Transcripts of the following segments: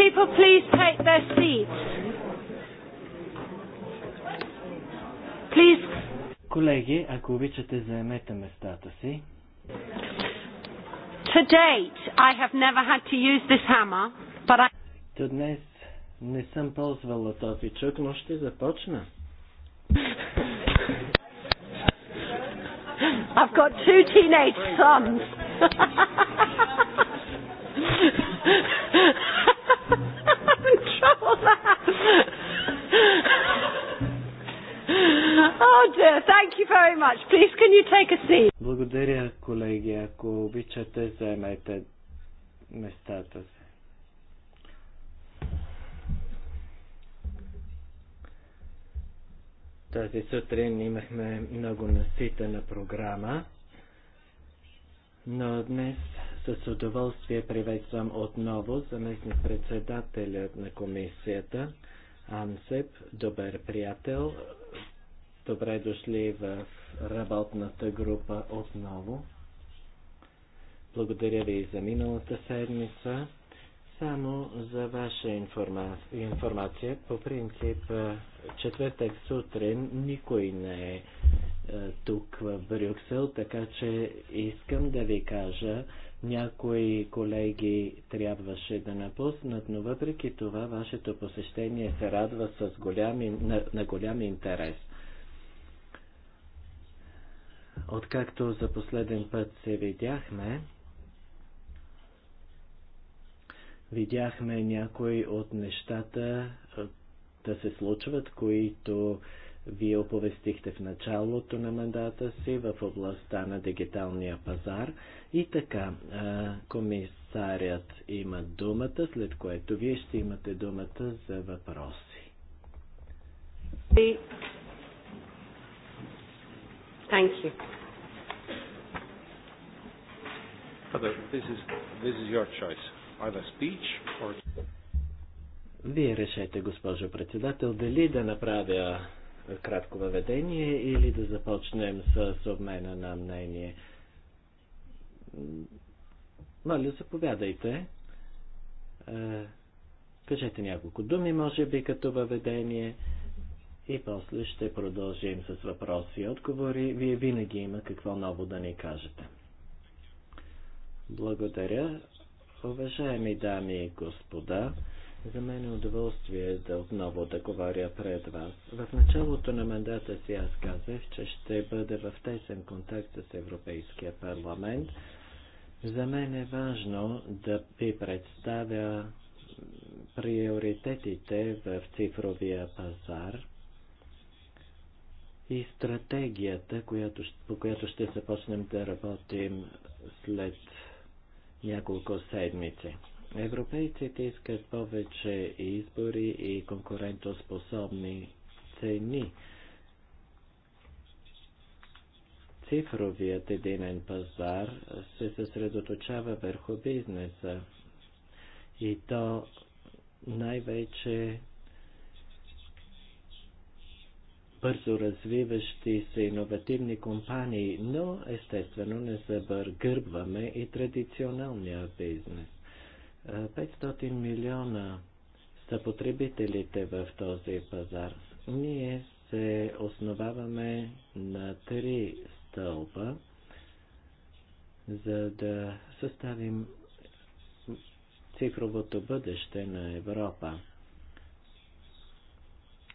people please take their seats? Please. Колеги, ако обичате, заемете местата си. To date, I have never had to use this hammer, but I... До днес не съм ползвала този чук, но ще започна. I've got two teenage sons. Thank you very much. Please, can you take a seat? Благодаря, колеги. Ако обичате, заемете местата си. Тази сутрин имахме много наситена програма, но днес с удоволствие приветствам отново заместник председателят на комисията, Ансеп, добър приятел, Добре дошли в работната група отново. Благодаря ви за миналата седмица. Само за ваша информа... информация, по принцип, четвъртък сутрин никой не е тук в Брюксел, така че искам да ви кажа, някои колеги трябваше да напуснат, но въпреки това вашето посещение се радва с голям, на, на голям интерес. Откакто за последен път се видяхме, видяхме някои от нещата да се случват, които вие оповестихте в началото на мандата си в областта на дигиталния пазар. И така, комисарят има думата, след което вие ще имате думата за въпроси. Thank you. This is, this is your choice. Either speech or... Вие решете, госпожо председател, дали да направя кратко въведение или да започнем с обмена на мнение. Моля, заповядайте. Е, кажете няколко думи, може би, като въведение. И после ще продължим с въпроси и отговори. Вие винаги има какво ново да ни кажете. Благодаря. Уважаеми дами и господа, за мен е удоволствие да отново да говоря пред вас. В началото на мандата си аз казах, че ще бъде в тесен контакт с Европейския парламент. За мен е важно да ви представя приоритетите в цифровия пазар и стратегията, която, по която ще започнем да работим след няколко седмици. Европейците искат повече избори и конкурентоспособни цени. Цифровият единен пазар се съсредоточава върху бизнеса и то най-вече бързо развиващи се иновативни компании, но естествено не забъргърбваме и традиционалния бизнес. 500 милиона са потребителите в този пазар. Ние се основаваме на три стълба, за да съставим цифровото бъдеще на Европа.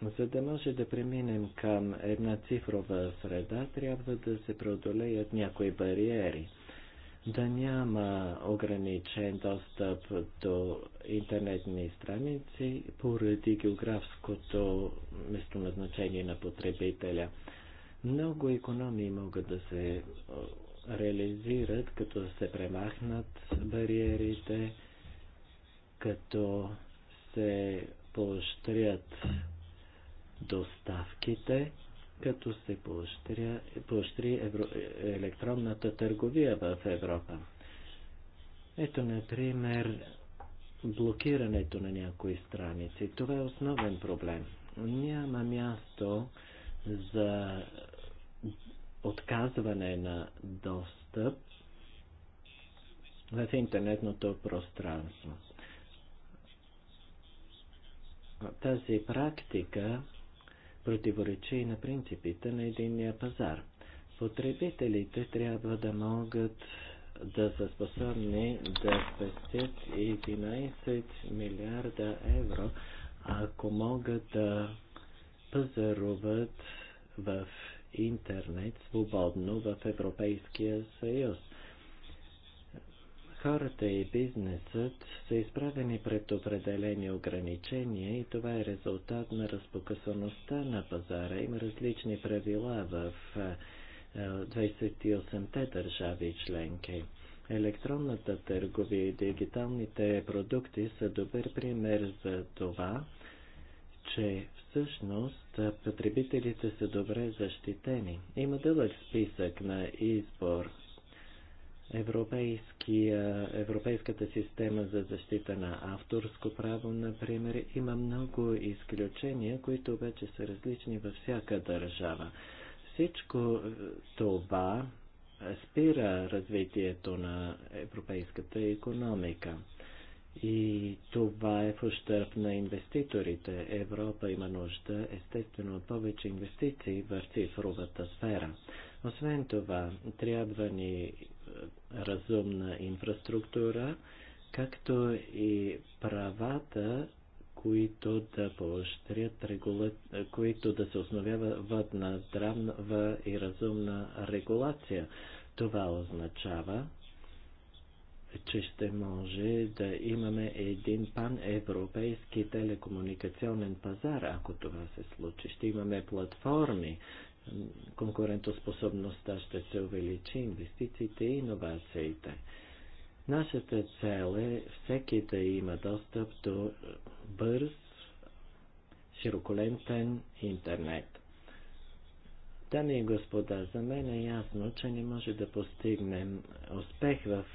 За да може да преминем към една цифрова среда, трябва да се преодолеят някои бариери. Да няма ограничен достъп до интернетни страници поради географското местоназначение на потребителя. Много економии могат да се реализират, като се премахнат бариерите, като се поощрят доставките, като се поощри електронната търговия в Европа. Ето, например, блокирането на някои страници. Това е основен проблем. Няма място за отказване на достъп в интернетното пространство. Тази практика противоречи и на принципите на единния пазар. Потребителите трябва да могат да са способни да спестят 11 милиарда евро, ако могат да пазаруват в интернет свободно в Европейския съюз хората и бизнесът са изправени пред определени ограничения и това е резултат на разпокъсаността на пазара. Има различни правила в 28-те държави членки. Електронната търговия и дигиталните продукти са добър пример за това, че всъщност потребителите са добре защитени. Има дълъг списък на избор Европейския, Европейската система за защита на авторско право, например, има много изключения, които обаче са различни във всяка държава. Всичко това спира развитието на европейската економика. И това е в ущърп на инвеститорите. Европа има нужда, естествено, от повече инвестиции в цифровата сфера. Освен това, трябва ни е, разумна инфраструктура, както и правата, които да поощрят, регула... които да се основяват на здравна и разумна регулация. Това означава, че ще може да имаме един паневропейски телекомуникационен пазар, ако това се случи. Ще имаме платформи, конкурентоспособността ще се увеличи, инвестициите и иновациите. Нашата цел е всеки да има достъп до бърз, широколентен интернет. Дами и господа, за мен е ясно, че не може да постигнем успех в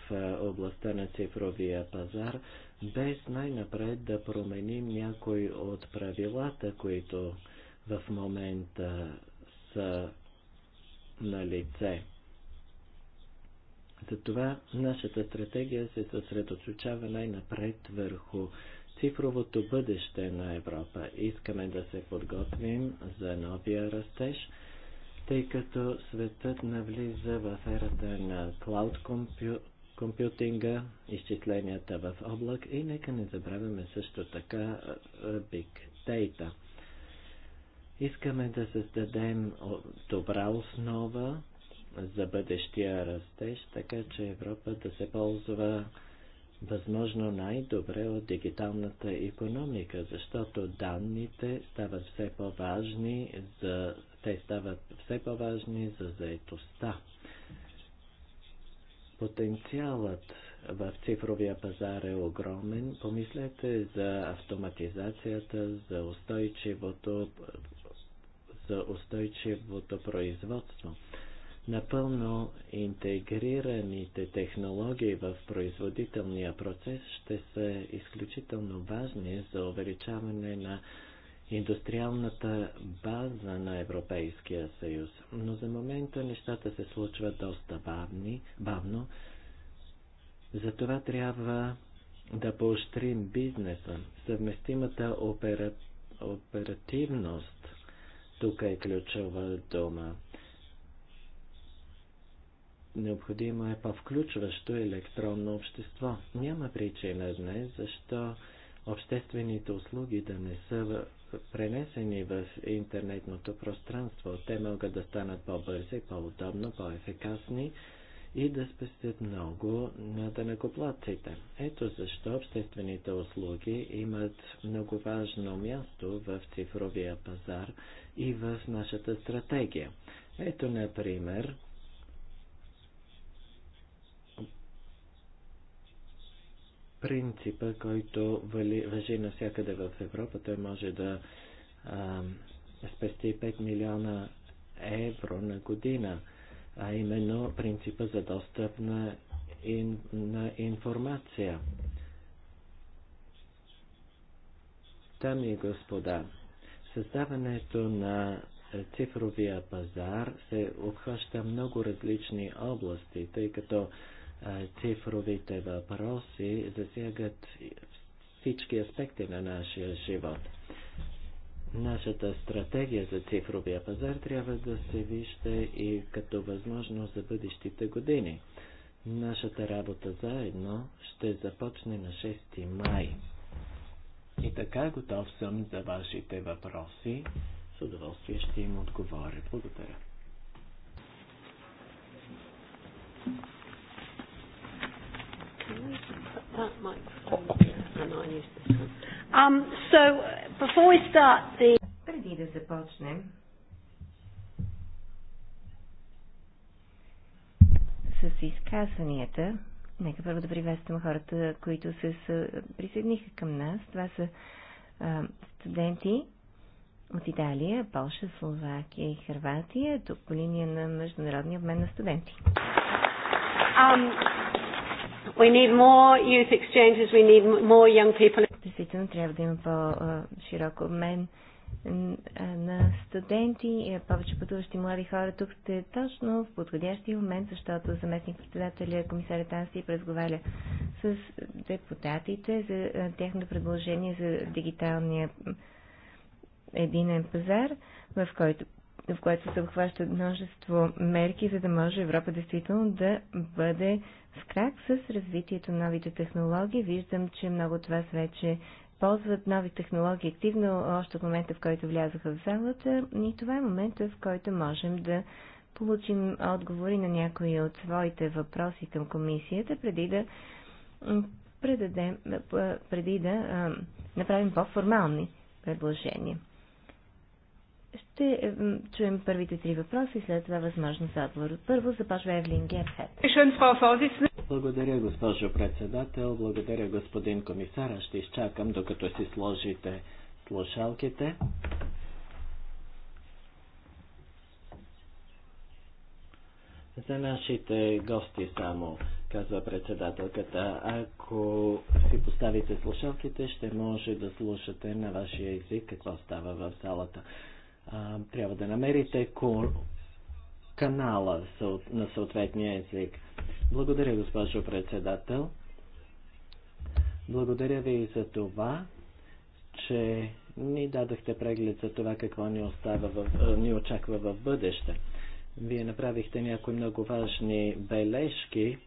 областта на цифровия пазар, без най-напред да променим някои от правилата, които в момента са на лице. Затова нашата стратегия се съсредоточава най-напред върху цифровото бъдеще на Европа. Искаме да се подготвим за новия растеж, тъй като светът навлиза в ерата на клауд компю... компютинга, изчисленията в облак и нека не забравяме също така Big Data. Искаме да създадем добра основа за бъдещия растеж, така че Европа да се ползва възможно най-добре от дигиталната економика, защото данните стават все по-важни за те стават все по-важни за заетостта. Потенциалът в цифровия пазар е огромен. Помислете за автоматизацията, за устойчивото за устойчивото производство. Напълно интегрираните технологии в производителния процес ще са изключително важни за увеличаване на индустриалната база на Европейския съюз. Но за момента нещата се случват доста бавни, бавно. Затова трябва да поощрим бизнеса. Съвместимата опера... оперативност тук е ключова дума. Необходимо е по-включващо електронно общество. Няма причина днес, защо обществените услуги да не са пренесени в интернетното пространство. Те могат да станат по-бързи, по-удобно, по-ефикасни и да спестят много на данъкоплатците. Ето защо обществените услуги имат много важно място в цифровия пазар – и в нашата стратегия. Ето, например, принципа, който въжи навсякъде в Европа. Той може да а, спести 5 милиона евро на година, а именно принципа за достъп на, ин, на информация. Дами и господа, Създаването на е, цифровия пазар се обхваща много различни области, тъй като е, цифровите въпроси засягат всички аспекти на нашия живот. Нашата стратегия за цифровия пазар трябва да се вижда и като възможност за бъдещите години. Нашата работа заедно ще започне на 6 май. И така, готов съм за вашите въпроси. С удоволствие ще им отговоря. Благодаря. Um, Преди да започнем с изказванията, Нека първо да приветствам хората, които се присъединиха към нас. Това са студенти от Италия, Полша, Словакия и Харватия, тук по линия на международния обмен на студенти. Um, we need more youth exchanges, we need more young people. Действително трябва да има по-широк обмен на студенти, повече пътуващи млади хора. Тук сте точно в подходящия момент, защото заместник председателя комисаря Танси разговаря с депутатите за тяхното предложение за дигиталния единен пазар, в който в което се обхващат множество мерки, за да може Европа действително да бъде в крак с развитието на новите технологии. Виждам, че много от вас вече ползват нови технологии активно още от момента, в който влязаха в залата. И това е момента, в който можем да получим отговори на някои от своите въпроси към комисията, преди да, предадем, преди да направим по-формални предложения. Ще чуем първите три въпроса и след това възможно за отговор. Първо започва Евлин Герхет. Благодаря, госпожо председател. Благодаря, господин комисар. Ще изчакам, докато си сложите слушалките. За нашите гости само, казва председателката, ако си поставите слушалките, ще може да слушате на вашия език какво става в залата трябва да намерите канала на съответния език. Благодаря, госпожо председател. Благодаря ви и за това, че ни дадахте преглед за това какво ни, остава в, ни очаква в бъдеще. Вие направихте някои много важни бележки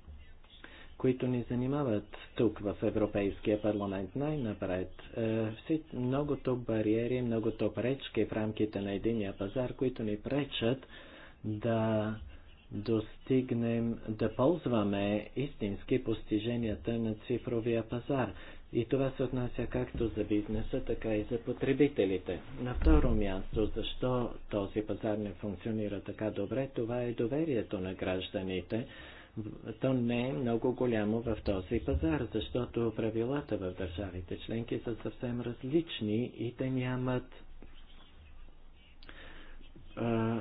които ни занимават тук в Европейския парламент. Най-напред, е, многото бариери, многото пречки в рамките на единия пазар, които ни пречат да достигнем, да ползваме истински постиженията на цифровия пазар. И това се отнася както за бизнеса, така и за потребителите. На второ място, защо този пазар не функционира така добре, това е доверието на гражданите то не е много голямо в този пазар, защото правилата в държавите членки са съвсем различни и те нямат а,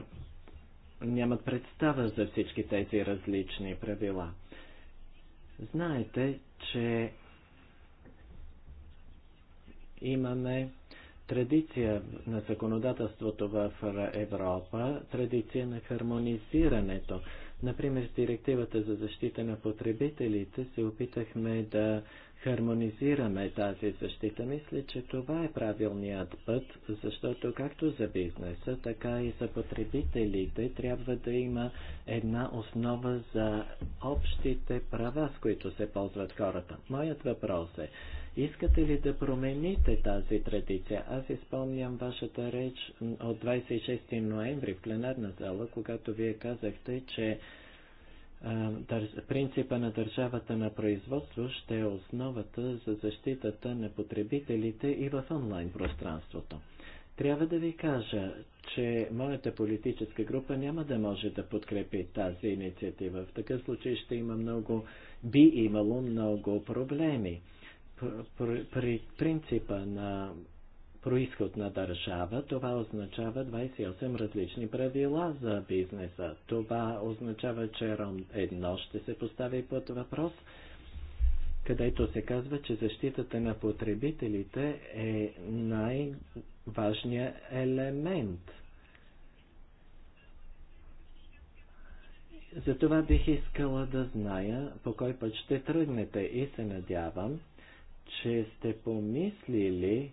нямат представа за всички тези различни правила. Знаете, че имаме традиция на законодателството в Европа, традиция на хармонизирането. Например, с директивата за защита на потребителите се опитахме да хармонизираме тази защита. Мисля, че това е правилният път, защото както за бизнеса, така и за потребителите трябва да има една основа за общите права, с които се ползват хората. Моят въпрос е, Искате ли да промените тази традиция? Аз изпълням вашата реч от 26 ноември в пленарна зала, когато вие казахте, че принципа на държавата на производство ще е основата за защитата на потребителите и в онлайн пространството. Трябва да ви кажа, че моята политическа група няма да може да подкрепи тази инициатива. В такъв случай ще има много, би имало много проблеми при принципа на происход на държава, това означава 28 различни правила за бизнеса. Това означава, че ром едно ще се постави под въпрос, където се казва, че защитата на потребителите е най-важният елемент. Затова бих искала да зная по кой път ще тръгнете и се надявам, че сте помислили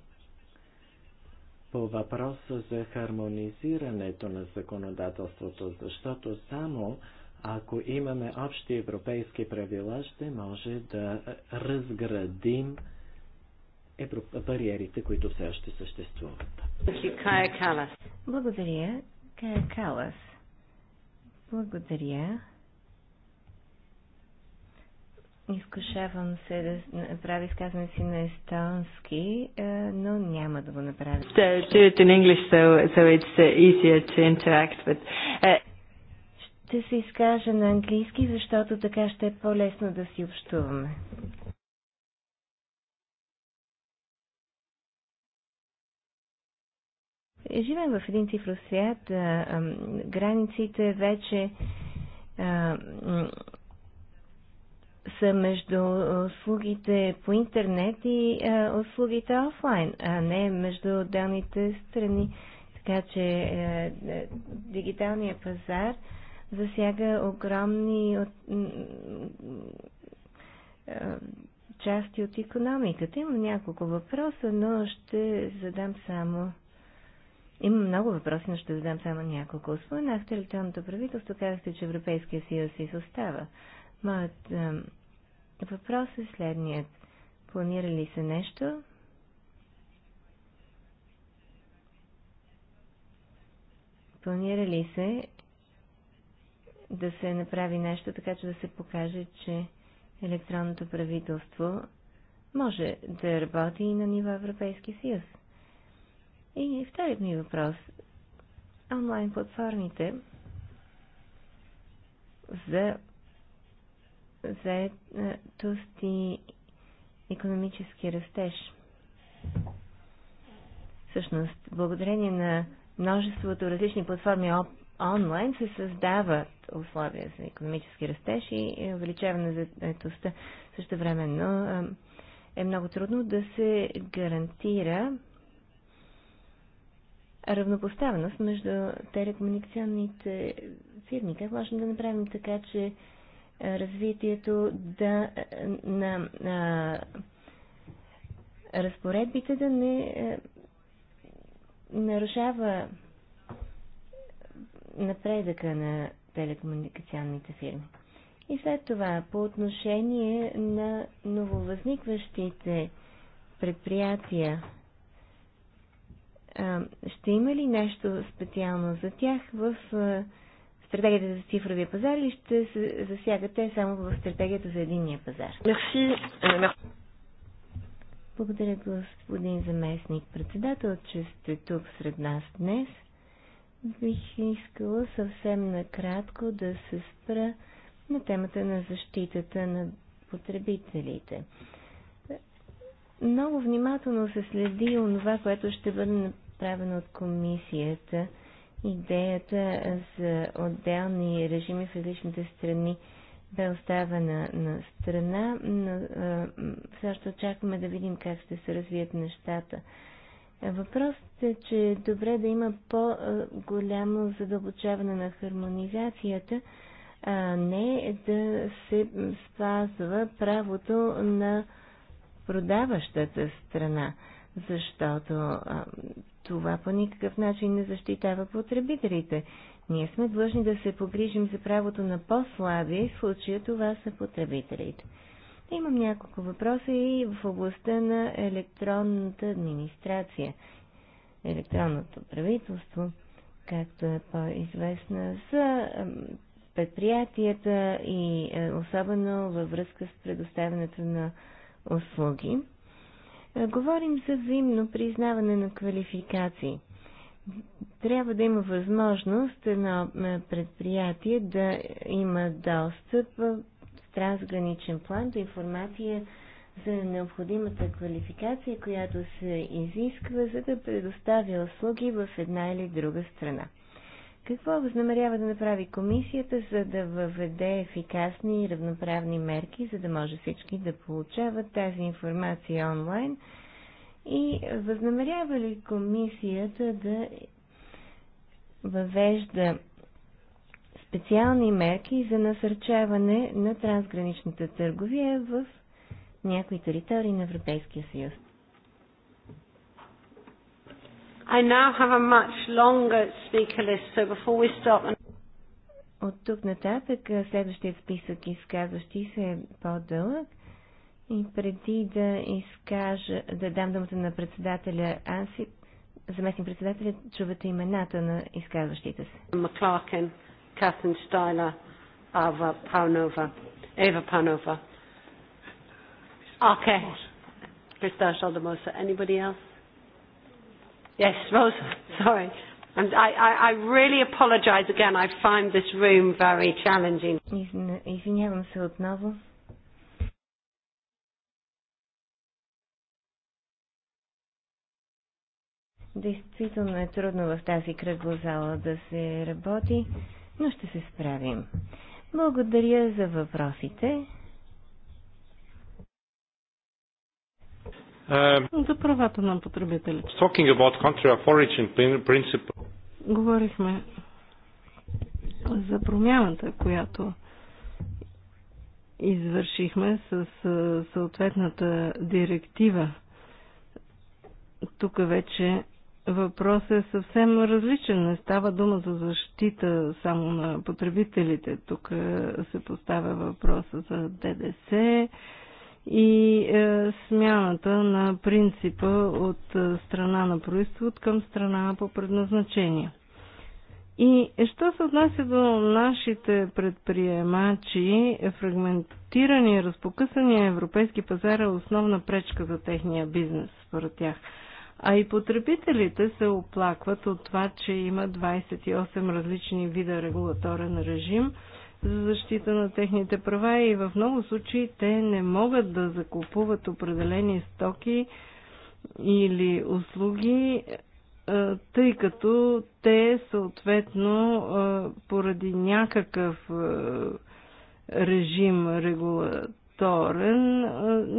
по въпроса за хармонизирането на законодателството, защото само ако имаме общи европейски правила, ще може да разградим бариерите, които все още съществуват. Благодаря, Кая Калас. Благодаря. Изкушавам се да направя изказване си на естонски, е, но няма да го направя. English, so, so uh, interact, uh, Ще се изкажа на английски, защото така ще е по-лесно да си общуваме. Живеем в един цифров свят. Границите вече са между услугите по интернет и а, услугите офлайн, а не между отделните страни. Така че а, е, е, дигиталният пазар засяга огромни от, а, части от економиката. Имам няколко въпроса, но ще задам само. Имам много въпроси, но ще задам само няколко. Споменахте електронното правителство, казахте, че Европейския съюз изостава. Моят Въпрос е следният. Планира ли се нещо? Планира ли се да се направи нещо, така че да се покаже, че електронното правителство може да работи и на ниво Европейски съюз? И вторият ми въпрос. Онлайн платформите за заетост и економически растеж. Всъщност, благодарение на множеството различни платформи онлайн се създават условия за економически растеж и е, увеличаване на етостта Също времено е, е много трудно да се гарантира равнопоставеност между телекомуникационните фирми. Как можем да направим така, че развитието да, на, на разпоредбите да не е, нарушава напредъка на телекомуникационните фирми. И след това, по отношение на нововъзникващите предприятия, ще има ли нещо специално за тях в стратегията за цифровия пазар или ще се засягате само в стратегията за единния пазар? Мерси. Е, Благодаря, господин заместник председател, че сте тук сред нас днес. Бих искала съвсем накратко да се спра на темата на защитата на потребителите. Много внимателно се следи онова, което ще бъде направено от комисията идеята за отделни режими в различните страни бе оставена на страна, но все още очакваме да видим как ще се развият нещата. Въпросът е, че е добре да има по-голямо задълбочаване на хармонизацията, а не да се спазва правото на продаващата страна, защото това по никакъв начин не защитава потребителите. Ние сме длъжни да се погрижим за правото на по слаби в случая това са потребителите. Имам няколко въпроса и в областта на електронната администрация, електронното правителство, както е по-известна, са предприятията и е, особено във връзка с предоставянето на услуги. Е, говорим за взаимно признаване на квалификации. Трябва да има възможност едно е, предприятие да има достъп в трансграничен план до информация за необходимата квалификация, която се изисква, за да предоставя услуги в една или друга страна. Какво възнамерява да направи комисията, за да въведе ефикасни и равноправни мерки, за да може всички да получават тази информация онлайн? И възнамерява ли комисията да въвежда специални мерки за насърчаване на трансграничната търговия в някои територии на Европейския съюз? I now have a much longer speaker list, so before we stop... От тук нататък следващия списък изказващи се е по-дълъг. И преди да изкажа, да дам думата на председателя Ансип, заместник председателя, чувате имената на изказващите се. Маклакен, Катен Штайла, Ава Панова, Ева Панова. Okay. Christa Schaldemose. Anybody else? Yes, Rosa, sorry. And I, I, I really apologize again. I find this room very challenging. Извинявам се отново. Действително е трудно в тази кръгла зала да се работи, но ще се справим. Благодаря за въпросите. Um, за правата на потребителите. Talking about country of origin principle. Говорихме за промяната, която извършихме с съответната директива. Тук вече въпрос е съвсем различен. Не става дума за защита само на потребителите. Тук се поставя въпроса за ДДС, и е, смяната на принципа от е, страна на происход към страна по предназначение. И е, що се отнася до нашите предприемачи, фрагментирани и разпокъсания европейски пазар е основна пречка за техния бизнес, според тях. А и потребителите се оплакват от това, че има 28 различни вида регулаторен режим – за защита на техните права и в много случаи те не могат да закупуват определени стоки или услуги, е, тъй като те съответно е, поради някакъв е, режим регулаторен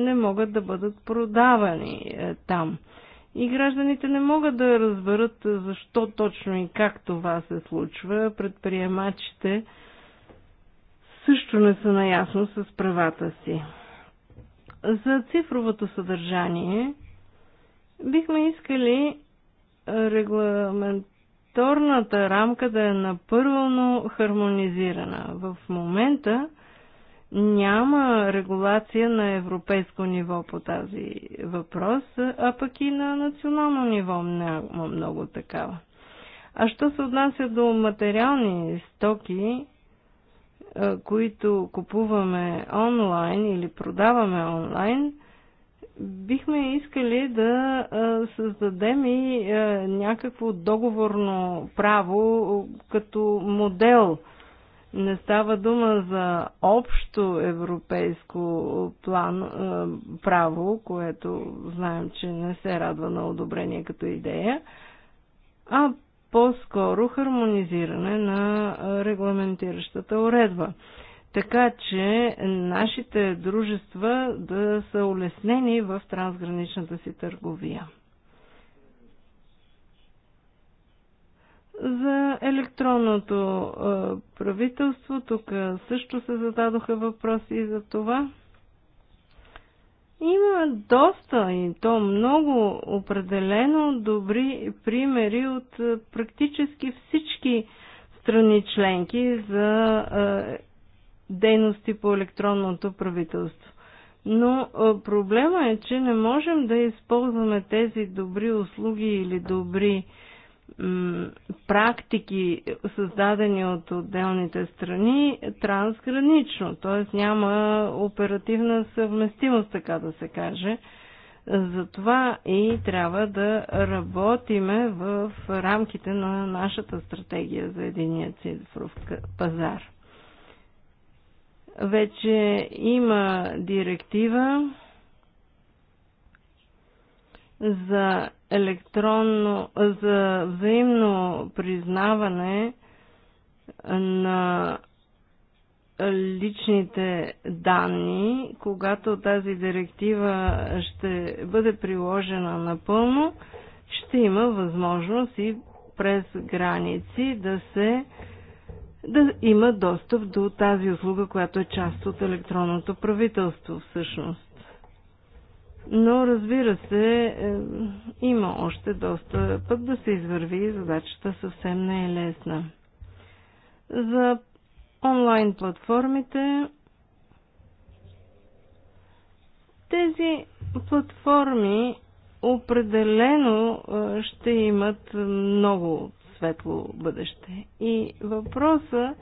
не могат да бъдат продавани там. И гражданите не могат да разберат защо точно и как това се случва. Предприемачите също не са наясно с правата си. За цифровото съдържание бихме искали регламенторната рамка да е напълно хармонизирана. В момента няма регулация на европейско ниво по тази въпрос, а пък и на национално ниво няма много такава. А що се отнася до материални стоки, които купуваме онлайн или продаваме онлайн, бихме искали да създадем и някакво договорно право като модел. Не става дума за общо европейско план, право, което знаем, че не се радва на одобрение като идея, а по-скоро хармонизиране на регламентиращата уредба. Така че нашите дружества да са улеснени в трансграничната си търговия. За електронното правителство тук също се зададоха въпроси за това. Има доста и то много определено добри примери от е, практически всички страни членки за е, дейности по електронното правителство. Но е, проблема е, че не можем да използваме тези добри услуги или добри е, практики, създадени от отделните страни, трансгранично, т.е. няма оперативна съвместимост, така да се каже. Затова и трябва да работиме в рамките на нашата стратегия за единия цифров пазар. Вече има директива, за електронно, за взаимно признаване на личните данни, когато тази директива ще бъде приложена напълно, ще има възможност и през граници да се да има достъп до тази услуга, която е част от електронното правителство всъщност. Но разбира се, е, има още доста път да се извърви и задачата съвсем не е лесна. За онлайн платформите тези платформи определено е, ще имат много светло бъдеще. И въпроса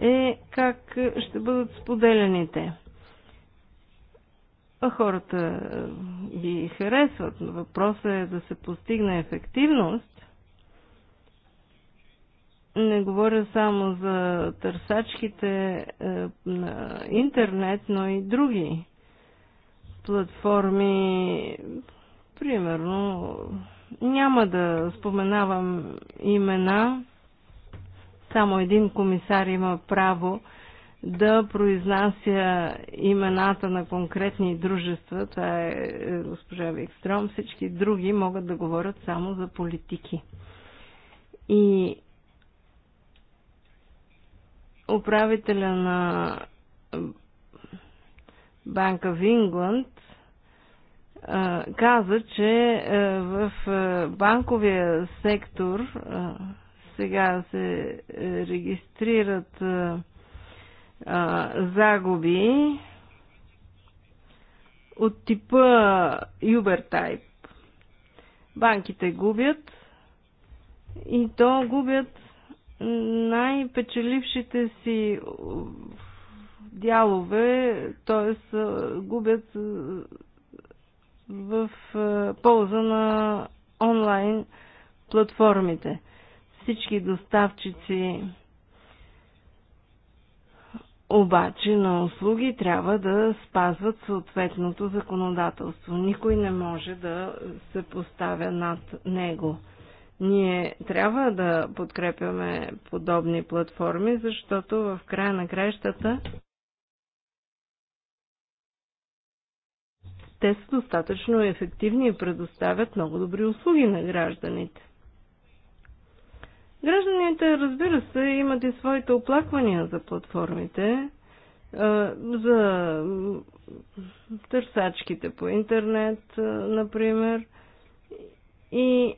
е как ще бъдат споделяни те хората е, ги харесват. Въпросът е да се постигне ефективност. Не говоря само за търсачките е, на интернет, но и други платформи. Примерно, няма да споменавам имена. Само един комисар има право да произнася имената на конкретни дружества, това е, е госпожа Викстром, всички други могат да говорят само за политики. И управителя на Банка в Ингланд каза, че в банковия сектор сега се регистрират загуби от типа Uber Type. Банките губят и то губят най-печелившите си дялове, т.е. губят в полза на онлайн платформите. Всички доставчици обаче на услуги трябва да спазват съответното законодателство. Никой не може да се поставя над него. Ние трябва да подкрепяме подобни платформи, защото в края на краищата те са достатъчно ефективни и предоставят много добри услуги на гражданите. Гражданите, разбира се, имат и своите оплаквания за платформите, за търсачките по интернет, например. И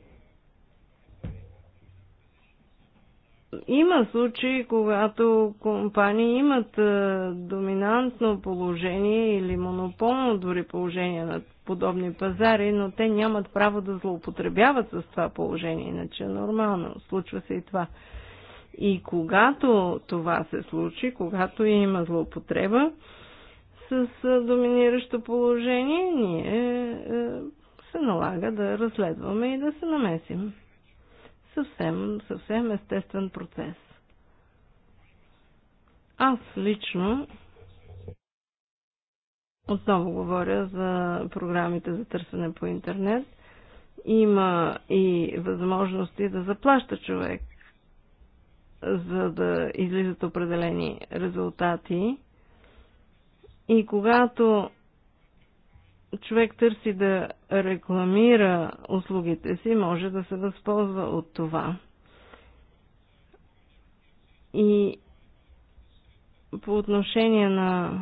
Има случаи, когато компании имат е, доминантно положение или монополно дори положение на подобни пазари, но те нямат право да злоупотребяват с това положение, иначе е нормално, случва се и това. И когато това се случи, когато има злоупотреба с е, доминиращо положение, ние се налага да разследваме и да се намесим съвсем, съвсем естествен процес. Аз лично отново говоря за програмите за търсене по интернет. Има и възможности да заплаща човек, за да излизат определени резултати. И когато човек търси да рекламира услугите си, може да се възползва от това. И по отношение на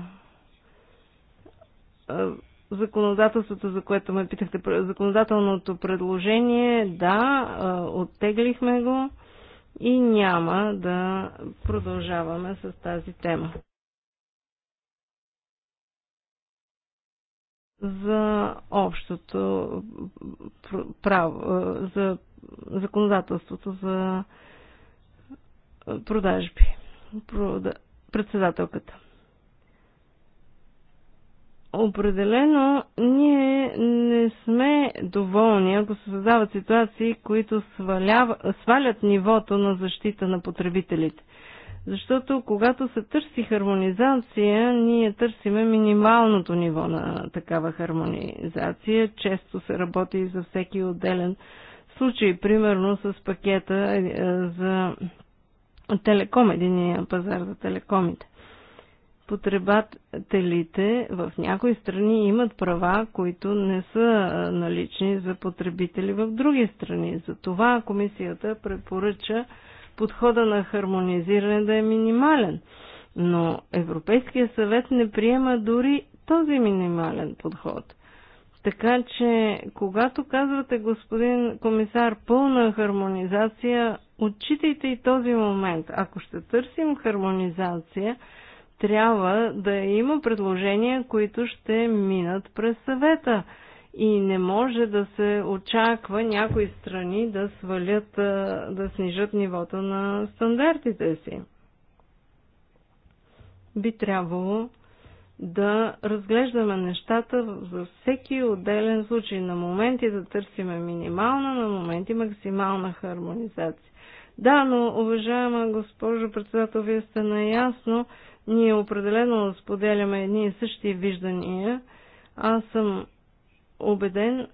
законодателството, за което ме питахте, законодателното предложение, да, оттеглихме го и няма да продължаваме с тази тема. за общото право, за законодателството за продажби. Председателката. Определено ние не сме доволни, ако се създават ситуации, които свалява, свалят нивото на защита на потребителите. Защото когато се търси хармонизация, ние търсиме минималното ниво на такава хармонизация. Често се работи и за всеки отделен случай, примерно с пакета е, е, за телеком, единия пазар за телекомите. Потребателите в някои страни имат права, които не са е, налични за потребители в други страни. Затова комисията препоръча подхода на хармонизиране да е минимален. Но Европейския съвет не приема дори този минимален подход. Така че, когато казвате, господин комисар, пълна хармонизация, отчитайте и този момент. Ако ще търсим хармонизация, трябва да има предложения, които ще минат през съвета и не може да се очаква някои страни да свалят, да снижат нивото на стандартите си. Би трябвало да разглеждаме нещата за всеки отделен случай. На моменти да търсиме минимална, на моменти максимална хармонизация. Да, но, уважаема госпожо председател, вие сте наясно, ние определено споделяме едни и същи виждания. Аз съм убеден,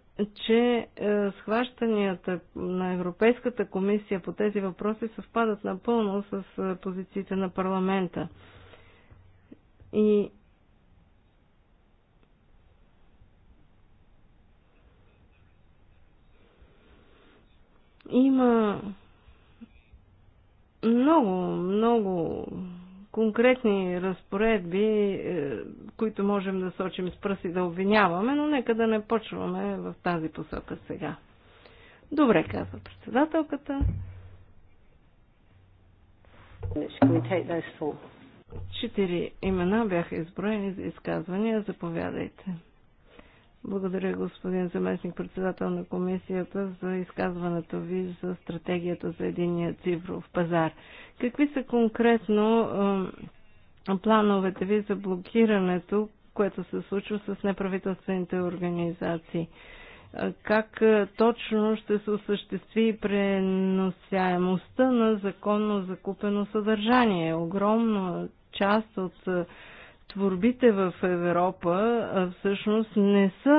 че е, схващанията на Европейската комисия по тези въпроси съвпадат напълно с е, позициите на парламента. И има много, много конкретни разпоредби, е, които можем да сочим с пръси да обвиняваме, но нека да не почваме в тази посока сега. Добре, казва председателката. Четири имена бяха изброени за изказвания. Заповядайте. Благодаря, господин заместник председател на комисията, за изказването ви за стратегията за единия цифров пазар. Какви са конкретно е, плановете ви за блокирането, което се случва с неправителствените организации? Как точно ще се осъществи преносяемостта на законно закупено съдържание? Огромна част от творбите в Европа всъщност не са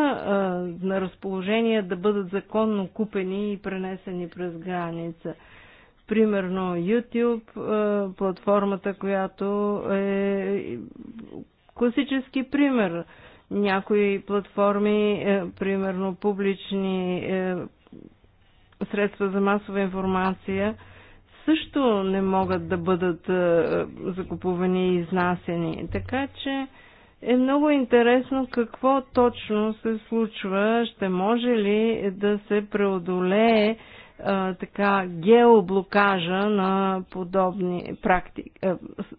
на разположение да бъдат законно купени и пренесени през граница. Примерно YouTube, платформата, която е класически пример. Някои платформи, е, примерно публични е, средства за масова информация, също не могат да бъдат е, закупувани и изнасени. Така че е много интересно какво точно се случва, ще може ли да се преодолее а, е, така геоблокажа на подобни практики а, е,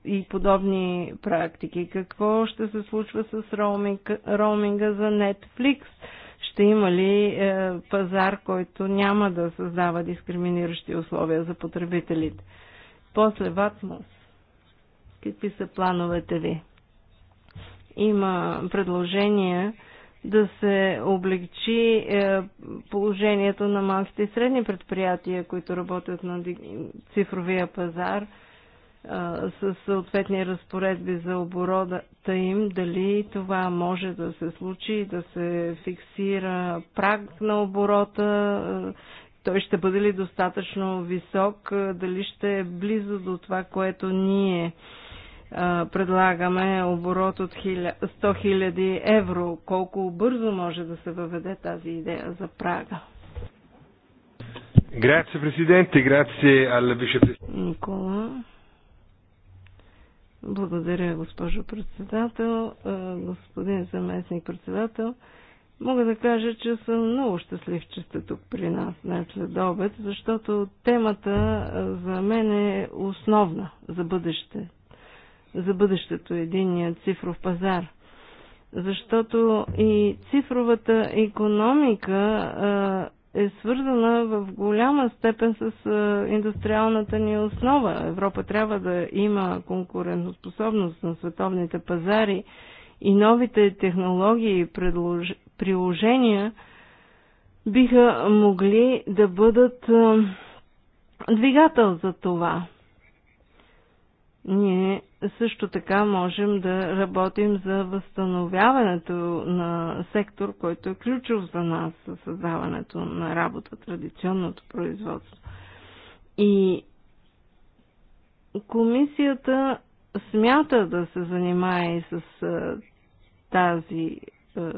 и подобни практики. Какво ще се случва с роуминга за Netflix? ще има ли е, пазар, който няма да създава дискриминиращи условия за потребителите. После Ватмос, какви са плановете ви? Има предложения да се облегчи е, положението на малките и средни предприятия, които работят на цифровия пазар – със съответни разпоредби за оборота им, дали това може да се случи, да се фиксира праг на оборота, той ще бъде ли достатъчно висок, дали ще е близо до това, което ние предлагаме оборот от 100 000 евро. Колко бързо може да се въведе тази идея за прага? Grazie Presidente, grazie al Vicepresidente. Nicola. Благодаря, госпожо председател, господин заместник председател. Мога да кажа, че съм много щастлив, че сте тук при нас днес след обед, защото темата за мен е основна за бъдеще. За бъдещето единия цифров пазар. Защото и цифровата економика е свързана в голяма степен с е, индустриалната ни основа. Европа трябва да има конкурентоспособност на световните пазари и новите технологии и предлож... приложения биха могли да бъдат е, двигател за това. Ние също така можем да работим за възстановяването на сектор, който е ключов за нас за създаването на работа, традиционното производство. И комисията смята да се занимае и с тази, с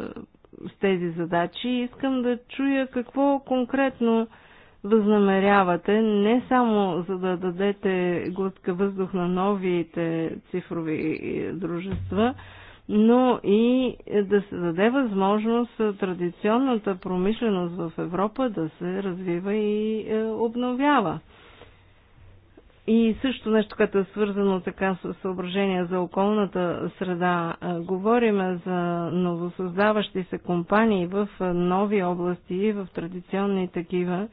тези задачи. Искам да чуя какво конкретно възнамерявате не само за да дадете глътка въздух на новите цифрови е, дружества, но и да се даде възможност традиционната промишленост в Европа да се развива и е, обновява. И също нещо, което е свързано така с съображения за околната среда. Е, говориме за новосъздаващи се компании в нови области и в традиционни такива.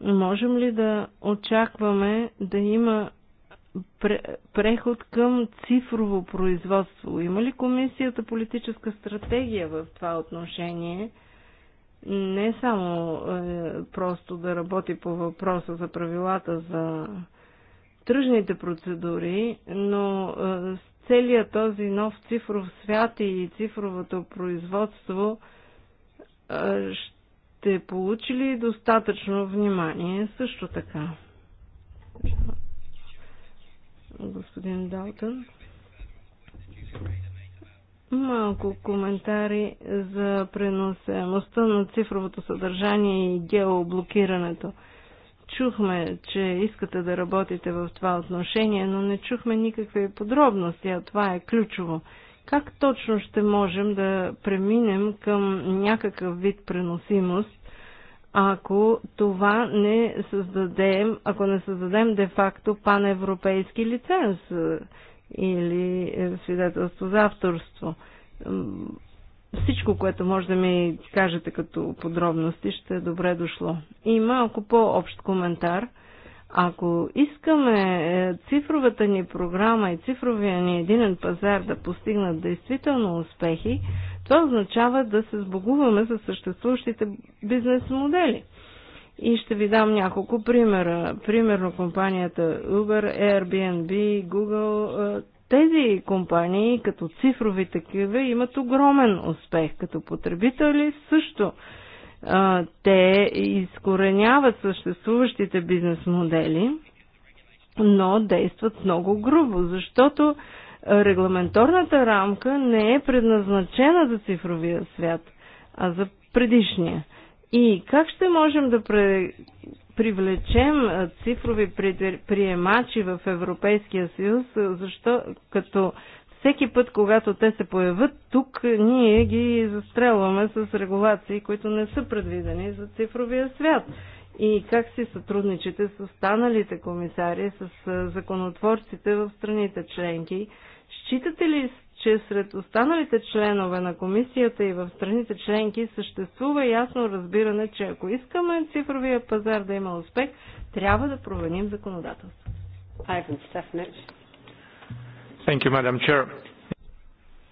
Можем ли да очакваме да има преход към цифрово производство? Има ли комисията политическа стратегия в това отношение? Не само е, просто да работи по въпроса за правилата за тръжните процедури, но е, целият този нов цифров свят и цифровото производство ще сте получили достатъчно внимание също така. Господин Далтън. Малко коментари за преносемостта на цифровото съдържание и геоблокирането. Чухме, че искате да работите в това отношение, но не чухме никакви подробности, а това е ключово. Как точно ще можем да преминем към някакъв вид преносимост, ако това не създадем, ако не създадем де-факто паневропейски лиценз е, или е, свидетелство за авторство? всичко, което може да ми кажете като подробности, ще е добре дошло. И малко по-общ коментар – ако искаме е, цифровата ни програма и цифровия ни единен пазар да постигнат действително успехи, това означава да се сбогуваме за съществуващите бизнес модели. И ще ви дам няколко примера. Примерно компанията Uber, Airbnb, Google. Е, тези компании, като цифрови такива, имат огромен успех. Като потребители също те изкореняват съществуващите бизнес модели, но действат много грубо, защото регламенторната рамка не е предназначена за цифровия свят, а за предишния. И как ще можем да привлечем цифрови приемачи в Европейския съюз, защо, като всеки път, когато те се появят тук, ние ги застрелваме с регулации, които не са предвидени за цифровия свят. И как си сътрудничите с останалите комисари, с законотворците в страните членки? Считате ли, че сред останалите членове на комисията и в страните членки съществува ясно разбиране, че ако искаме цифровия пазар да има успех, трябва да променим законодателството? Айвен Стефнич. Thank you, Madam Chair.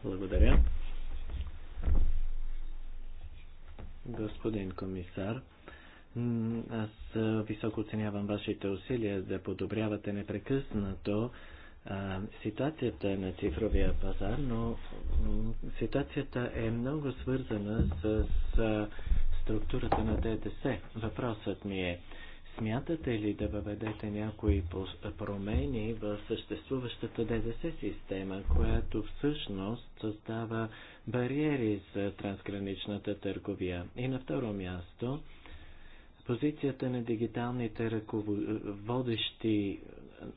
Благодаря. Господин комисар, аз високо оценявам вашите усилия да подобрявате непрекъснато ситуацията на цифровия пазар, но ситуацията е много свързана с структурата на ДДС. Въпросът ми е, Смятате ли да въведете някои промени в съществуващата ДДС система, която всъщност създава бариери за трансграничната търговия? И на второ място, позицията на дигиталните ръководещи,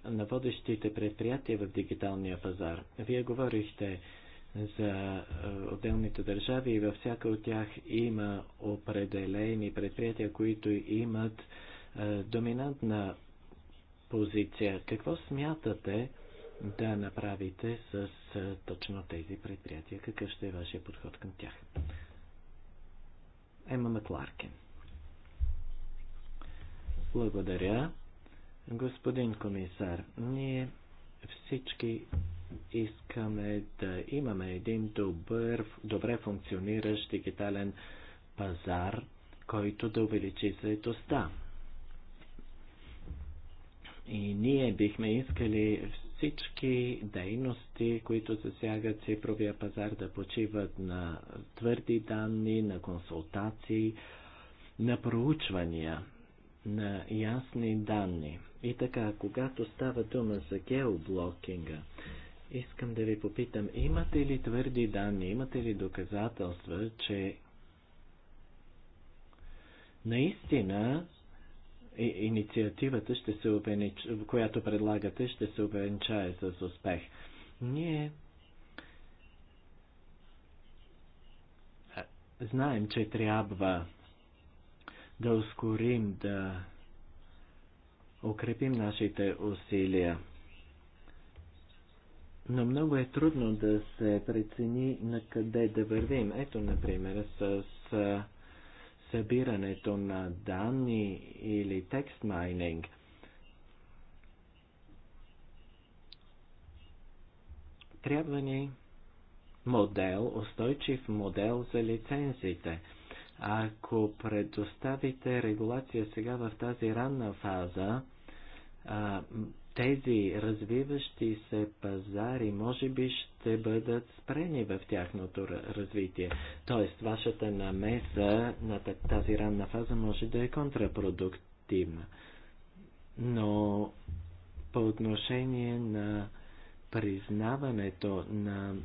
на водещите предприятия в дигиталния пазар. Вие говорихте за е, отделните държави и във всяка от тях има определени предприятия, които имат е, доминантна позиция. Какво смятате да направите с е, точно тези предприятия? Какъв ще е вашия подход към тях? Ема Макларкин. Благодаря. Господин комисар, ние всички искаме да имаме един добър, добре функциониращ дигитален пазар, който да увеличи заедостта. И ние бихме искали всички дейности, които засягат цифровия пазар, да почиват на твърди данни, на консултации, на проучвания, на ясни данни. И така, когато става дума за геоблокинга, искам да ви попитам, имате ли твърди данни, имате ли доказателства, че наистина инициативата, ще се обенич... която предлагате, ще се обенчае с успех. Ние знаем, че трябва да ускорим, да укрепим нашите усилия. Но много е трудно да се прецени на къде да вървим. Ето, например, с събирането на данни или текст майнинг. Трябва ни модел, устойчив модел за лицензите. Ако предоставите регулация сега в тази ранна фаза, тези развиващи се пазари може би ще бъдат спрени в тяхното развитие. Тоест, вашата намеса на тази ранна фаза може да е контрапродуктивна. Но по отношение на признаването на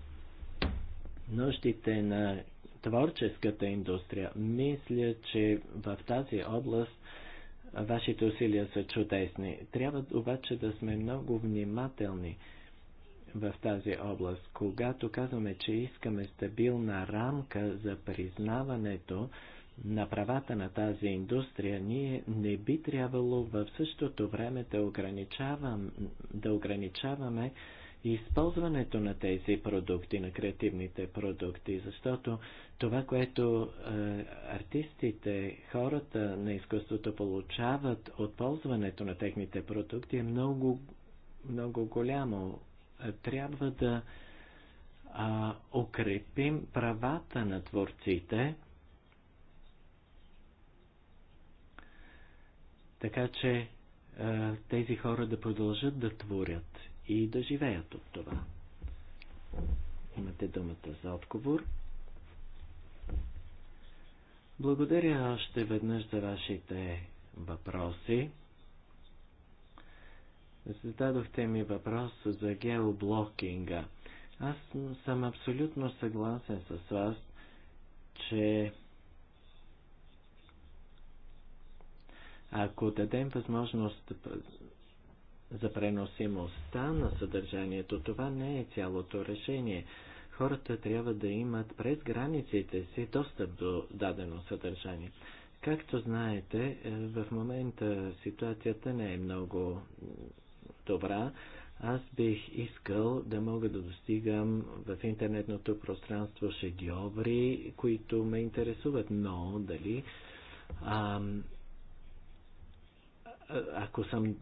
нуждите на творческата индустрия, мисля, че в тази област Вашите усилия са чудесни. Трябва обаче да сме много внимателни в тази област. Когато казваме, че искаме стабилна рамка за признаването на правата на тази индустрия, ние не би трябвало в същото време да ограничаваме, да ограничаваме и използването на тези продукти, на креативните продукти, защото това, което е, артистите, хората на изкуството получават от ползването на техните продукти е много, много голямо. Е, трябва да е, укрепим правата на творците, така че е, тези хора да продължат да творят и да живеят от това. Имате думата за отговор. Благодаря още веднъж за вашите въпроси. Зададохте ми въпрос за геоблокинга. Аз съм абсолютно съгласен с вас, че ако дадем възможност за преносимостта на съдържанието. Това не е цялото решение. Хората трябва да имат през границите си достъп до дадено съдържание. Както знаете, е, в момента ситуацията не е много добра. Аз бих искал да мога да достигам в интернетното пространство шедьоври, които ме интересуват, но дали а, ако съм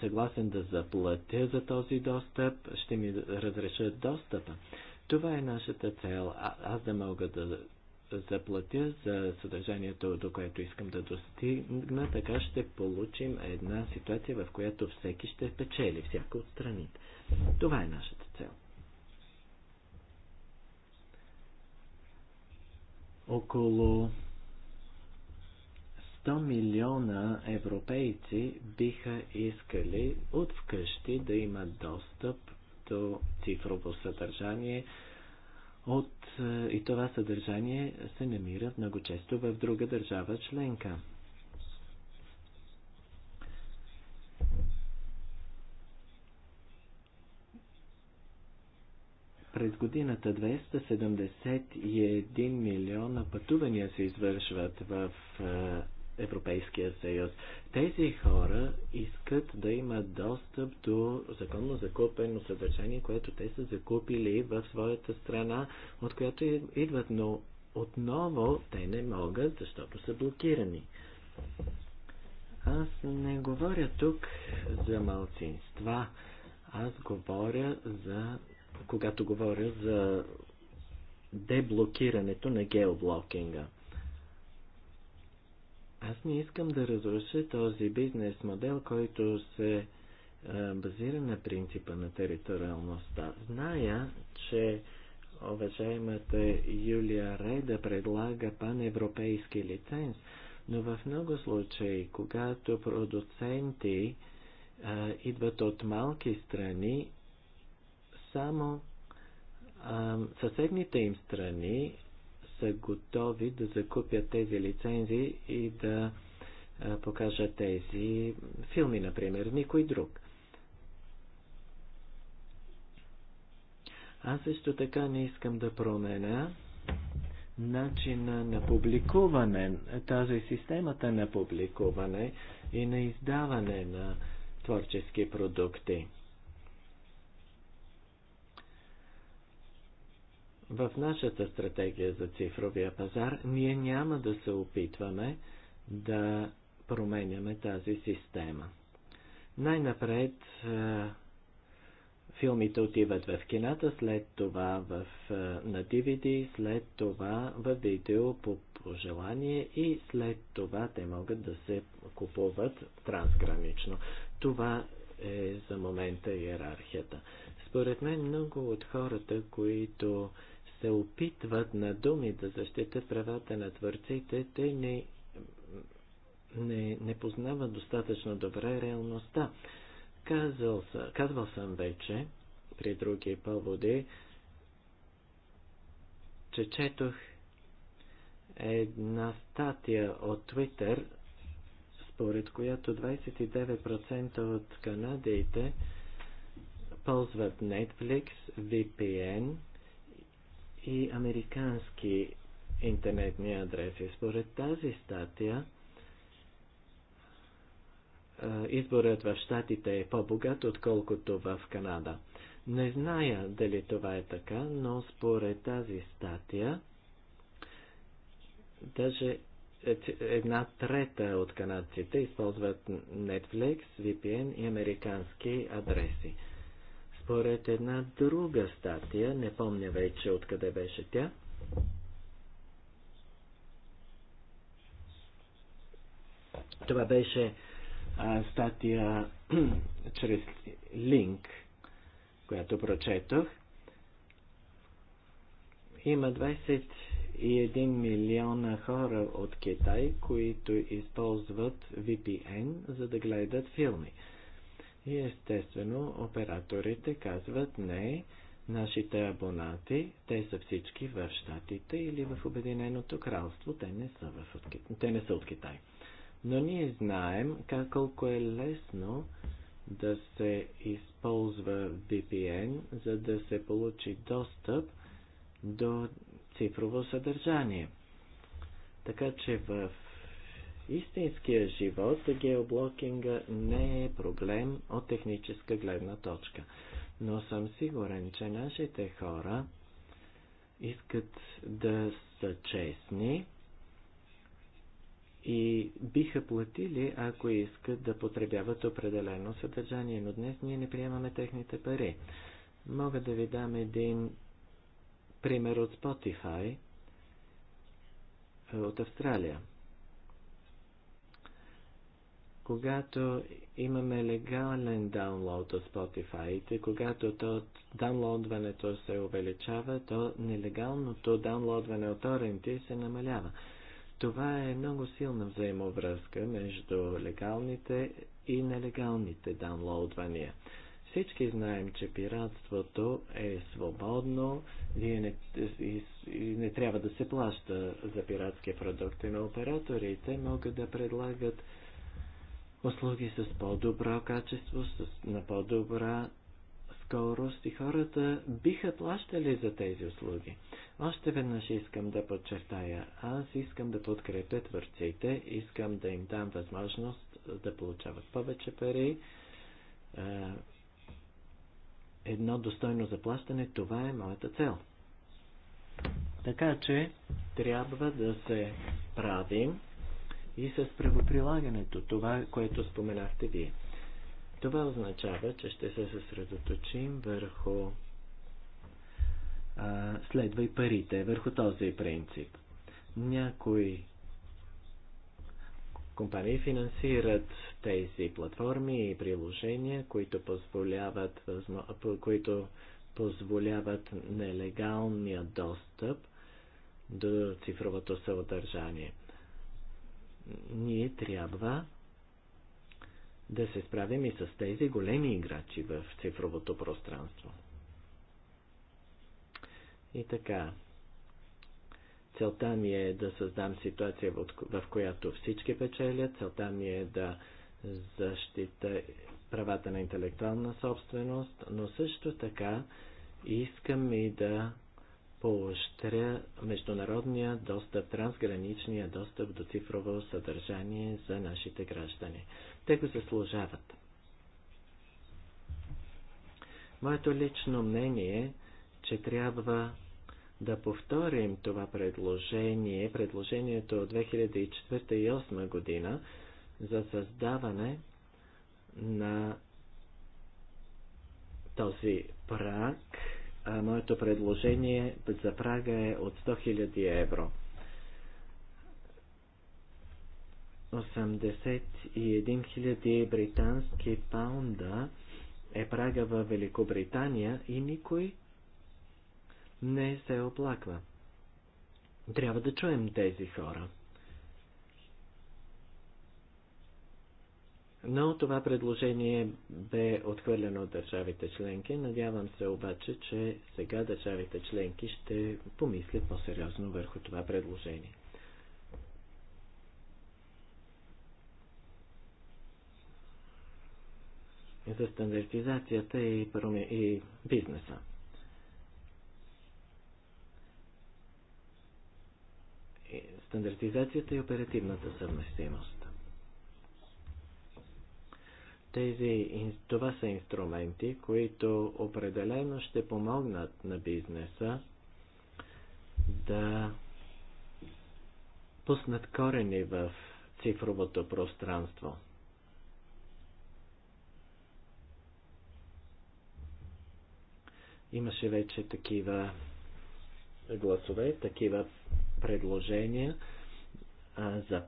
съгласен да заплатя за този достъп, ще ми разрешат достъпа. Това е нашата цел. А, аз да мога да заплатя за съдържанието, до което искам да достигна, така ще получим една ситуация, в която всеки ще печели, всяка от страните. Това е нашата цел. Около 100 милиона европейци биха искали от вкъщи да имат достъп до цифрово съдържание. От, е, и това съдържание се намира много често в друга държава членка. През годината 271 милиона пътувания се извършват в е, Европейския съюз. Тези хора искат да имат достъп до законно закупено съдържание, което те са закупили в своята страна, от която идват, но отново те не могат, защото са блокирани. Аз не говоря тук за малцинства, аз говоря за, когато говоря за деблокирането на геоблокинга. Аз не искам да разруша този бизнес модел, който се е, базира на принципа на териториалността. Зная, че уважаемата Юлия Реда предлага паневропейски лиценз, но в много случаи, когато продуценти а, е, идват от малки страни, само а, е, съседните им страни са готови да закупят тези лицензии и да покажат тези филми, например, никой друг. Аз също така не искам да променя начина на публикуване, тази системата на публикуване и на издаване на творчески продукти. В нашата стратегия за цифровия пазар ние няма да се опитваме да променяме тази система. Най-напред е, филмите отиват в кината, след това в, е, на DVD, след това в видео по пожелание и след това те могат да се купуват трансгранично. Това е за момента иерархията. Според мен много от хората, които се опитват на думи да защитят правата на творците, те не, не, не познават достатъчно добре реалността. Казал, казвал съм вече, при други поводи, че четох една статия от Twitter, според която 29% от канадеите ползват Netflix, VPN, и американски интернетни адреси. Според тази статия, изборът в Штатите е по-богат, отколкото в Канада. Не зная дали това е така, но според тази статия, даже една трета от канадците използват Netflix, VPN и американски адреси според една друга статия, не помня вече откъде беше тя, това беше а, статия чрез линк, която прочетох. Има 21 милиона хора от Китай, които използват VPN, за да гледат филми. И естествено, операторите казват не, нашите абонати, те са всички в Штатите или в Обединеното кралство, те не са, в, те не са от Китай. Но ние знаем как колко е лесно да се използва VPN, за да се получи достъп до цифрово съдържание. Така че в истинския живот геоблокинга не е проблем от техническа гледна точка. Но съм сигурен, че нашите хора искат да са честни и биха платили, ако искат да потребяват определено съдържание, но днес ние не приемаме техните пари. Мога да ви дам един пример от Spotify от Австралия – когато имаме легален даунлоуд от Spotify и когато то даунлоудването се увеличава, то нелегалното даунлоудване от оренти се намалява. Това е много силна взаимовръзка между легалните и нелегалните даунлоудвания. Всички знаем, че пиратството е свободно и не, и, и не трябва да се плаща за пиратски продукти, но операторите могат да предлагат услуги с по-добро качество, с, на по-добра скорост и хората биха плащали за тези услуги. Още веднъж искам да подчертая, аз искам да подкрепя творците, искам да им дам възможност да получават повече пари, е, едно достойно заплащане, това е моята цел. Така че трябва да се правим и с правоприлагането, това, което споменахте вие. Това означава, че ще се съсредоточим върху а, следвай парите, върху този принцип. Някои компании финансират тези платформи и приложения, които позволяват, които позволяват нелегалния достъп до цифровото съдържание ние трябва да се справим и с тези големи играчи в цифровото пространство. И така, целта ми е да създам ситуация, в която всички печелят, целта ми е да защита правата на интелектуална собственост, но също така искам и да поощря международния достъп, трансграничния достъп до цифрово съдържание за нашите граждани. Те го заслужават. Моето лично мнение е, че трябва да повторим това предложение, предложението от 2004 2008 година за създаване на този прак а моето предложение за прага е от 100 000 евро. 81 000 британски паунда е прага във Великобритания и никой не се оплаква. Трябва да чуем тези хора. Но това предложение бе отхвърлено от държавите членки. Надявам се обаче, че сега държавите членки ще помислят по-сериозно върху това предложение. За стандартизацията и, и бизнеса. Стандартизацията и оперативната съвместимост. Тези, това са инструменти, които определено ще помогнат на бизнеса да пуснат корени в цифровото пространство. Имаше вече такива гласове, такива предложения а, за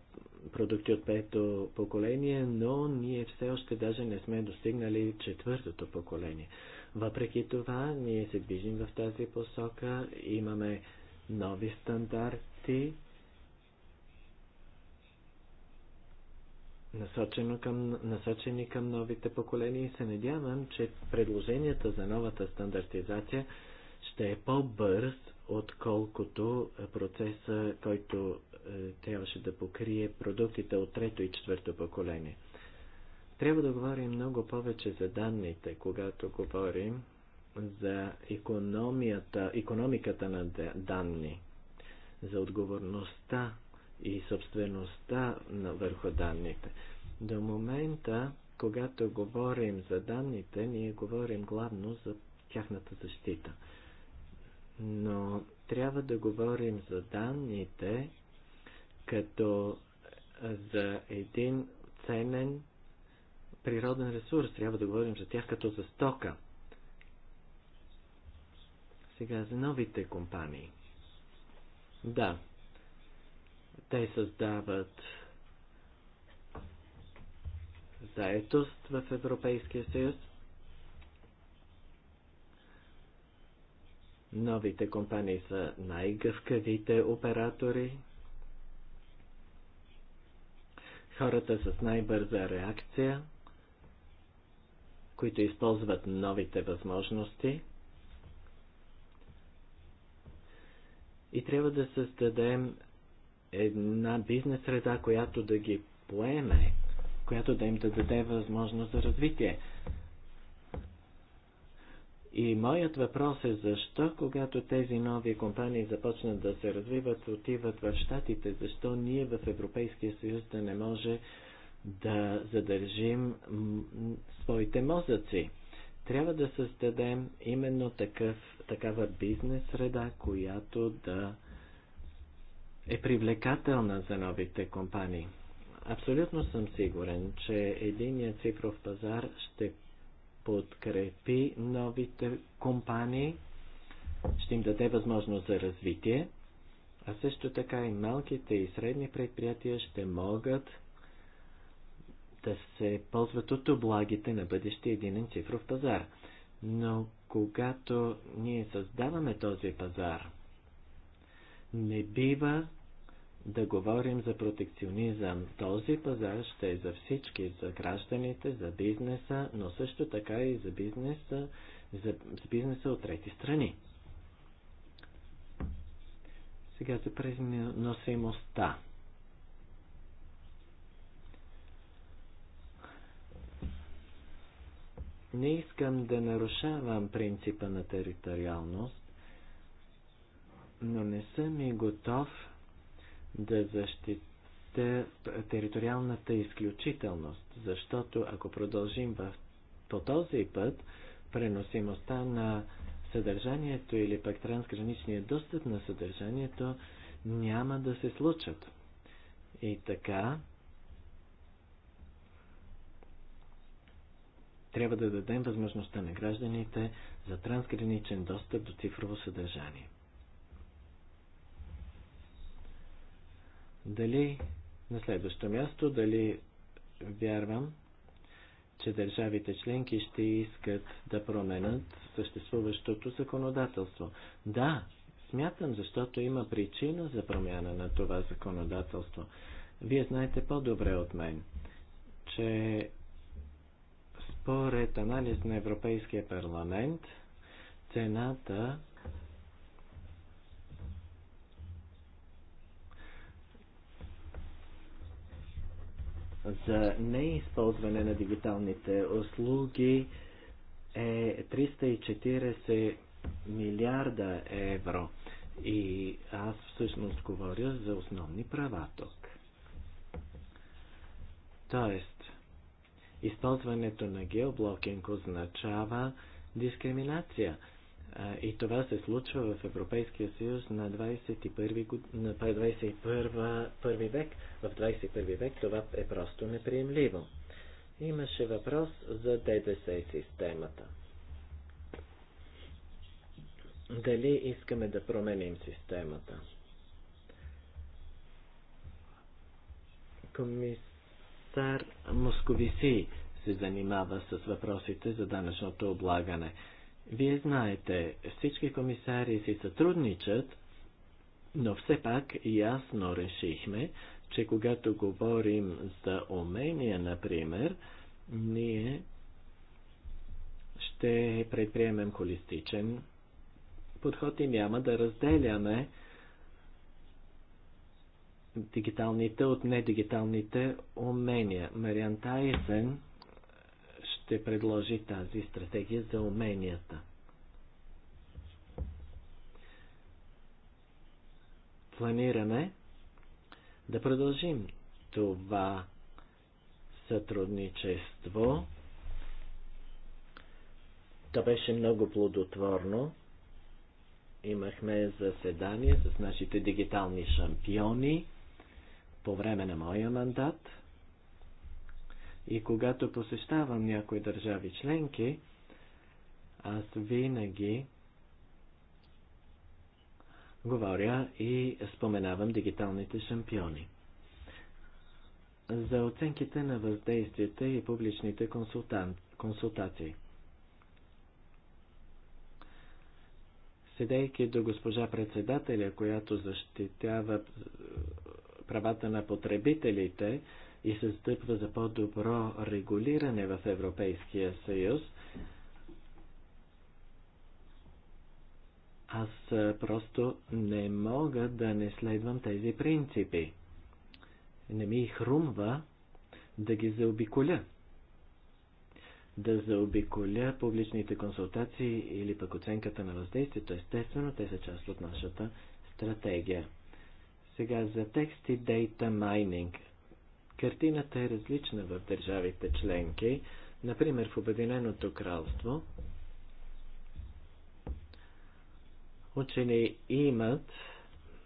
продукти от пето поколение, но ние все още даже не сме достигнали четвъртото поколение. Въпреки това, ние се движим в тази посока, имаме нови стандарти, насочено към, насочени към новите поколения и се надявам, че предложенията за новата стандартизация ще е по-бърз, отколкото процеса, който е, трябваше да покрие продуктите от трето и четвърто поколение. Трябва да говорим много повече за данните, когато говорим за економията, економиката на данни, за отговорността и собствеността на върху данните. До момента, когато говорим за данните, ние говорим главно за тяхната защита. Но трябва да говорим за данните като за един ценен природен ресурс. Трябва да говорим за тях като за стока. Сега за новите компании. Да, те създават заетост в Европейския съюз. Новите компании са най-гъвкавите оператори хората с най-бърза реакция, които използват новите възможности. И трябва да създадем една бизнес среда, която да ги поеме, която да им да даде възможност за развитие. И моят въпрос е защо, когато тези нови компании започнат да се развиват, отиват в Штатите, защо ние в Европейския съюз да не може да задържим своите мозъци? Трябва да създадем именно такъв, такава бизнес среда, която да е привлекателна за новите компании. Абсолютно съм сигурен, че единият цифров пазар ще подкрепи новите компании, ще им даде възможност за развитие, а също така и малките и средни предприятия ще могат да се ползват от облагите на бъдещия единен цифров пазар. Но когато ние създаваме този пазар, не бива да говорим за протекционизъм. Този пазар ще е за всички, за гражданите, за бизнеса, но също така и за бизнеса, за, бизнеса от трети страни. Сега за преносимостта. Не искам да нарушавам принципа на териториалност, но не съм и готов да защитя териториалната изключителност, защото ако продължим в, по този път, преносимостта на съдържанието или пък трансграничния достъп на съдържанието няма да се случат. И така, трябва да дадем възможността на гражданите за трансграничен достъп до цифрово съдържание. Дали на следващо място, дали вярвам, че държавите членки ще искат да променят съществуващото законодателство. Да, смятам, защото има причина за промяна на това законодателство. Вие знаете по-добре от мен, че според анализ на Европейския парламент, цената за неизползване на дигиталните услуги е 340 милиарда евро. И аз всъщност говоря за основни права тук. Тоест, използването на геоблокинг означава дискриминация – и това се случва в Европейския съюз на 21, на 21 век. В 21 век това е просто неприемливо. Имаше въпрос за ДДС системата. Дали искаме да променим системата? Комисар Московиси се занимава с въпросите за данъчното облагане. Вие знаете, всички комисари си сътрудничат, но все пак ясно решихме, че когато говорим за умения, например, ние ще предприемем холистичен подход и няма да разделяме дигиталните от недигиталните умения. Мариан Тайсен ще предложи тази стратегия за уменията. Планираме да продължим това сътрудничество. То беше много плодотворно. Имахме заседание с нашите дигитални шампиони по време на моя мандат – и когато посещавам някои държави членки, аз винаги говоря и споменавам дигиталните шампиони. За оценките на въздействията и публичните консултан... консултации. Седейки до госпожа председателя, която защитява правата на потребителите, и се стъпва за по-добро регулиране в Европейския съюз. Аз просто не мога да не следвам тези принципи. Не ми хрумва да ги заобиколя. Да заобиколя публичните консултации или пък оценката на въздействието, естествено, те са част от нашата стратегия. Сега за тексти, Data дейта майнинг. Картината е различна в държавите членки. Например, в Обединеното кралство учени имат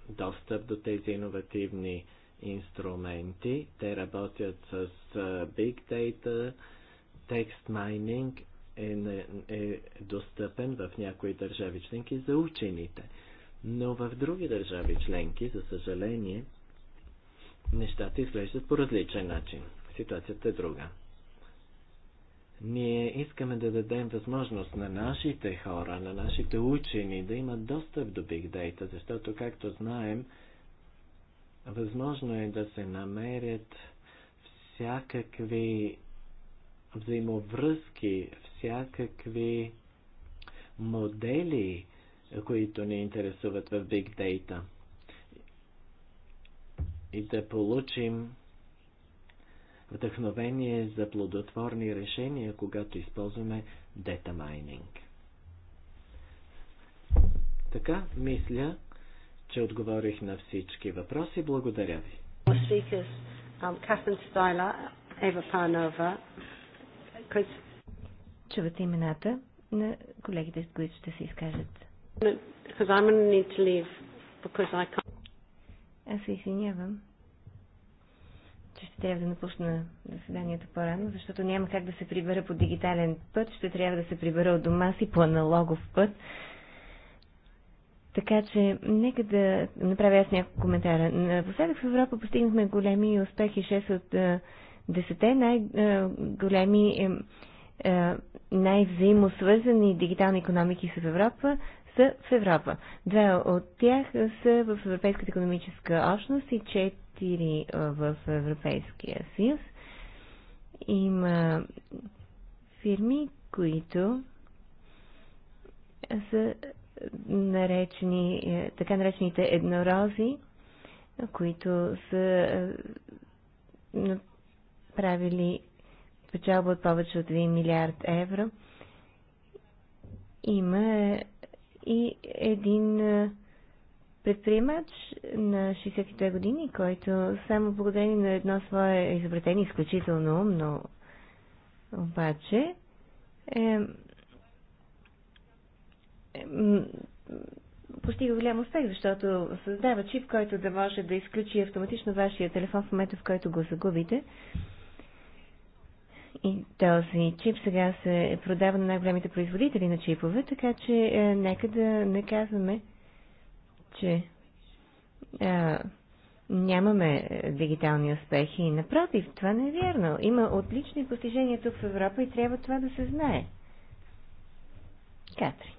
достъп до тези иновативни инструменти. Те работят с Big Data, Text Mining е, е достъпен в някои държави членки за учените. Но в други държави членки, за съжаление, нещата изглеждат по различен начин. Ситуацията е друга. Ние искаме да дадем възможност на нашите хора, на нашите учени да имат достъп до Big Data, защото, както знаем, възможно е да се намерят всякакви взаимовръзки, всякакви модели, които ни интересуват в Big Data – и да получим вдъхновение за плодотворни решения, когато използваме дета майнинг. Така, мисля, че отговорих на всички въпроси. Благодаря ви. Um, Чувате имената на колегите, които ще се изкажат. Because because I'm going to to need leave I can't. Аз се извинявам, че ще трябва да напусна заседанието по-рано, защото няма как да се прибера по дигитален път. Ще трябва да се прибера от дома си по аналогов път. Така че, нека да направя аз няколко коментара. Последък в Европа постигнахме големи успехи. 6 от 10 най-големи най-взаимосвързани дигитални економики с Европа заетостта в Европа. Две от тях са в Европейската економическа общност и четири в Европейския съюз. Има фирми, които са наречени, е, така наречените еднорози, които са е, направили печалба от повече от 1 милиард евро. Има е, и един е, предприемач на 62 години, който само благодарение на едно свое изобретение, изключително умно обаче, е, е, постига голям успех, защото създава чип, който да може да изключи автоматично вашия телефон в момента, в който го загубите и този чип сега се продава на най-големите производители на чипове, така че е, нека да не казваме, че е, нямаме дигитални успехи. Напротив, това не е вярно. Има отлични постижения тук в Европа и трябва това да се знае. Катри.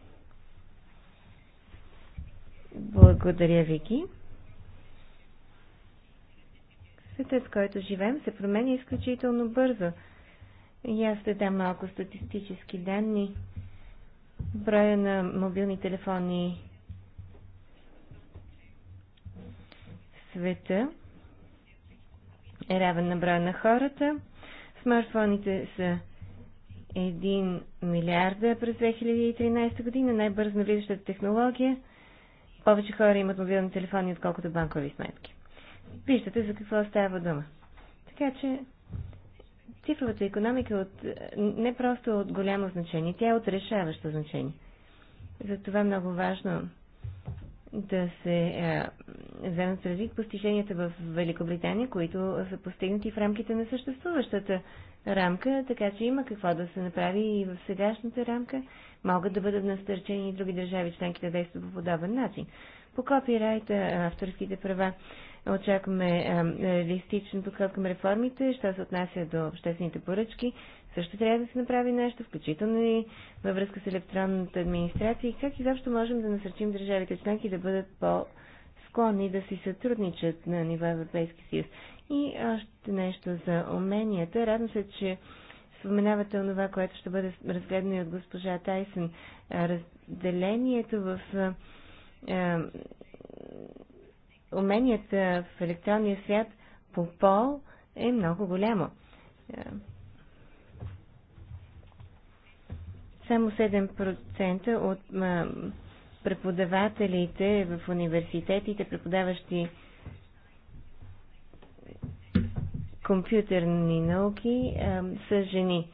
Благодаря, Вики. Светът, в който живеем, се променя изключително бързо. И аз ще дам малко статистически данни. Броя на мобилни телефони в света е равен на броя на хората. Смартфоните са 1 милиарда през 2013 година, най-бързо навлизащата технология. Повече хора имат мобилни телефони, отколкото банкови сметки. Виждате за какво става дума. Така че Цифровата економика е от, не просто от голямо значение, тя е от решаващо значение. Затова е много важно да се е, вземат предвид постиженията в Великобритания, които са постигнати в рамките на съществуващата рамка, така че има какво да се направи и в сегашната рамка. Могат да бъдат насърчени и други държави членки да действат по подобен начин. По копирайта, авторските права, Очакваме реалистичен подход към реформите, що се отнася до обществените поръчки. Също трябва да се направи нещо, включително и във връзка с електронната администрация и как изобщо можем да насърчим държавите членки да бъдат по-склонни да си сътрудничат на ниво Европейски съюз. И още нещо за уменията. Радвам се, че споменавате онова, което ще бъде разгледано и от госпожа Тайсън. Разделението в уменията в електронния свят по пол е много голямо. Е, само 7% от преподавателите в университетите, преподаващи компютърни науки, е, са жени.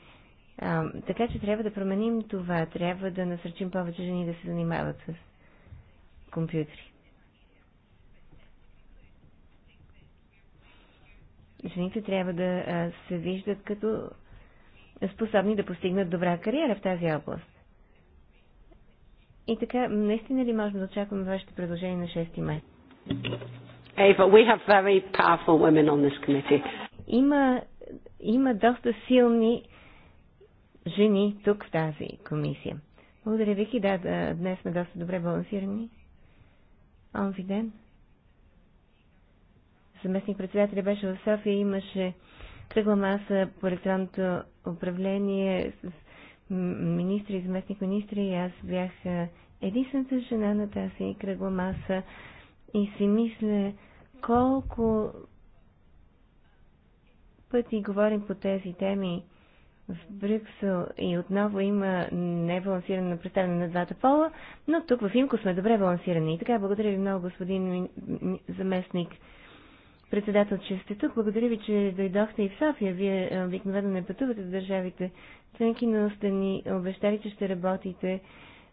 А, е, така че трябва да променим това. Трябва да насърчим повече жени да се занимават с компютри. жените трябва да се виждат като способни да постигнат добра кариера в тази област. И така, наистина ли можем да очакваме вашето предложение на 6 май? Ava, we have very powerful women on this committee. Има, има доста силни жени тук в тази комисия. Благодаря, Вики. Да, днес сме доста добре балансирани. Он ден заместник председателя беше в София, имаше кръгла маса по електронното управление с министри и заместник министри и аз бях единствената жена на тази кръгла маса и си мисля колко пъти говорим по тези теми в Брюксел и отново има небалансирано представяне на двата пола, но тук в Имко сме добре балансирани. И така, благодаря ви много, господин заместник председател, че сте тук. Благодаря ви, че дойдохте и в София. Вие е, обикновено не пътувате в държавите членки, но сте ни обещали, че ще работите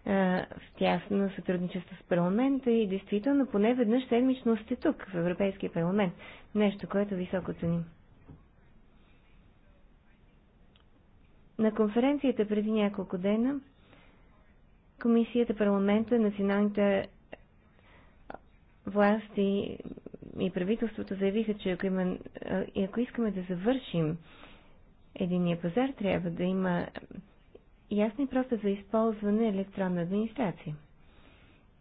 а, е, в тясно сътрудничество с парламента и действително поне веднъж седмично сте тук в Европейския парламент. Нещо, което високо ценим. На конференцията преди няколко дена Комисията, парламента, националните власти, и правителството заявиха, че ако, има, ако искаме да завършим единия пазар, трябва да има ясни и проста за използване електронна администрация.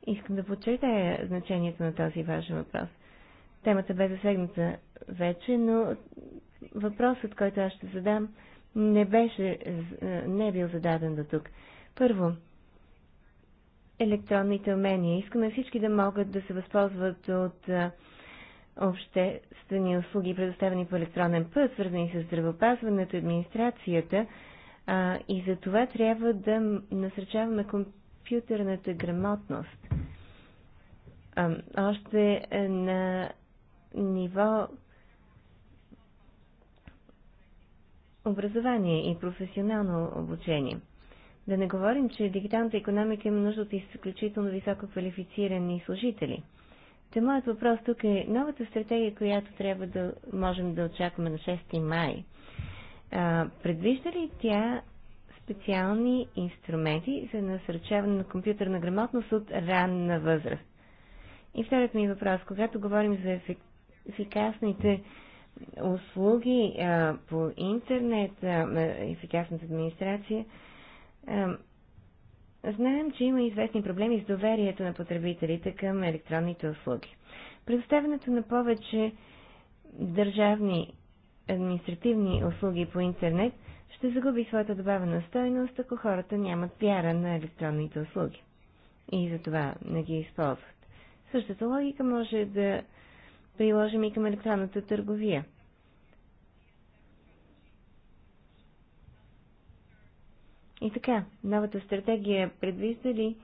Искам да подчертая значението на този важен въпрос. Темата бе засегната вече, но въпросът, който аз ще задам, не, беше, не е бил зададен до тук. Първо, електронните умения. Искаме всички да могат да се възползват от обществени услуги, предоставени по електронен път, свързани с здравеопазването и администрацията. А, и за това трябва да насръчаваме компютърната грамотност. А, още на ниво образование и професионално обучение. Да не говорим, че дигиталната економика има нужда от изключително високо квалифицирани служители – Та моят въпрос тук е новата стратегия, която трябва да можем да очакваме на 6 май. А, предвижда ли тя специални инструменти за насърчаване на компютърна грамотност от ранна възраст? И вторият ми въпрос, когато говорим за ефикасните услуги а, по интернет, а, ефикасната администрация, а, Знаем, че има известни проблеми с доверието на потребителите към електронните услуги. Предоставянето на повече държавни административни услуги по интернет ще загуби своята добавена стойност, ако хората нямат вяра на електронните услуги и затова не ги използват. Същата логика може да приложим и към електронната търговия – И така, новата стратегия предвижда ли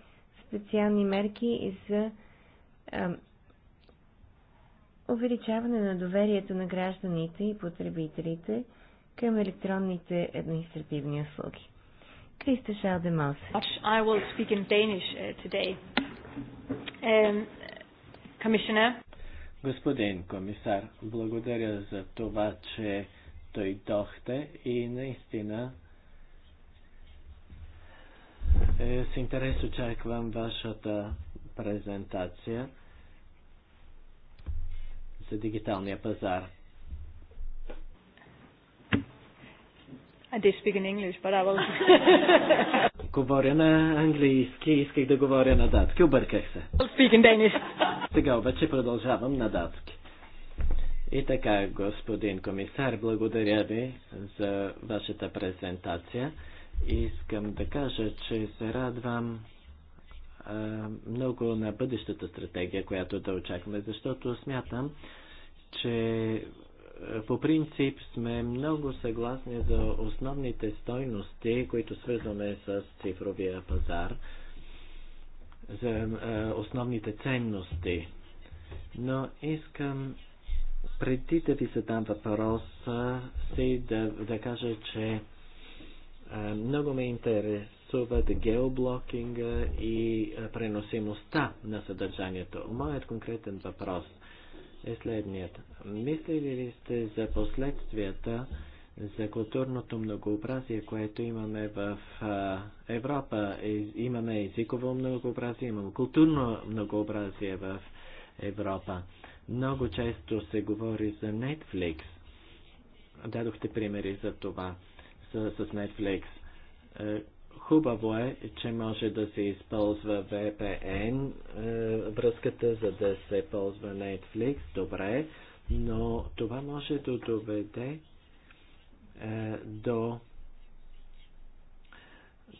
специални мерки за а, увеличаване на доверието на гражданите и потребителите към електронните административни услуги? Криста Шалдемос. I will speak in Danish uh, today. Um, Commissioner. Господин комисар, благодаря за това, че дойдохте и наистина е, с интерес очаквам вашата презентация за дигиталния пазар. I did speak in English, but I will... говоря на английски, исках да говоря на датски, обърках се. Speak in Danish. Сега обаче продължавам на датски. И така, господин комисар, благодаря ви за вашата презентация. Искам да кажа, че се радвам много на бъдещата стратегия, която да очакваме, защото смятам, че по принцип сме много съгласни за основните стойности, които свързваме с цифровия пазар, за основните ценности. Но искам преди да ви задам въпроса си да, да кажа, че много ме интересуват геоблокинга и преносимостта на съдържанието. Моят конкретен въпрос е следният. Мислили ли сте за последствията за културното многообразие, което имаме в Европа? Е, имаме езиково многообразие, имаме културно многообразие в Европа. Много често се говори за Netflix. Дадохте примери за това с, с Netflix. Е, хубаво е, че може да се използва VPN е, връзката, за да се ползва Netflix. Добре, но това може да доведе е, до,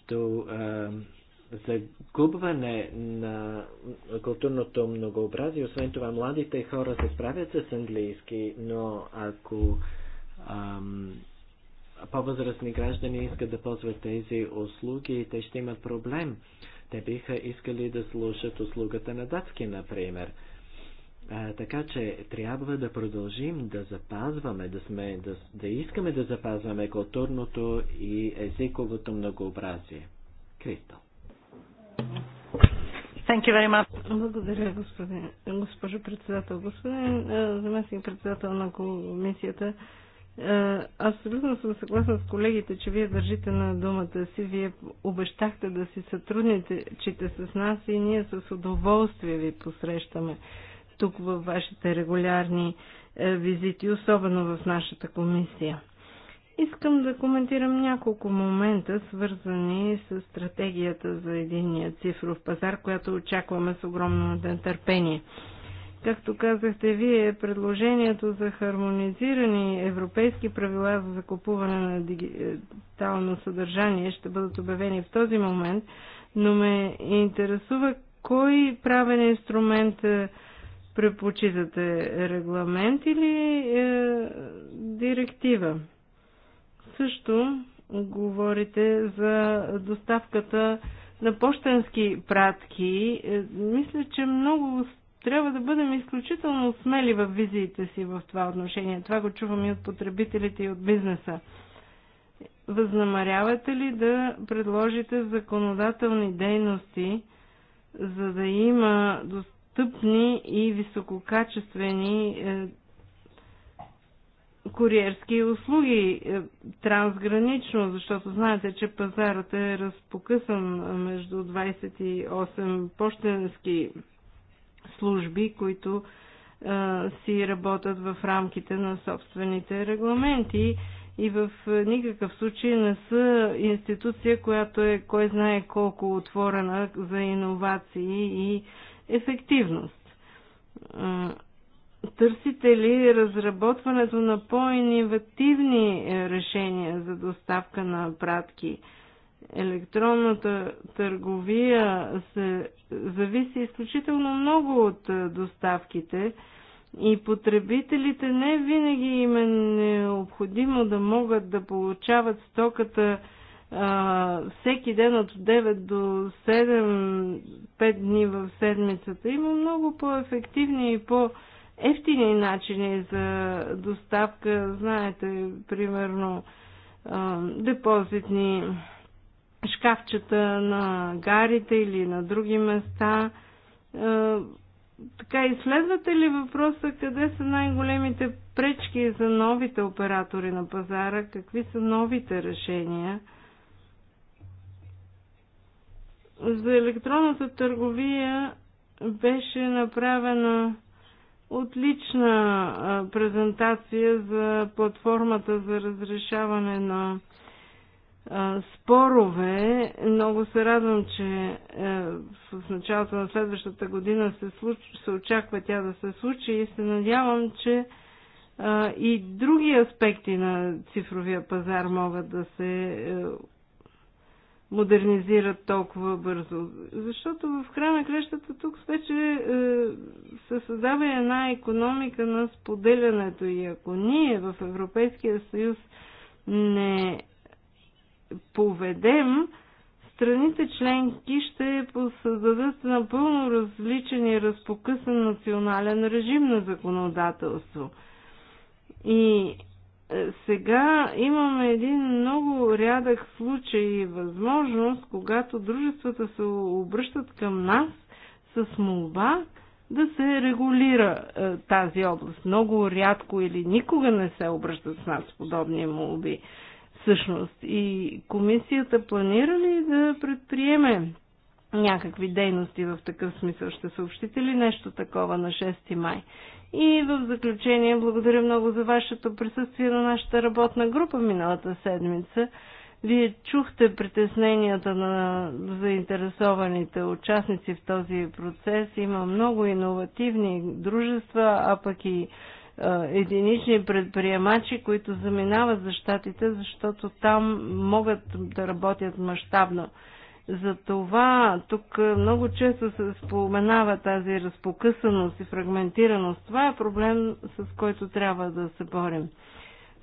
до е, загубване на културното многообразие. Освен това, младите хора се справят с английски, но ако по-възрастни граждани искат да ползват тези услуги и те ще имат проблем. Те биха искали да слушат услугата на датски, например. А, така че трябва да продължим да запазваме, да, сме, да, да искаме да запазваме културното и езиковото многообразие. Кристал. Thank you very much. Благодаря, господин, госпожо председател. Господин заместник председател на комисията, е, абсолютно съм съгласна с колегите, че вие държите на думата си. Вие обещахте да си сътрудничите с нас и ние с удоволствие ви посрещаме тук във вашите регулярни е, визити, особено в нашата комисия. Искам да коментирам няколко момента, свързани с стратегията за единния цифров пазар, която очакваме с огромно нетърпение. Да Както казахте вие, предложението за хармонизирани европейски правила за закупуване на дигитално съдържание ще бъдат обявени в този момент, но ме интересува кой правен инструмент е, предпочитате регламент или е, директива. Също говорите за доставката на почтенски пратки. Е, мисля, че много трябва да бъдем изключително смели в визиите си в това отношение. Това го чувам и от потребителите, и от бизнеса. Възнамарявате ли да предложите законодателни дейности, за да има достъпни и висококачествени е, куриерски услуги е, трансгранично, защото знаете, че пазарът е разпокъсан между 28 почтенски служби, които а, си работят в рамките на собствените регламенти и в никакъв случай не са институция, която е кой знае колко отворена за иновации и ефективност. Търсите ли разработването на по-инновативни решения за доставка на пратки? електронната търговия се зависи изключително много от е, доставките и потребителите не винаги им е необходимо да могат да получават стоката а, е, всеки ден от 9 до 7, 5 дни в седмицата. Има много по-ефективни и по-ефтини начини за доставка. Знаете, примерно, е, депозитни шкафчета на гарите или на други места. Е, така, изследвате ли въпроса къде са най-големите пречки за новите оператори на пазара? Какви са новите решения? За електронната търговия беше направена отлична презентация за платформата за разрешаване на спорове. Много се радвам, че в е, началото на следващата година се, случ... се очаква тя да се случи и се надявам, че и други аспекти на цифровия пазар могат да се е, модернизират толкова бързо. Защото в края на крещата тук вече е, се създава една економика на споделянето и ако ние в Европейския съюз не поведем, страните членки ще създадат напълно различен и разпокъсан национален режим на законодателство. И е, сега имаме един много рядък случай и възможност, когато дружествата се обръщат към нас с молба да се регулира е, тази област. Много рядко или никога не се обръщат с нас подобни молби всъщност. И комисията планира ли да предприеме някакви дейности в такъв смисъл? Ще съобщите ли нещо такова на 6 май? И в заключение, благодаря много за вашето присъствие на нашата работна група миналата седмица. Вие чухте притесненията на заинтересованите участници в този процес. Има много иновативни дружества, а пък и единични предприемачи, които заминават за щатите, защото там могат да работят мащабно. Затова тук много често се споменава тази разпокъсаност и фрагментираност. Това е проблем, с който трябва да се борим.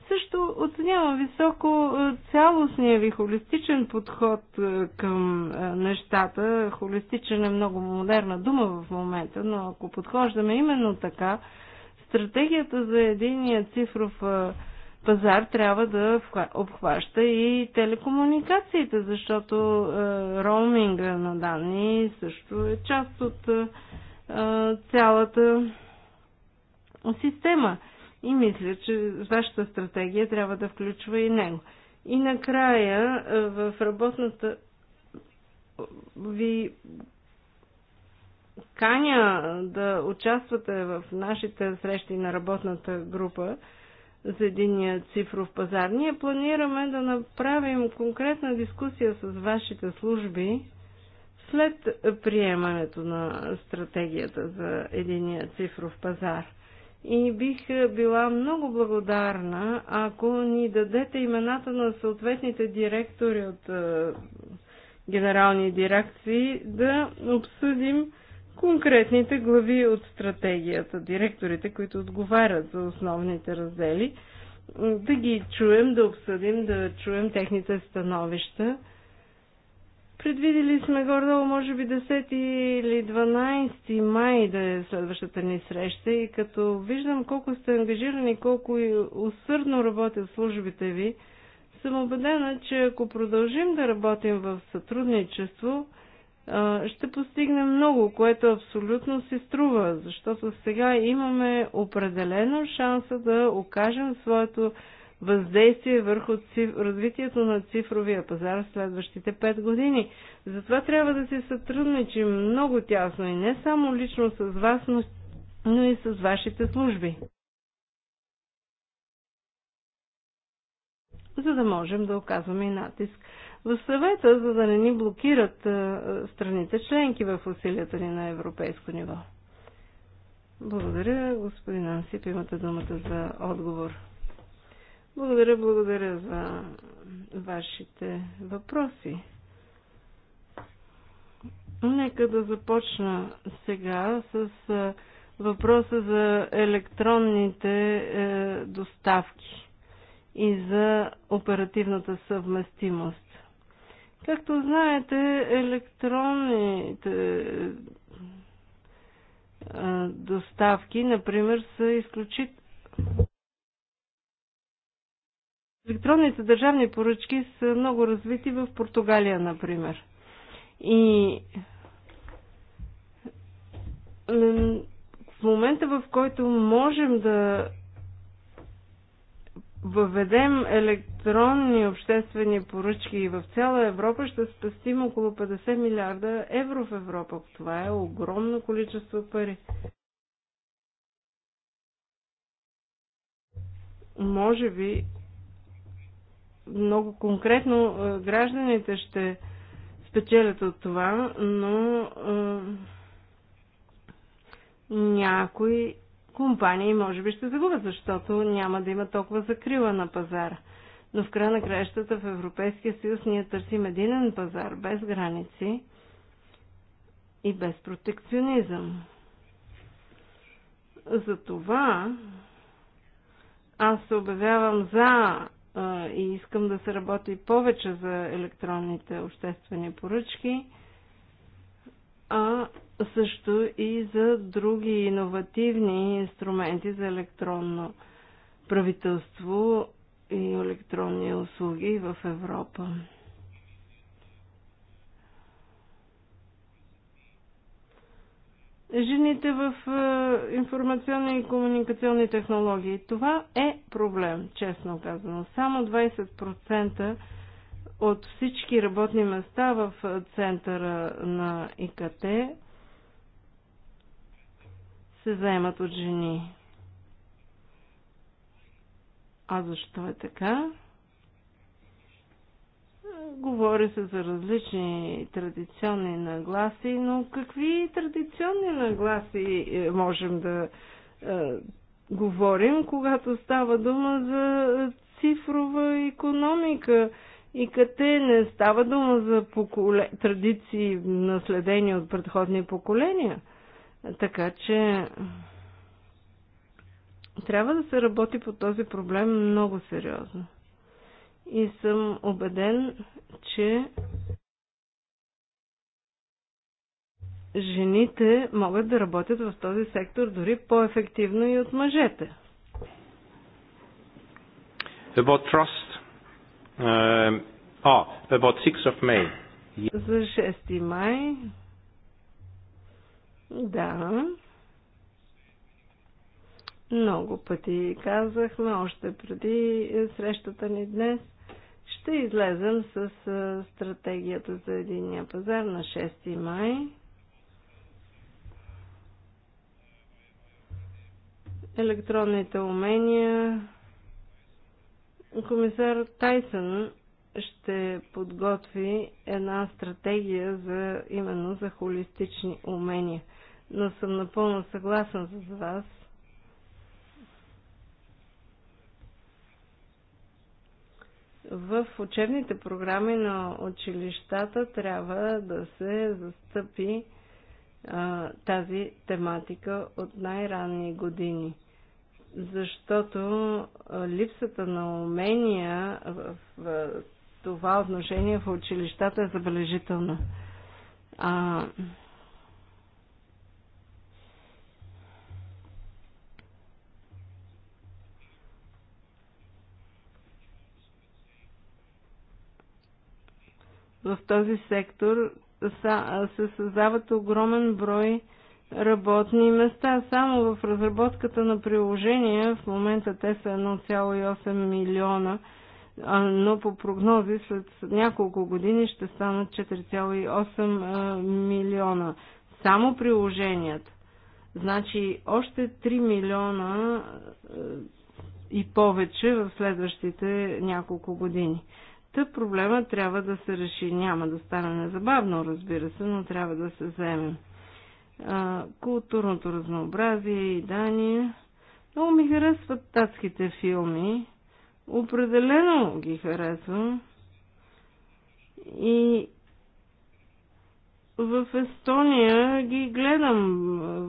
Също оценявам високо цялостния ви холистичен подход към нещата. Холистичен е много модерна дума в момента, но ако подхождаме именно така, Стратегията за единия цифров пазар трябва да обхваща и телекомуникациите, защото роуминга на данни също е част от цялата система. И мисля, че вашата стратегия трябва да включва и него. И накрая в работната ви каня да участвате в нашите срещи на работната група за единия цифров пазар. Ние планираме да направим конкретна дискусия с вашите служби след приемането на стратегията за единия цифров пазар. И бих била много благодарна, ако ни дадете имената на съответните директори от е, генерални дирекции, да обсъдим конкретните глави от стратегията, директорите, които отговарят за основните раздели, да ги чуем, да обсъдим, да чуем техните становища. Предвидели сме гордо, може би 10 или 12 май да е следващата ни среща и като виждам колко сте ангажирани, колко и усърдно работят службите ви, съм убедена, че ако продължим да работим в сътрудничество, ще постигнем много, което абсолютно си струва, защото сега имаме определено шанса да окажем своето въздействие върху циф... развитието на цифровия пазар в следващите 5 години. Затова трябва да се сътрудничим много тясно и не само лично с вас, но, но и с вашите служби. За да можем да оказваме натиск в съвета, за да не ни блокират страните членки в усилията ни на европейско ниво? Благодаря, господин Ансип. Имате думата за отговор. Благодаря, благодаря за вашите въпроси. Нека да започна сега с въпроса за електронните е, доставки и за оперативната съвместимост. Както знаете, електронните доставки, например, са изключително. Електронните държавни поръчки са много развити в Португалия, например. И в момента, в който можем да въведем електронни обществени поръчки в цяла Европа, ще спастим около 50 милиарда евро в Европа. Това е огромно количество пари. Може би много конкретно е, гражданите ще спечелят от това, но е, някои компании може би ще загубят, защото няма да има толкова закрила на пазара. Но в края на краищата в Европейския съюз ние търсим единен пазар без граници и без протекционизъм. Затова аз се обявявам за а, и искам да се работи повече за електронните обществени поръчки, а също и за други иновативни инструменти за електронно правителство и електронни услуги в Европа. Жените в е, информационни и комуникационни технологии. Това е проблем, честно казано. Само 20% от всички работни места в е, центъра на ИКТ се заемат от жени. А защо е така? Говори се за различни традиционни нагласи, но какви традиционни нагласи е, можем да е, говорим, когато става дума за цифрова економика? И къде не става дума за поколе... традиции, наследени от предходни поколения – така че трябва да се работи по този проблем много сериозно. И съм убеден, че жените могат да работят в този сектор дори по-ефективно и от мъжете. About trust. Uh, oh, about 6 of May. За 6 май да. Много пъти казахме, още преди срещата ни днес, ще излезем с стратегията за единия пазар на 6 май. Електронните умения. Комисар Тайсън ще подготви една стратегия за, именно за холистични умения – но съм напълно съгласна с вас. В учебните програми на училищата трябва да се застъпи а, тази тематика от най-ранни години защото липсата на умения в, това отношение в училищата е забележителна. А, в този сектор се създават огромен брой работни места. Само в разработката на приложения в момента те са 1,8 милиона, но по прогнози след няколко години ще станат 4,8 милиона. Само приложенията. Значи още 3 милиона и повече в следващите няколко години. Та проблема трябва да се реши. Няма да стане незабавно, разбира се, но трябва да се вземем. Културното разнообразие и Дания. Много ми харесват татските филми. Определено ги харесвам. И в Естония ги гледам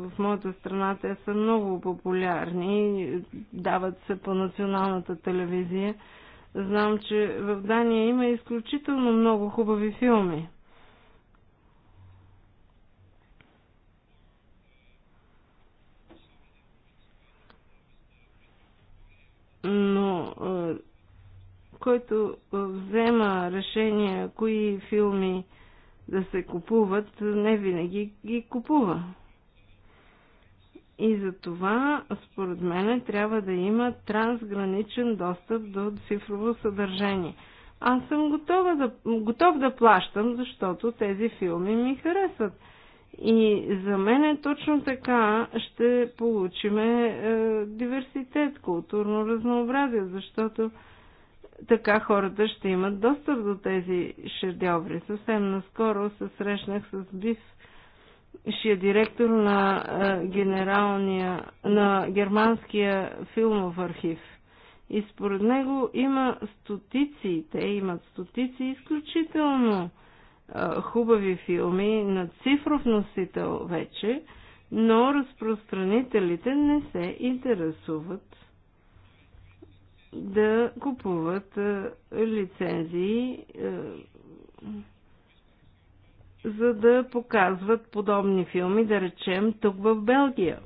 в моята страна. Те са много популярни. Дават се по националната телевизия. Знам, че в Дания има изключително много хубави филми. Но е, който е, взема решение кои филми да се купуват, не винаги ги купува. И за това, според мен, трябва да има трансграничен достъп до цифрово съдържание. Аз съм готова да, готов да плащам, защото тези филми ми харесват. И за мен е точно така ще получим е, диверситет, културно разнообразие, защото така хората ще имат достъп до тези шедеври. Съвсем наскоро се срещнах с Бив бившия директор на, генералния, на германския филмов архив. И според него има стотици, те имат стотици изключително хубави филми на цифров носител вече, но разпространителите не се интересуват да купуват лицензии за да показват подобни филми, да речем, тук в Белгия.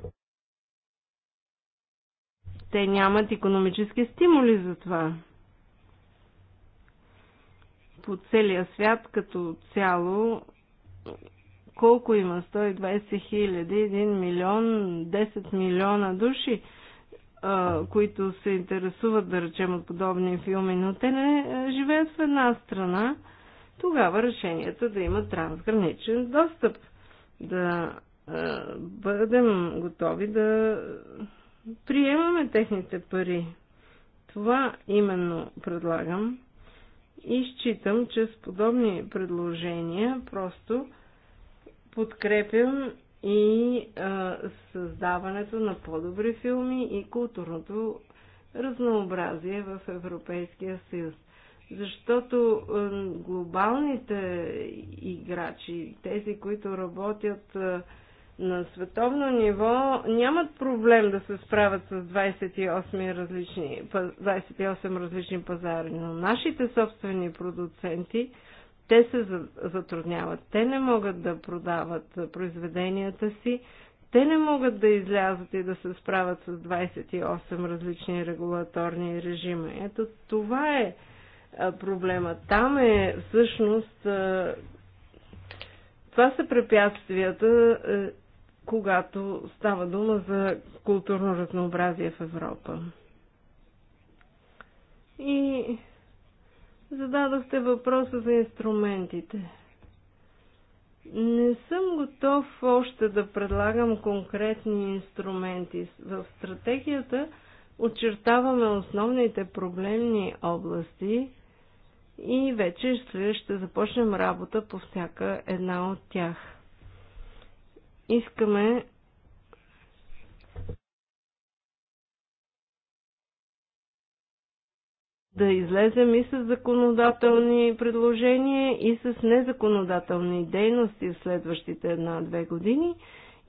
Те нямат економически стимули за това. По целия свят като цяло, колко има? 120 хиляди, 1 милион, 10 милиона души които се интересуват, да речем, от подобни филми, но те не живеят в една страна тогава решенията да имат трансграничен достъп. Да а, бъдем готови да приемаме техните пари. Това именно предлагам и считам, че с подобни предложения просто подкрепям и а, създаването на по-добри филми и културното разнообразие в Европейския съюз защото е, глобалните играчи, тези, които работят е, на световно ниво, нямат проблем да се справят с 28 различни, 28 различни пазари, но нашите собствени продуценти, те се затрудняват. Те не могат да продават е, произведенията си, те не могат да излязат и да се справят с 28 различни регулаторни режими. Ето това е проблема. Там е всъщност това са препятствията, когато става дума за културно разнообразие в Европа. И зададохте въпроса за инструментите. Не съм готов още да предлагам конкретни инструменти. В стратегията очертаваме основните проблемни области и вече ще започнем работа по всяка една от тях. Искаме да излезем и с законодателни предложения, и с незаконодателни дейности в следващите една-две години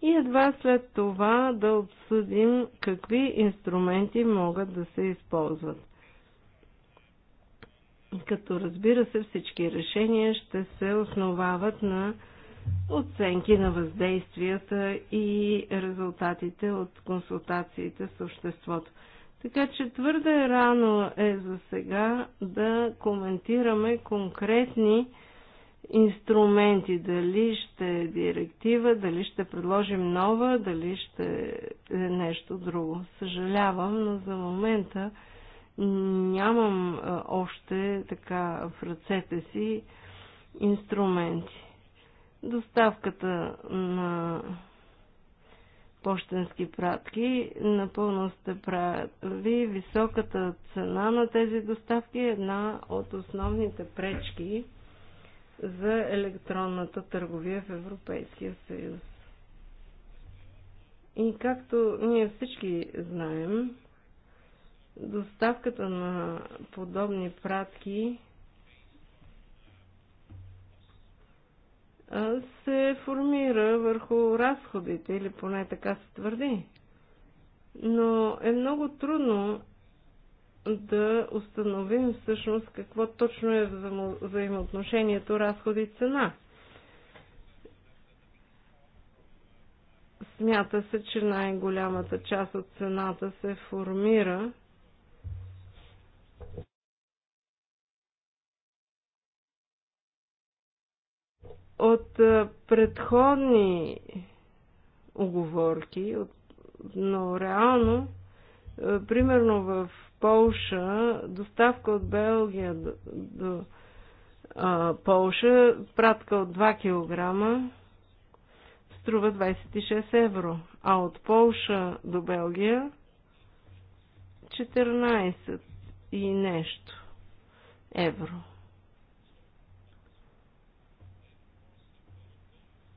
и едва след това да обсъдим какви инструменти могат да се използват. Като разбира се, всички решения ще се основават на оценки на въздействията и резултатите от консултациите с обществото. Така че твърде рано е за сега да коментираме конкретни инструменти, дали ще е директива, дали ще предложим нова, дали ще е нещо друго. Съжалявам, но за момента нямам още така в ръцете си инструменти. Доставката на почтенски пратки, напълно сте прави. Високата цена на тези доставки е една от основните пречки за електронната търговия в Европейския съюз. И както ние всички знаем, доставката на подобни пратки се формира върху разходите, или поне така се твърди. Но е много трудно да установим всъщност какво точно е взаимоотношението разходи-цена. Смята се, че най-голямата част от цената се формира от предходни оговорки, но реално, примерно в Полша, доставка от Белгия до, до а, Полша, пратка от 2 кг струва 26 евро, а от Полша до Белгия 14 и нещо евро.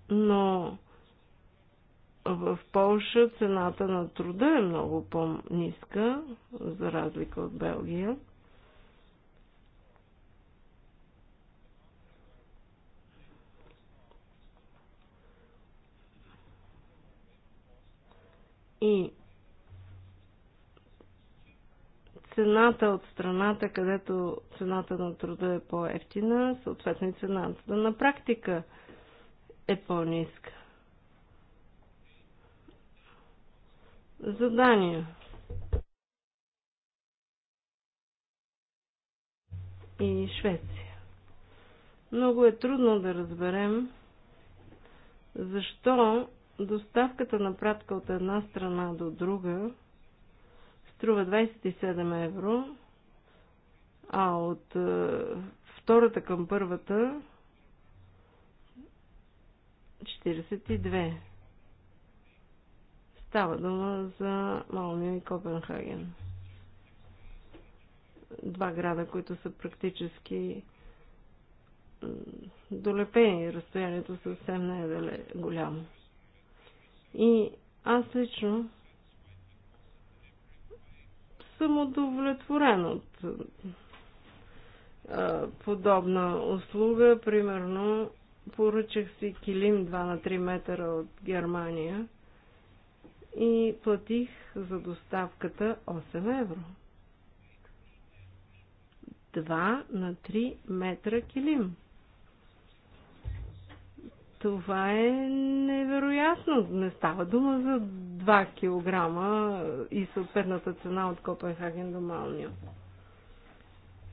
но в Польша цената на труда е много по-ниска, за разлика от Белгия. И цената от страната, където цената на труда е по-ефтина, съответно и цената на практика – е по-ниска. Задания. И Швеция. Много е трудно да разберем защо доставката на пратка от една страна до друга струва 27 евро, а от е, втората към първата 42. Става дума за Малмин и Копенхаген. Два града, които са практически долепени. Разстоянието е съвсем не е дале, голямо. И аз лично съм удовлетворен от подобна услуга. Примерно поръчах си килим 2 на 3 метра от Германия и платих за доставката 8 евро. 2 на 3 метра килим. Това е невероятно. Не става дума за 2 кг и съответната цена от Копенхаген до Малния.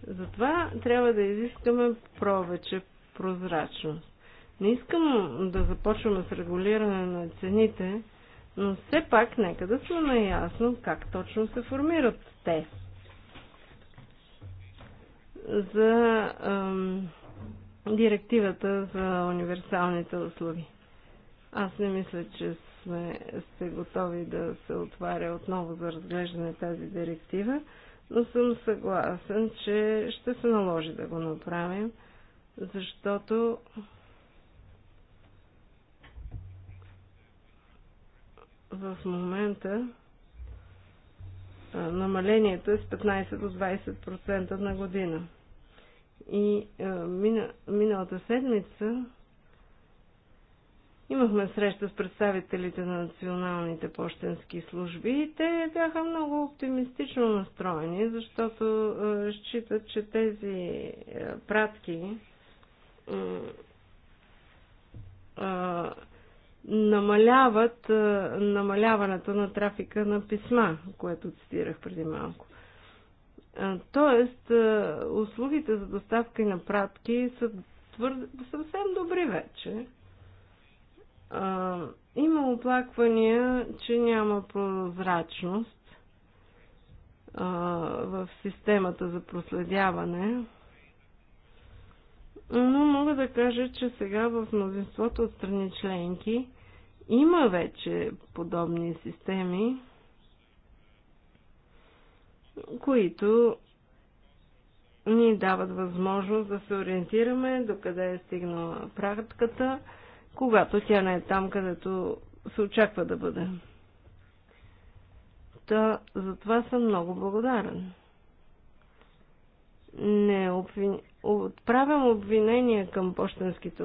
Затова трябва да изискаме повече прозрачност. Не искам да започваме с регулиране на цените, но все пак нека да сме наясно как точно се формират те. За ам, директивата за универсалните услуги. Аз не мисля, че сме, сте готови да се отваря отново за разглеждане тази директива, но съм съгласен, че ще се наложи да го направим, защото в момента намалението е с 15 до 20% на година. И мина, миналата седмица имахме среща с представителите на националните почтенски служби и те бяха много оптимистично настроени, защото считат, че тези пратки намаляват намаляването на трафика на писма, което цитирах преди малко. Тоест, услугите за доставка и на пратки са твърде, съвсем добри вече. А, има оплаквания, че няма прозрачност а, в системата за проследяване но мога да кажа, че сега в мнозинството от страни членки има вече подобни системи, които ни дават възможност да се ориентираме до къде е стигнала практиката, когато тя не е там, където се очаква да бъде. Та, за това съм много благодарен не обвин... отправям обвинения към почтенските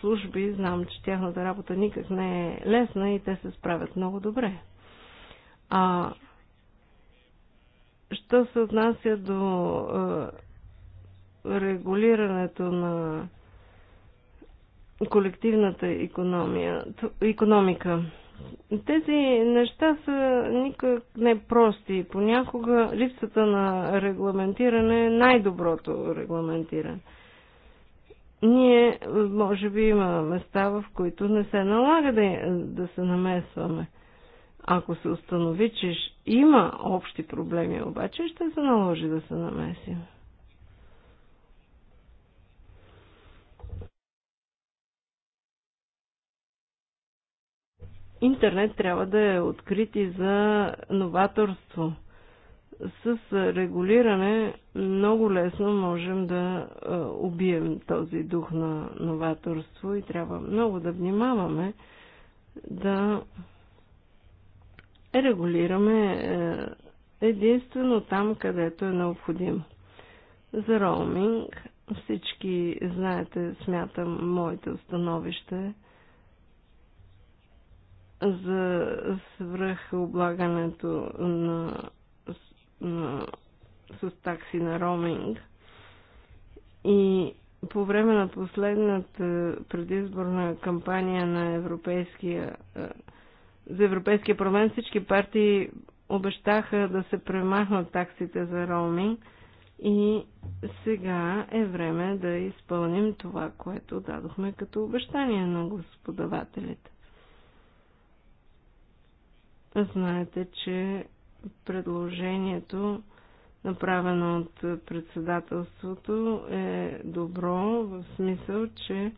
служби. Знам, че тяхната работа никак не е лесна и те се справят много добре. А що се отнася до е, регулирането на колективната економия, економика, тези неща са никак не прости. Понякога липсата на регламентиране е най-доброто регламентиране. Ние, може би, има места, в които не се налага да, да се намесваме. Ако се установи, че има общи проблеми, обаче ще се наложи да се намесим. интернет трябва да е открит и за новаторство. С регулиране много лесно можем да убием този дух на новаторство и трябва много да внимаваме да регулираме единствено там, където е необходимо. За роуминг всички знаете, смятам, моите установище – за свръхоблагането на, на, с такси на роуминг. И по време на последната предизборна кампания на Европейския, е, за Европейския парламент всички партии обещаха да се премахнат таксите за роуминг и сега е време да изпълним това, което дадохме като обещание на господавателите. Знаете, че предложението, направено от председателството, е добро в смисъл, че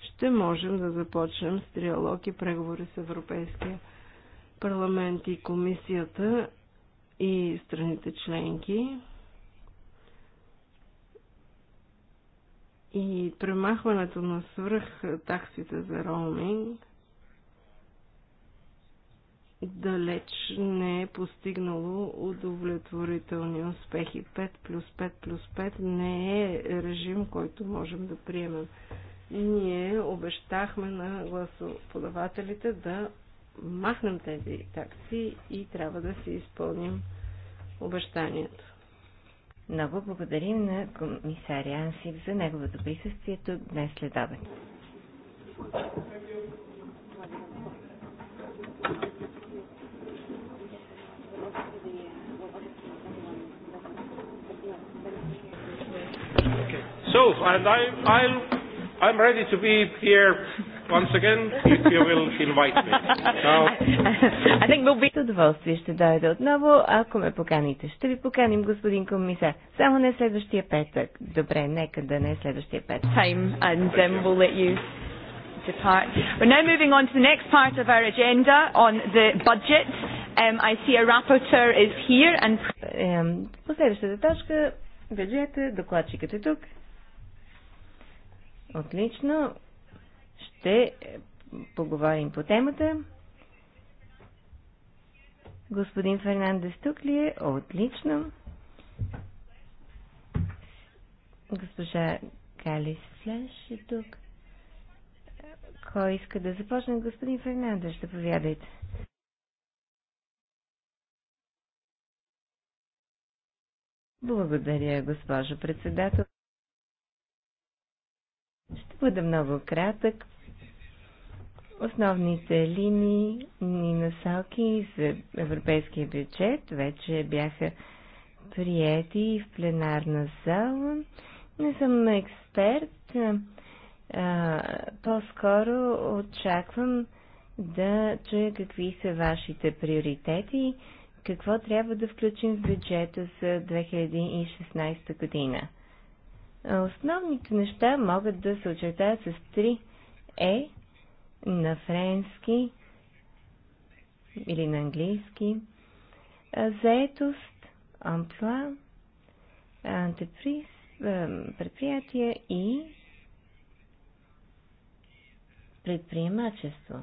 ще можем да започнем с триалог и преговори с Европейския парламент и комисията и страните членки. И премахването на свръх таксите за роуминг – далеч не е постигнало удовлетворителни успехи. 5 плюс 5 плюс 5 не е режим, който можем да приемем. Ние обещахме на гласоподавателите да махнем тези такси и трябва да си изпълним обещанието. Много благодарим на комисаря Ансип за неговото присъствие тук днес след обед. Thank you. So, and I, I'll, I'm ready to be here once again if you will invite me. Now... I think we'll be... С удоволствие ще дойда отново, ако ме поканите. Ще ви поканим, господин комисар. Само не следващия петък. Добре, нека да не следващия петък. Time and then we'll let you depart. We're now moving on to the next part of our agenda on the budget. Um, I see a rapporteur is here and... Um, Последващата точка, бюджета, докладчикът е тук. Отлично. Ще поговорим по темата. Господин Фернандес тук ли е? Отлично. Госпожа Калис Флеш е тук. Кой иска да започне? Господин Фернандес. Ще повядайте. Благодаря, госпожо председател. Ще бъда много кратък. Основните линии и насоки за европейския бюджет вече бяха приети в пленарна зала. Не съм експерт. по-скоро очаквам да чуя какви са вашите приоритети, какво трябва да включим в бюджета за 2016 година. Основните неща могат да се очертаят с три е на френски или на английски. Заетост, амплуа, антеприз, предприятие и предприемачество.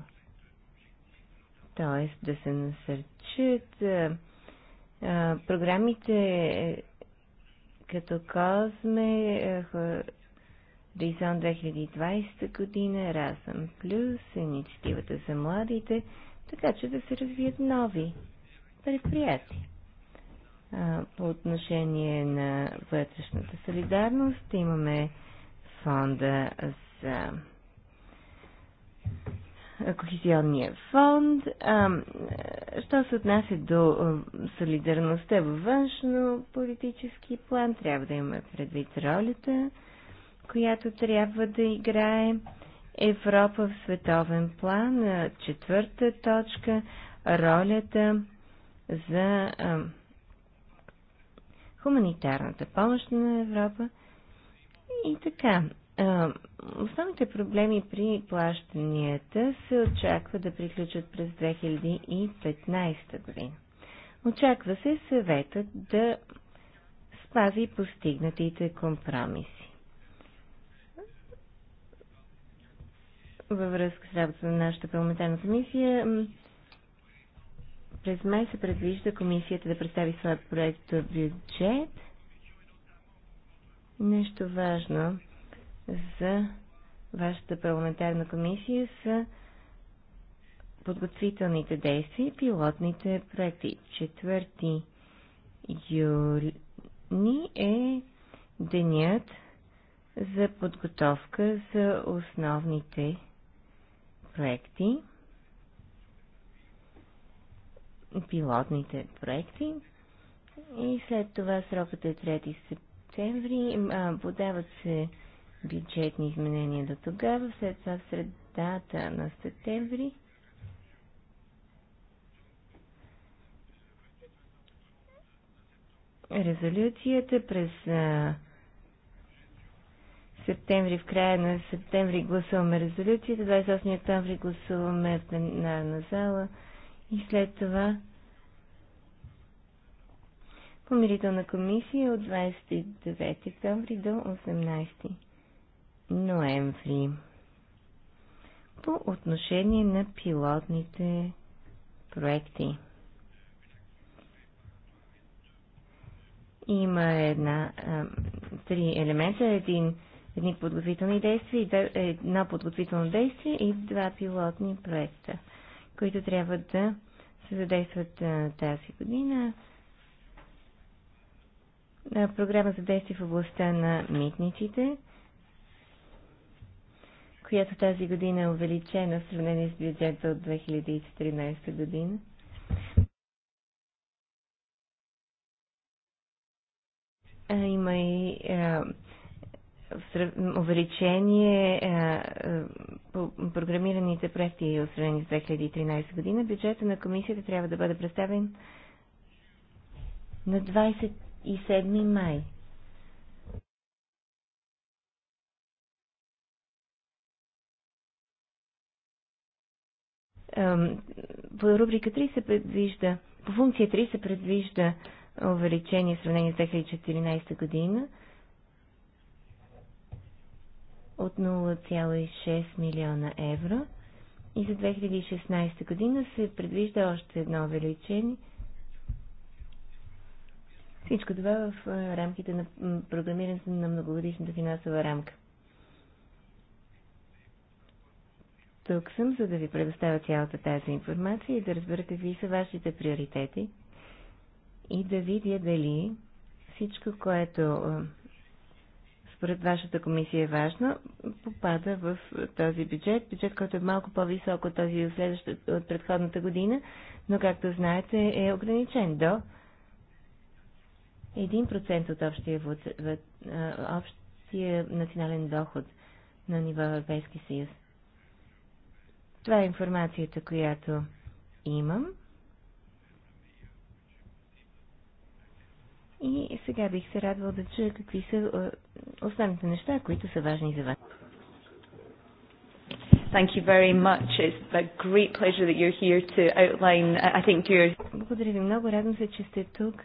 Тоест да се насърчат програмите като Козме, Ризон 2020 година, Разъм Плюс, инициативата за младите, така че да се развият нови предприятия. По отношение на вътрешната солидарност имаме фонда за Кохезионния фонд. А, що се отнася до солидарността във външно-политически план, трябва да имаме предвид ролята, която трябва да играе Европа в световен план. Четвърта точка ролята за а, хуманитарната помощ на Европа. И така, Основните проблеми при плащанията се очаква да приключат през 2015 година. Очаква се съветът да спази постигнатите компромиси. Във връзка с работата на нашата парламентарна комисия, през май се предвижда комисията да представи своя проект бюджет. Нещо важно за вашата парламентарна комисия са подготвителните действия и пилотните проекти. 4 юни е денят за подготовка за основните проекти, пилотните проекти и след това срокът е 3 септември. Подават се бюджетни изменения до тогава, след това в средата на септември резолюцията през а, септември, в края на септември гласуваме резолюцията, 28 октомври гласуваме в пленарна зала и след това помирителна комисия от 29 октомври до 18 ноември по отношение на пилотните проекти. Има една, а, три елемента. Един, едни подготвителни действия, едно подготвително действие и два пилотни проекта, които трябва да се задействат а, тази година. А, програма за действие в областта на митниците – която тази година е увеличена в сравнение с бюджета от 2014 година. Има и а, увеличение а, по програмираните проекти и сравнение с 2013 година. Бюджета на комисията трябва да бъде представен на 27 май. По рубрика 3 се предвижда, по функция 3 се предвижда увеличение в сравнение с 2014 година от 0,6 милиона евро и за 2016 година се предвижда още едно увеличение. Всичко това в рамките на програмирането на многогодишната финансова рамка. Тук съм, за да ви предоставя цялата тази информация и да разбера какви са вашите приоритети и да видя дали всичко, което според вашата комисия е важно, попада в този бюджет. Бюджет, който е малко по-висок от този от, от предходната година, но както знаете е ограничен до 1% от общия, общия национален доход на ниво Европейски съюз. Това е информацията, която имам. И сега бих се радвал да чуя какви са е, основните неща, които са важни за вас. Thank you very much. It's a great pleasure that you're here to outline, I think, your... Благодаря ви много. Радвам се, че сте тук.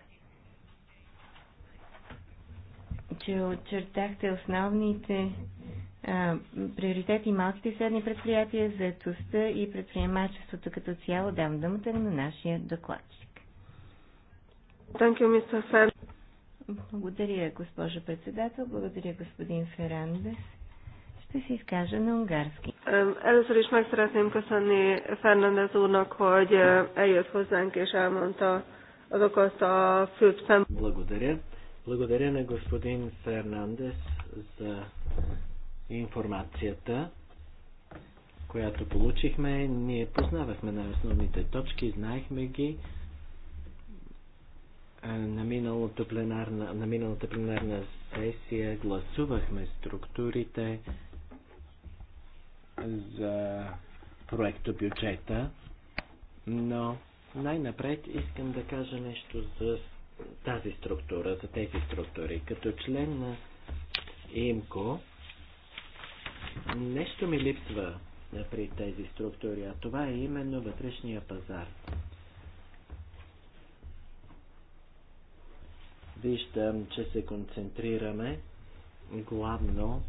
Че очертахте основните приоритети малките и средни предприятия, заетостта и предприемачеството като цяло. Дам думата на нашия докладчик. You, Благодаря, госпожа председател. Благодаря, господин Ферандес. Ще се изкажа на унгарски. Е, Благодаря. Благодаря на господин Фернандес за информацията, която получихме. Ние познавахме на основните точки, знаехме ги. На, миналото пленарна, на миналата пленарна сесия гласувахме структурите за проекто бюджета, но най-напред искам да кажа нещо за тази структура, за тези структури. Като член на ИМКО, Нещо ми липсва при тези структури, а това е именно вътрешния пазар. Виждам, че се концентрираме главно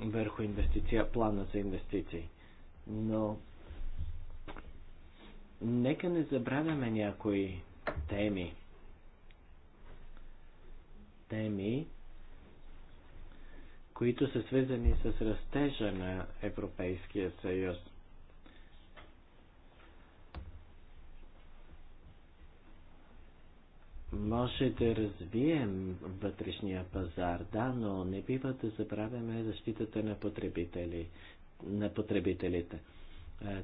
върху инвестиция, плана за инвестиции. Но нека не забравяме някои теми. Теми, които са свързани с растежа на Европейския съюз. Може да развием вътрешния пазар, да, но не бива да забравяме защитата на, потребители, на потребителите. Е,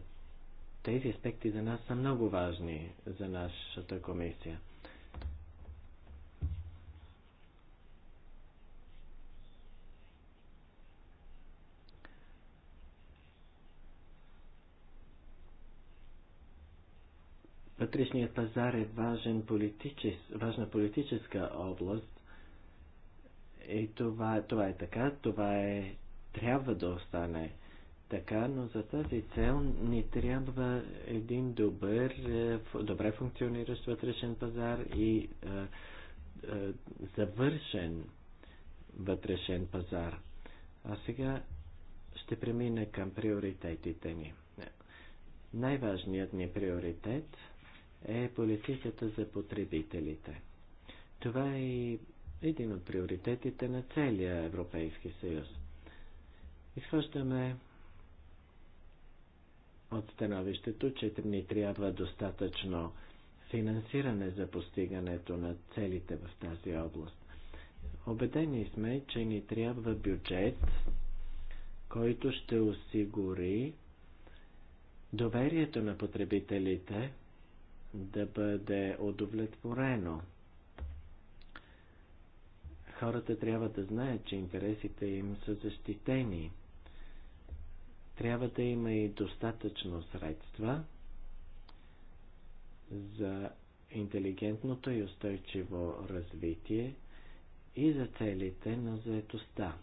тези аспекти за нас са много важни за нашата комисия. Вътрешният пазар е важен политичес, важна политическа област и това, това е така, това е, трябва да остане така, но за тази цел ни трябва един добър, е, добре функциониращ вътрешен пазар и е, е, завършен вътрешен пазар. А сега ще премина към приоритетите ни. Най-важният ни приоритет – е политиката за потребителите. Това е един от приоритетите на целия Европейски съюз. Изхождаме от становището, че ни трябва достатъчно финансиране за постигането на целите в тази област. Обедени сме, че ни трябва бюджет, който ще осигури доверието на потребителите да бъде удовлетворено. Хората трябва да знаят, че интересите им са защитени. Трябва да има и достатъчно средства за интелигентното и устойчиво развитие и за целите на заетостта.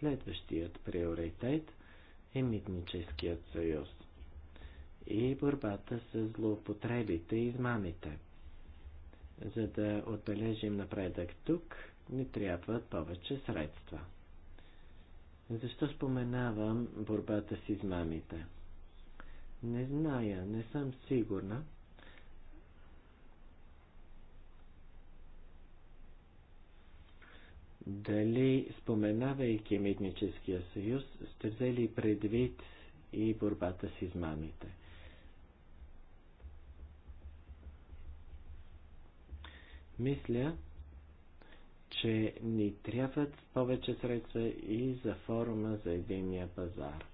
Следващият приоритет е Митническият съюз и борбата с злоупотребите и измамите. За да отбележим напредък тук, ни трябват повече средства. Защо споменавам борбата с измамите? Не зная, не съм сигурна. Дали, споменавайки Митническия съюз, сте взели предвид и борбата с измамите? Мисля, че ни трябват повече средства и за форума за единия пазар.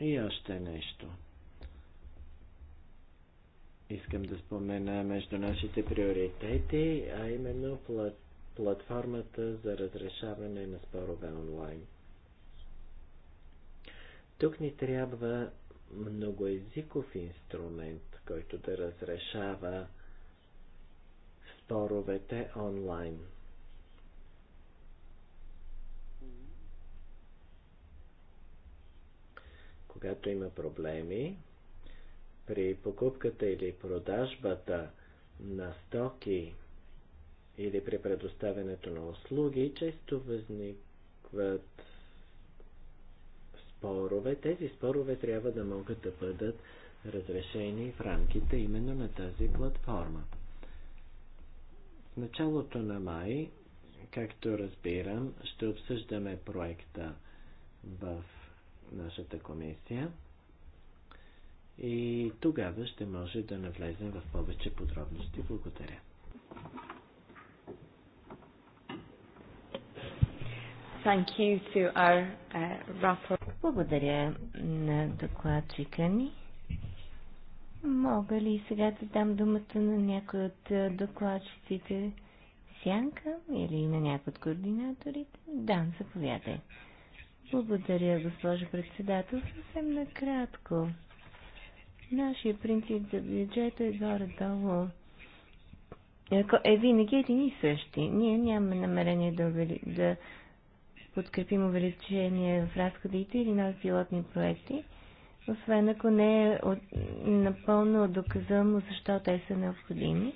И още нещо. Искам да спомена между нашите приоритети, а именно платформата за разрешаване на спорове онлайн. Тук ни трябва многоезиков инструмент, който да разрешава споровете онлайн. Когато има проблеми, при покупката или продажбата на стоки или при предоставянето на услуги, често възникват спорове. Тези спорове трябва да могат да бъдат разрешени в рамките именно на тази платформа. В началото на май, както разбирам, ще обсъждаме проекта в нашата комисия и тогава ще може да навлезем в повече подробности. Благодаря. Thank you to our, uh, Благодаря на докладчика ни. Мога ли сега да дам думата на някой от докладчиците Сянка или на някой от координаторите? Да, заповядай. Благодаря, госпожо председател. Съвсем накратко. Нашия принцип за бюджета е горе-долу. Е, е винаги един и същи. Ние нямаме намерение да, увели... да подкрепим увеличение в разходите или нови пилотни проекти освен ако не е от, напълно доказано защо те са необходими.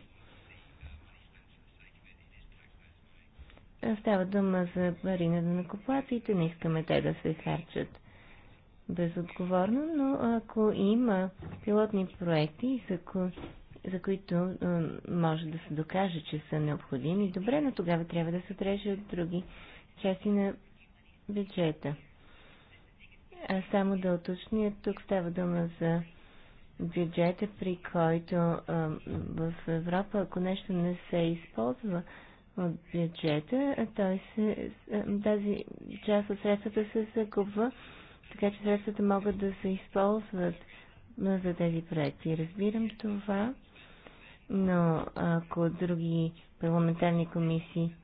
Става дума за пари на накоплатите, не искаме те да се харчат безотговорно, но ако има пилотни проекти, за, ко... за които може да се докаже, че са необходими, добре, но тогава трябва да се отреже от други части на бюджета. А само да уточня, тук става дума за бюджета, при който а, в Европа, ако нещо не се използва от бюджета, той се, тази част от средствата се загубва, така че средствата могат да се използват за тези проекти. Разбирам това, но ако други парламентарни комисии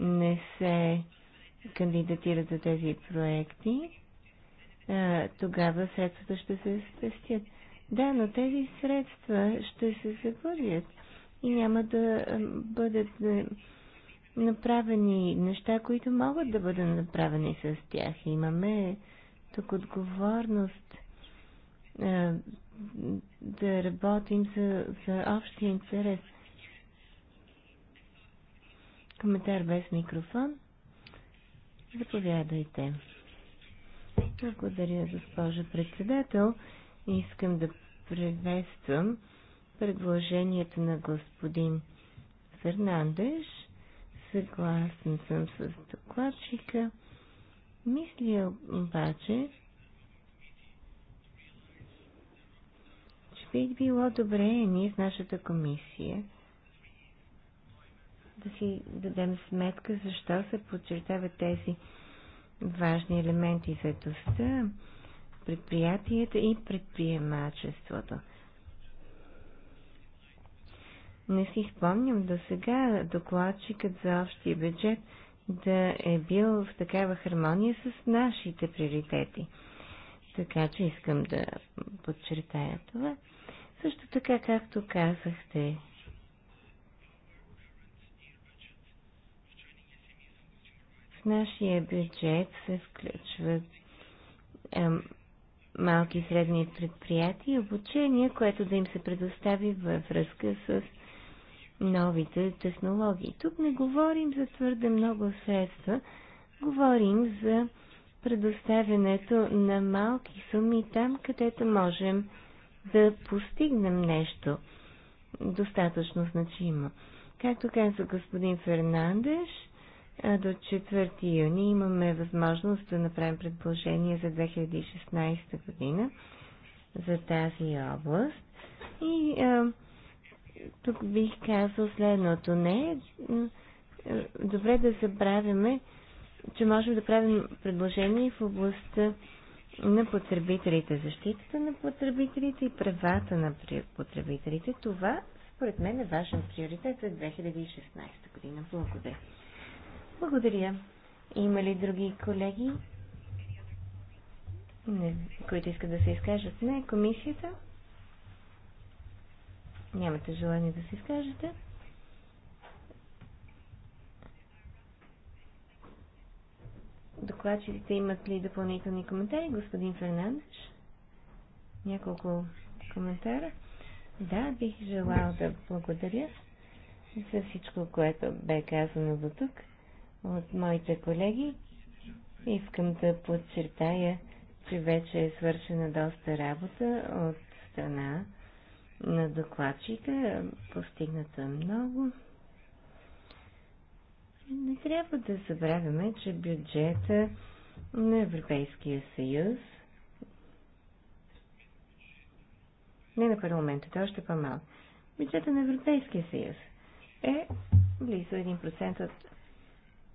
не се кандидатират за тези проекти, тогава средствата ще се спестят. Да, но тези средства ще се загубят и няма да бъдат направени неща, които могат да бъдат направени с тях. Имаме тук отговорност да работим за, за общия интерес. Коментар без микрофон. Заповядайте. Благодаря, госпожа председател. Искам да приветствам предложението на господин Фернандеш. Съгласен съм с докладчика. Мисля обаче, че би било добре ние в нашата комисия да си дадем сметка защо се подчертават тези важни елементи – етостта, предприятията и предприемачеството. Не си спомням до сега докладчикът за общия бюджет да е бил в такава хармония с нашите приоритети. Така че искам да подчертая това. Също така, както казахте, нашия бюджет се включват е, малки и средни предприятия и обучение, което да им се предостави във връзка с новите технологии. Тук не говорим за твърде много средства, говорим за предоставянето на малки суми там, където можем да постигнем нещо достатъчно значимо. Както каза господин Фернандеш, до 4 юни имаме възможност да направим предположение за 2016 година за тази област. И а, тук бих казал следното. Не е добре да забравяме, че можем да правим предложение в областта на потребителите, защитата на потребителите и правата на потребителите. Това, според мен, е важен приоритет за 2016 година. Благодаря. Благодаря. Има ли други колеги, не, които искат да се изкажат? Не. Комисията? Нямате желание да се изкажете? Докладчиците имат ли допълнителни коментари? Господин Фернандеш? Няколко коментара? Да, бих желал да благодаря за всичко, което бе казано до тук от моите колеги. Искам да подчертая, че вече е свършена доста работа от страна на докладчика. Постигнато е много. Не трябва да забравяме, че бюджета на Европейския съюз не на парламента, той е още по-малък. Бюджета на Европейския съюз е близо 1% от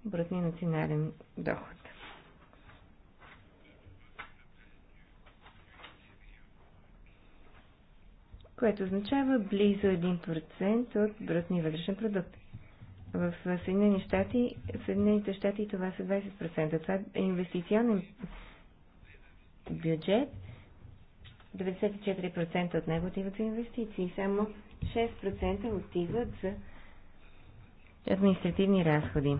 брутния национален доход. което означава близо 1% от брутния вътрешен продукт. В Съединени щати, в Съединените щати това са 20%. Това е инвестиционен бюджет. 94% от него отиват за инвестиции. Само 6% отиват за административни разходи.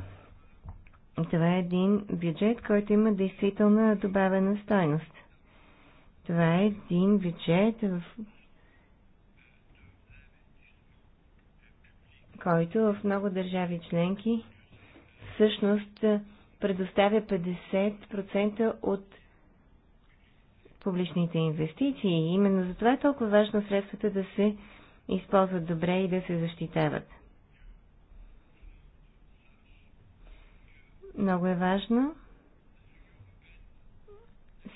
Това е един бюджет, който има действителна добавена стойност. Това е един бюджет, в който в много държави членки всъщност предоставя 50% от публичните инвестиции. Именно за това е толкова важно средствата да се използват добре и да се защитават. Много е важно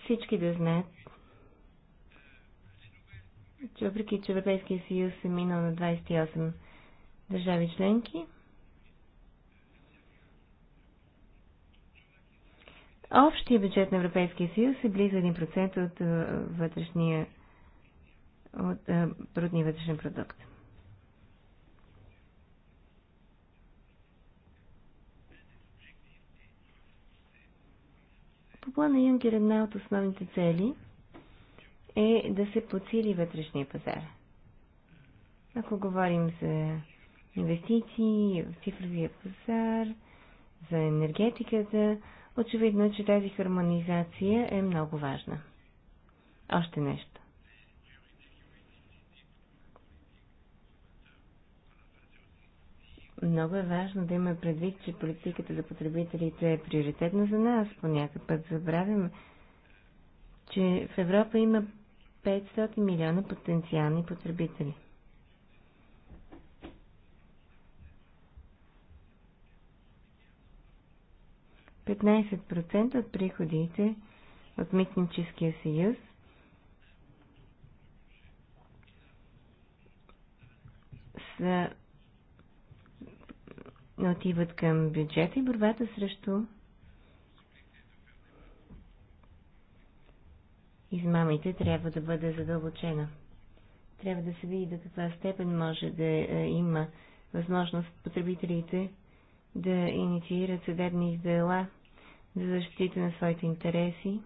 всички да знаят, че въпреки, че Европейския съюз е минал на 28 държави членки, Общия бюджет на Европейския съюз е близо 1% от вътрешния от брутния вътрешен продукт. По плана Юнгер една от основните цели е да се подсили вътрешния пазар. Ако говорим за инвестиции в цифровия пазар, за енергетиката, очевидно че тази хармонизация е много важна. Още нещо. много е важно да има предвид, че политиката за потребителите е приоритетна за нас. По някакъв път забравяме, че в Европа има 500 милиона потенциални потребители. процента от приходите от Митническия съюз са отиват към бюджета и борбата срещу измамите трябва да бъде задълбочена. Трябва да се види до каква степен може да е, има възможност потребителите да инициират съдебни дела за защита на своите интереси.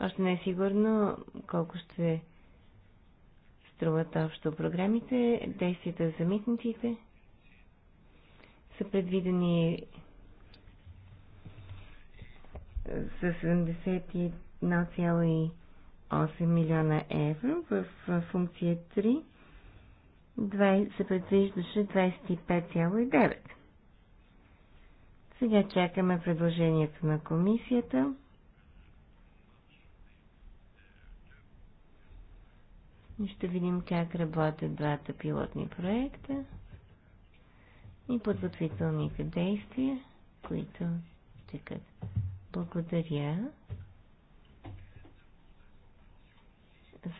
Още не е сигурно колко ще струват общо програмите, действията за митниците – са предвидени е, с 71,8 милиона евро в функция 3 2, се предвиждаше 25,9. Сега чакаме предложението на комисията. Ще видим как работят двата пилотни проекта и подготвителните действия, които текат. Благодаря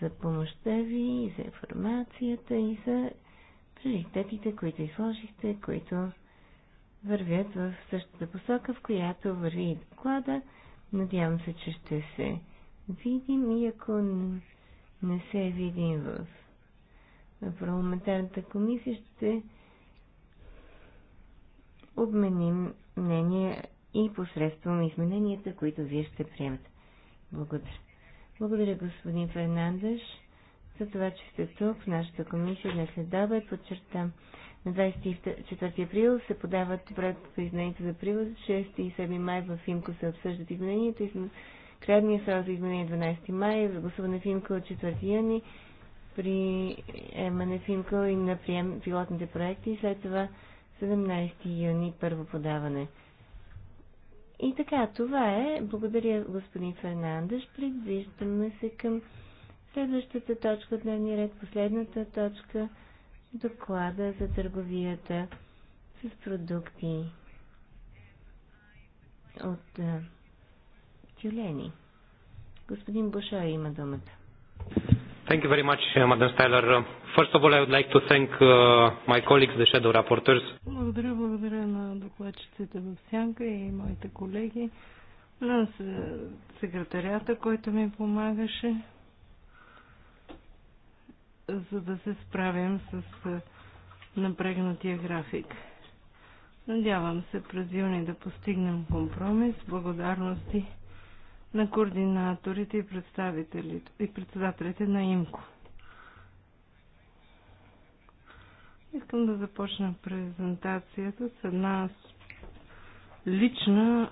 за помощта ви, за информацията и за приоритетите, които изложихте, които вървят в същата посока, в която върви и доклада. Надявам се, че ще се видим и ако не се видим в парламентарната комисия, ще обменим мнение и посредством измененията, които вие ще приемете. Благодаря. Благодаря, господин Фернандеш, за това, че сте тук в нашата комисия днес след обед. Подчертам, на 24 април се подават проект по изменението за прилаз, 6 и 7 май в Фимко се обсъждат измененията. Крайния срок за изменение 12 е май, гласуване в Фимко от 4 юни, при Емане Фимко и на прием пилотните проекти. След това 17 юни първо подаване. И така, това е. Благодаря, господин Фернандеш. Предвиждаме се към следващата точка от дневния ред, последната точка доклада за търговията с продукти от тюлени. Господин Бушой има думата. Thank you very much, uh, Madam Steyler. Uh, first of all, I would like to thank uh, my colleagues, the shadow rapporteurs. Благодаря, благодаря на докладчиците в Сянка и моите колеги, на секретарията, който ми помагаше, за да се справим с напрегнатия график. Надявам се през юни да постигнем компромис. Благодарности на координаторите и, представителите, и председателите на ИМКО. Искам да започна презентацията с една лична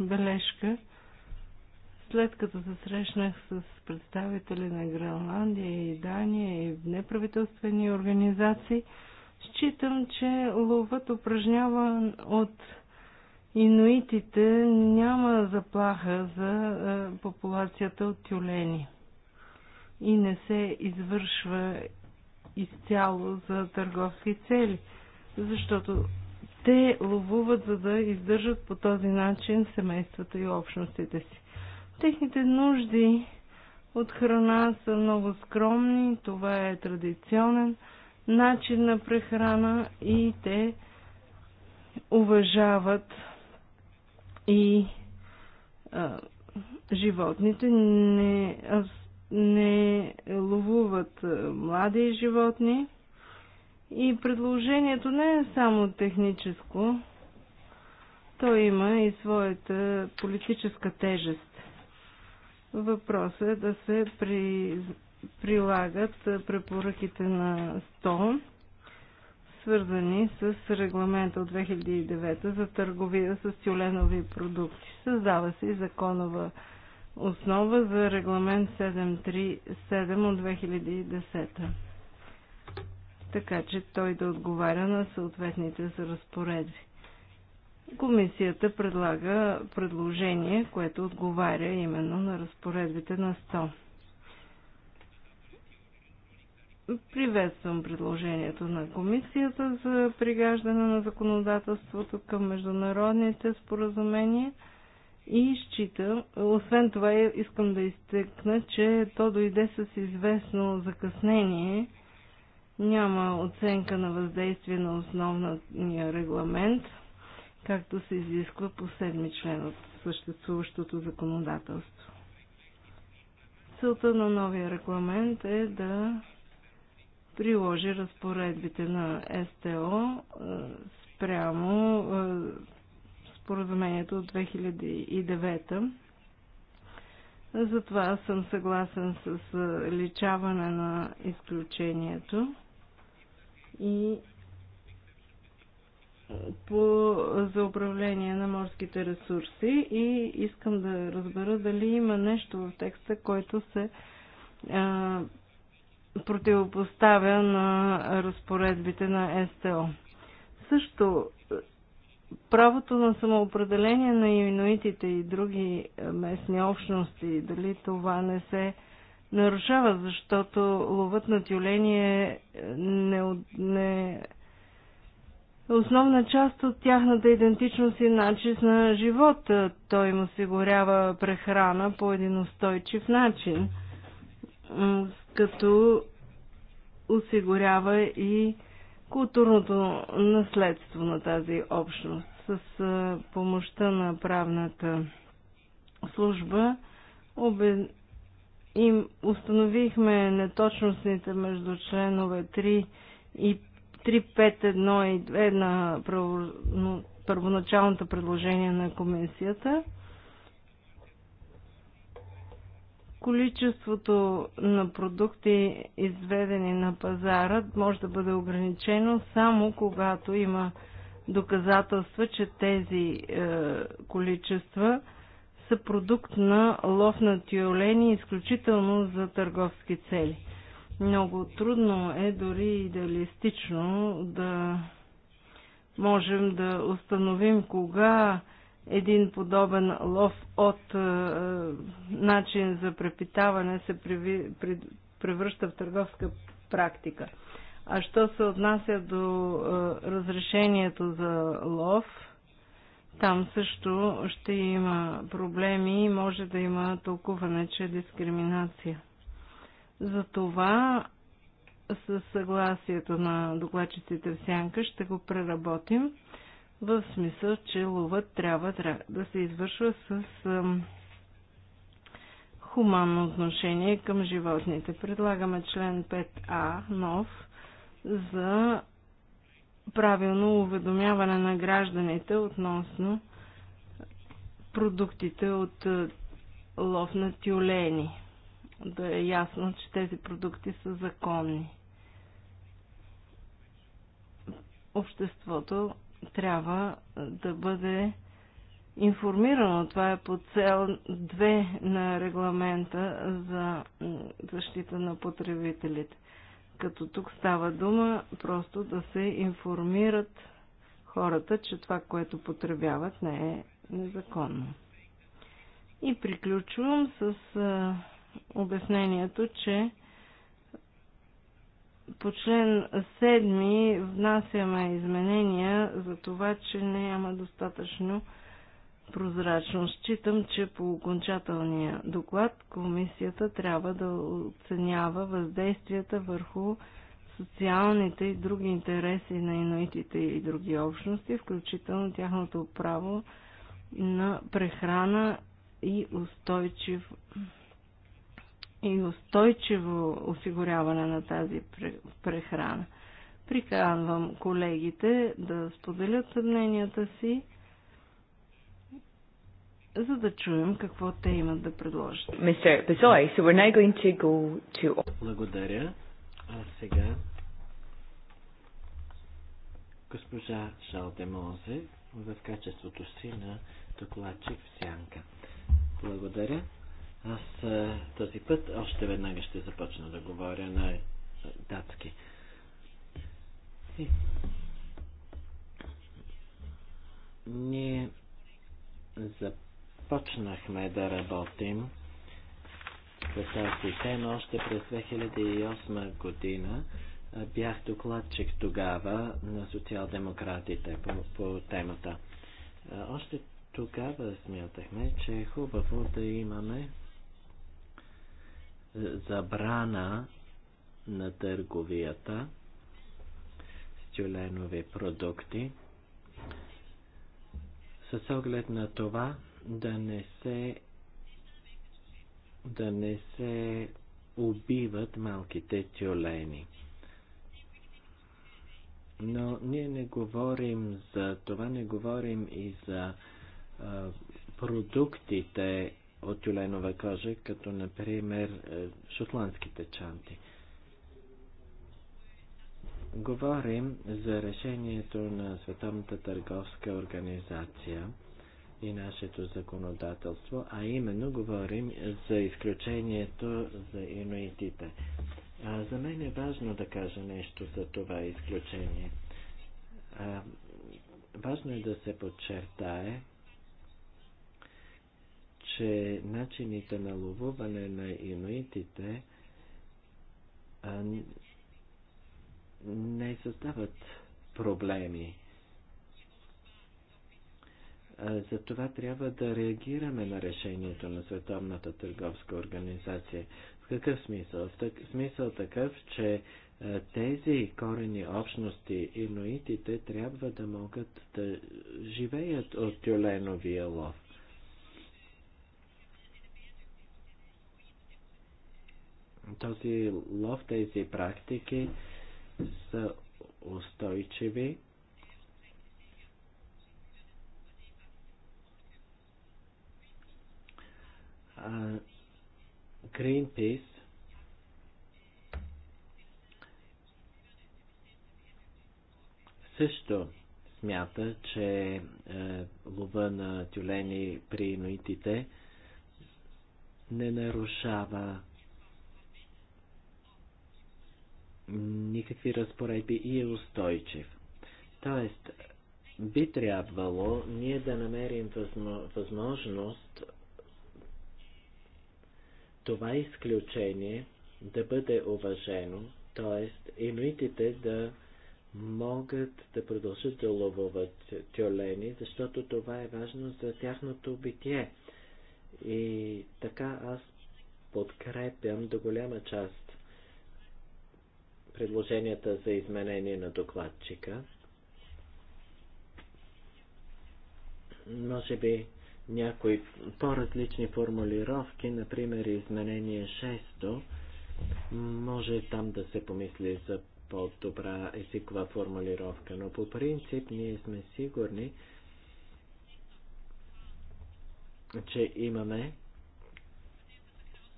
бележка. След като се срещнах с представители на Гренландия и Дания и неправителствени организации, считам, че ловът упражняван от инуитите няма заплаха за е, популацията от тюлени и не се извършва изцяло за търговски цели, защото те ловуват, за да издържат по този начин семействата и общностите си. Техните нужди от храна са много скромни, това е традиционен начин на прехрана и те уважават и а, животните не, не ловуват млади животни. И предложението не е само техническо, то има и своята политическа тежест. Въпросът е да се при, прилагат препоръките на СТОН свързани с регламента от 2009 за търговия с тюленови продукти. Създава се и законова основа за регламент 737 от 2010. Така че той да отговаря на съответните за разпоредби. Комисията предлага предложение, което отговаря именно на разпоредбите на 100. Приветствам предложението на комисията за пригаждане на законодателството към международните споразумения и считам, освен това е, искам да изтъкна, че то дойде с известно закъснение. Няма оценка на въздействие на основния регламент, както се изисква по седми член от съществуващото законодателство. Целта на новия регламент е да приложи разпоредбите на СТО е, спрямо е, споразумението от 2009. Затова съм съгласен с е, личаване на изключението и по, за управление на морските ресурси и искам да разбера дали има нещо в текста, който се а, противопоставя на разпоредбите на СТО. Също правото на самоопределение на иноитите и други е, местни общности, дали това не се нарушава, защото ловът на тюлени е не, не, основна част от тяхната идентичност и начин на живот. Е, той им осигурява прехрана по един устойчив начин като осигурява и културното наследство на тази общност. С помощта на правната служба обе... им установихме неточностните между членове 3 и 3.5.1 и 2 на първоначалното предложение на комисията – количеството на продукти, изведени на пазара, може да бъде ограничено само когато има доказателства, че тези е, количества са продукт на лов на тюлени изключително за търговски цели. Много трудно е дори идеалистично да можем да установим кога един подобен лов от е, начин за препитаване се преви, при, превръща в търговска практика. А що се отнася до е, разрешението за лов, там също ще има проблеми и може да има тълкуване, че е дискриминация. Затова със съгласието на докладчиците в Сянка ще го преработим в смисъл, че ловът трябва, трябва да се извършва с хуманно отношение към животните. Предлагаме член 5а, нов, за правилно уведомяване на гражданите относно продуктите от лов на тюлени. Да е ясно, че тези продукти са законни. Обществото трябва да бъде информирано. Това е по цел 2 на регламента за защита на потребителите. Като тук става дума просто да се информират хората, че това, което потребяват, не е незаконно. И приключвам с обяснението, че по член 7 внасяме изменения за това, че не няма достатъчно прозрачно. Считам, че по окончателния доклад комисията трябва да оценява въздействията върху социалните и други интереси на инуитите и други общности, включително тяхното право на прехрана и устойчив и устойчиво осигуряване на тази прехрана. Приканвам колегите да споделят мненията си, за да чуем какво те имат да предложат. Благодаря. А сега госпожа Мозе в качеството си на докладчик в Сянка. Благодаря. Аз е, този път още веднага ще започна да говоря на датски. И... Ние започнахме да работим по тази тема още през 2008 година. Бях докладчик тогава на социал-демократите по, по темата. Е, още тогава смятахме, че е хубаво да имаме забрана на търговията с тюленови продукти с оглед на това да не се да не се убиват малките тюлени. Но ние не говорим за това, не говорим и за а, продуктите, от тюленова кожа, като например е, шотландските чанти. Говорим за решението на Световната търговска организация и нашето законодателство, а именно говорим за изключението за инуитите. А, за мен е важно да кажа нещо за това изключение. А, важно е да се подчертае, че начините на ловуване на инуитите а, не създават проблеми. Затова трябва да реагираме на решението на Световната търговска организация. В какъв смисъл? В так, смисъл такъв, че а, тези корени общности, инуитите, трябва да могат да живеят от тюленовия лов. този лов, тези практики са устойчиви. А, Greenpeace също смята, че е, лова на тюлени при инуитите не нарушава никакви разпоредби и е устойчив. Тоест, би трябвало ние да намерим възможност това изключение да бъде уважено, т.е. инуитите да могат да продължат да ловуват тюлени, защото това е важно за тяхното битие. И така аз подкрепям до голяма част предложенията за изменение на докладчика. Може би някои по-различни формулировки, например изменение 6, може там да се помисли за по-добра езикова формулировка, но по принцип ние сме сигурни, че имаме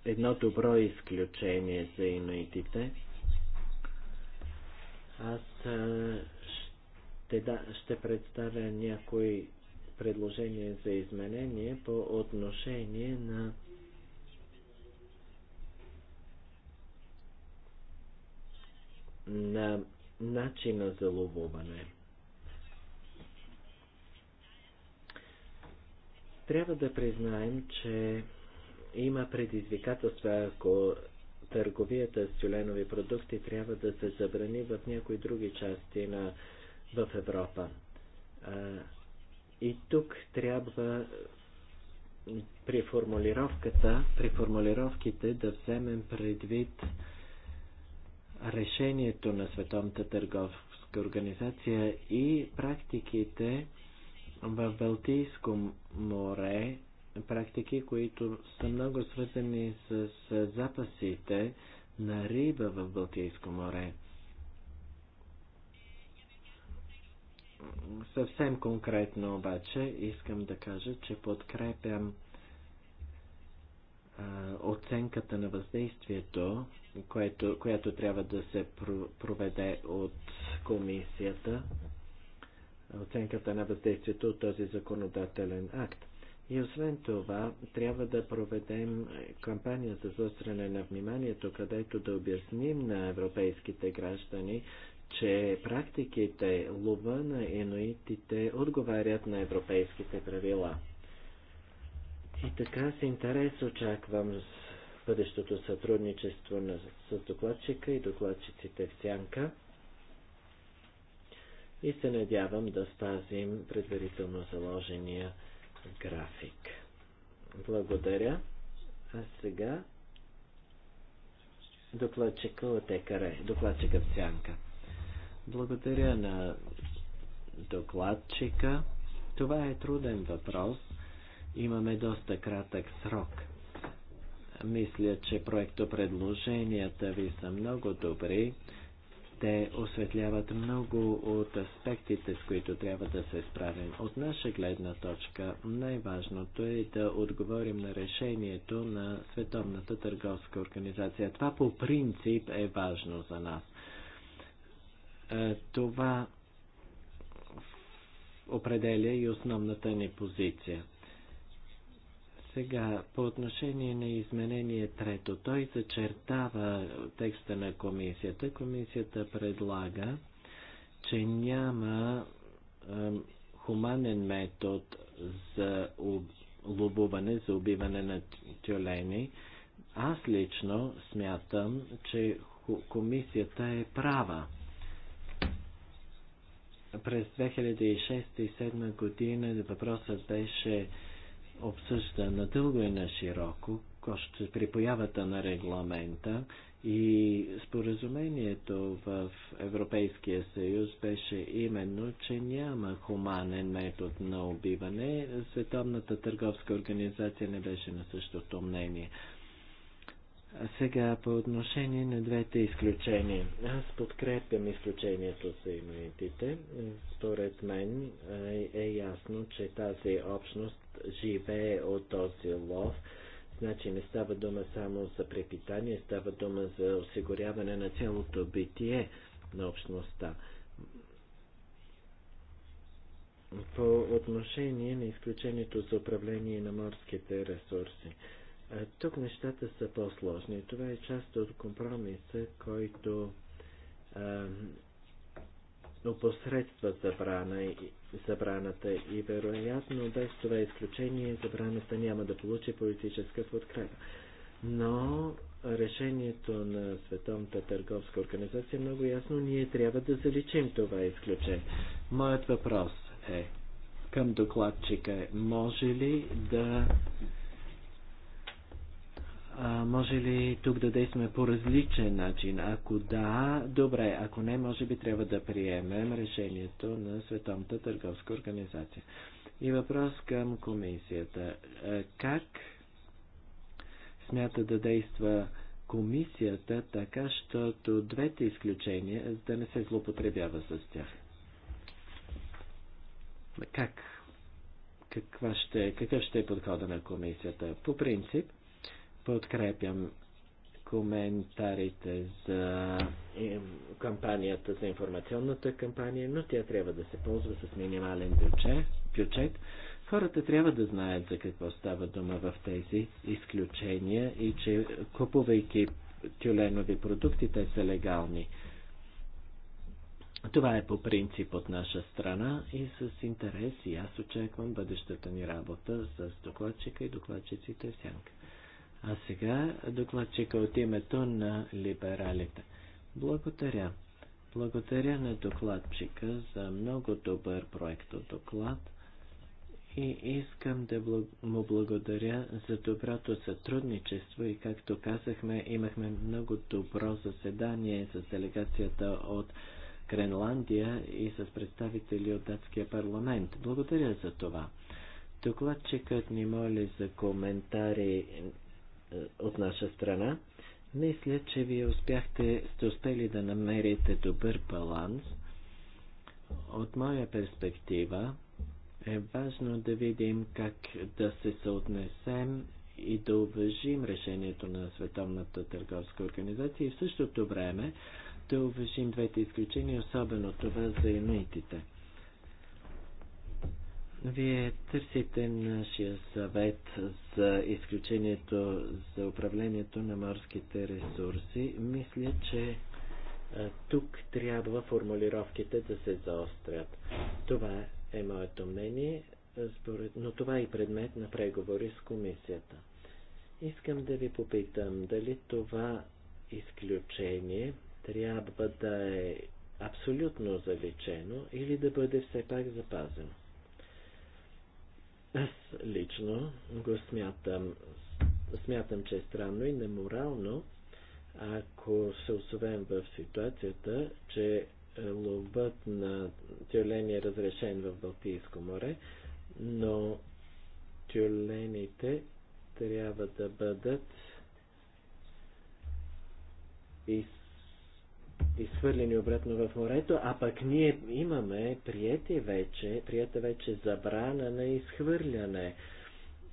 едно добро изключение за инуитите. Аз ще, да, ще представя някои предложения за изменение по отношение на на начина за ловуване. Трябва да признаем, че има предизвикателства, ако търговията с тюленови продукти трябва да се забрани в някои други части на, в Европа. И тук трябва при формулировката, при формулировките да вземем предвид решението на Световната търговска организация и практиките в Балтийско море практики, които са много свързани с запасите на риба в Балтийско море. Съвсем конкретно обаче искам да кажа, че подкрепям оценката на въздействието, което, която трябва да се проведе от комисията, оценката на въздействието от този законодателен акт. И освен това, трябва да проведем кампания за заостряне на вниманието, където да обясним на европейските граждани, че практиките лова на инуитите отговарят на европейските правила. И така с интерес очаквам бъдещото сътрудничество на, с докладчика и докладчиците в сянка и се надявам да спазим предварително заложения график. Благодаря. А сега докладчика от Екаре, докладчика в Сянка. Благодаря на докладчика. Това е труден въпрос. Имаме доста кратък срок. Мисля, че проектопредложенията ви са много добри. Те осветляват много от аспектите, с които трябва да се справим. От наша гледна точка най-важното е да отговорим на решението на Световната търговска организация. Това по принцип е важно за нас. Е, това определя и основната ни позиция. Сега, по отношение на изменение трето, той зачертава текста на комисията. Комисията предлага, че няма е, хуманен метод за лобуване, за убиване на тюлени. Аз лично смятам, че комисията е права. През 2006 и 2007 година въпросът беше обсъжда на дълго и на широко още припоявата на регламента и споразумението в Европейския съюз беше именно, че няма хуманен метод на убиване. Световната търговска организация не беше на същото мнение. А сега по отношение на двете изключения. Аз подкрепям изключението за имунитите. Според мен е ясно, че тази общност живее от този лов. Значи не става дума само за препитание, става дума за осигуряване на цялото битие на общността. По отношение на изключението за управление на морските ресурси. Тук нещата са по-сложни. Това е част от компромиса, който а, опосредства забрана и, забраната и вероятно без това изключение забраната няма да получи политическа подкрепа. Но решението на Световната търговска организация е много ясно. Ние трябва да заличим това изключение. Моят въпрос е към докладчика. Може ли да а, може ли тук да действаме по различен начин? Ако да, добре. Ако не, може би трябва да приемем решението на Световната търговска организация. И въпрос към комисията. Как смята да действа комисията така, щото двете изключения да не се злоупотребява с тях? Как? Каква ще, какъв ще е подхода на комисията? По принцип, Подкрепям коментарите за е, кампанията, за информационната кампания, но тя трябва да се ползва с минимален бюджет. Хората трябва да знаят за какво става дума в тези изключения и че купувайки тюленови продукти, те са легални. Това е по принцип от наша страна и с интерес и аз очаквам бъдещата ни работа с докладчика и докладчиците в сянка. А сега докладчика от името на либералите. Благодаря. Благодаря на докладчика за много добър проект от доклад и искам да му благодаря за доброто сътрудничество и както казахме, имахме много добро заседание с делегацията от Гренландия и с представители от датския парламент. Благодаря за това. Докладчикът ни моли за коментари е, от наша страна. Мисля, че вие успяхте, сте успели да намерите добър баланс. От моя перспектива е важно да видим как да се съотнесем и да уважим решението на Световната търговска организация и в същото време да уважим двете изключения, особено това за инуитите. Вие търсите нашия съвет за изключението за управлението на морските ресурси. Мисля, че тук трябва формулировките да се заострят. Това е моето мнение, но това е и предмет на преговори с комисията. Искам да ви попитам дали това изключение трябва да е абсолютно заличено или да бъде все пак запазено. Аз лично го смятам, смятам, че е странно и неморално, ако се осовем в ситуацията, че е, ловът на тюлени е разрешен в Балтийско море, но тюлените трябва да бъдат из изхвърлени обратно в морето, а пък ние имаме приети вече, прията вече забрана на изхвърляне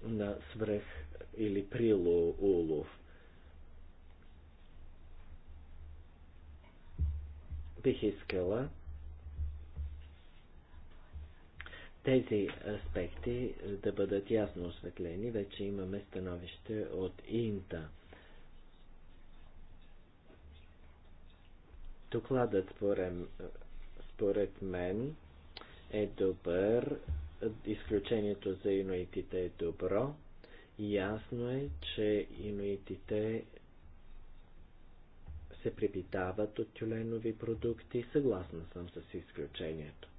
на свръх или прило улов. Бих искала тези аспекти да бъдат ясно осветлени. Вече имаме становище от Инта. Докладът според, според мен е добър, изключението за инуитите е добро. Ясно е, че инуитите се припитават от тюленови продукти, съгласна съм с изключението.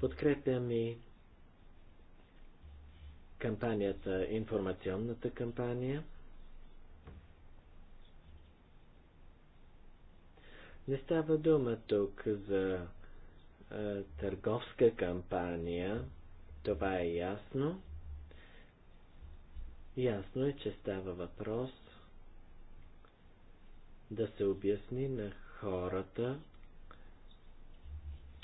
Подкрепям и кампанията, информационната кампания. Не става дума тук за е, търговска кампания, това е ясно. Ясно е, че става въпрос да се обясни на хората,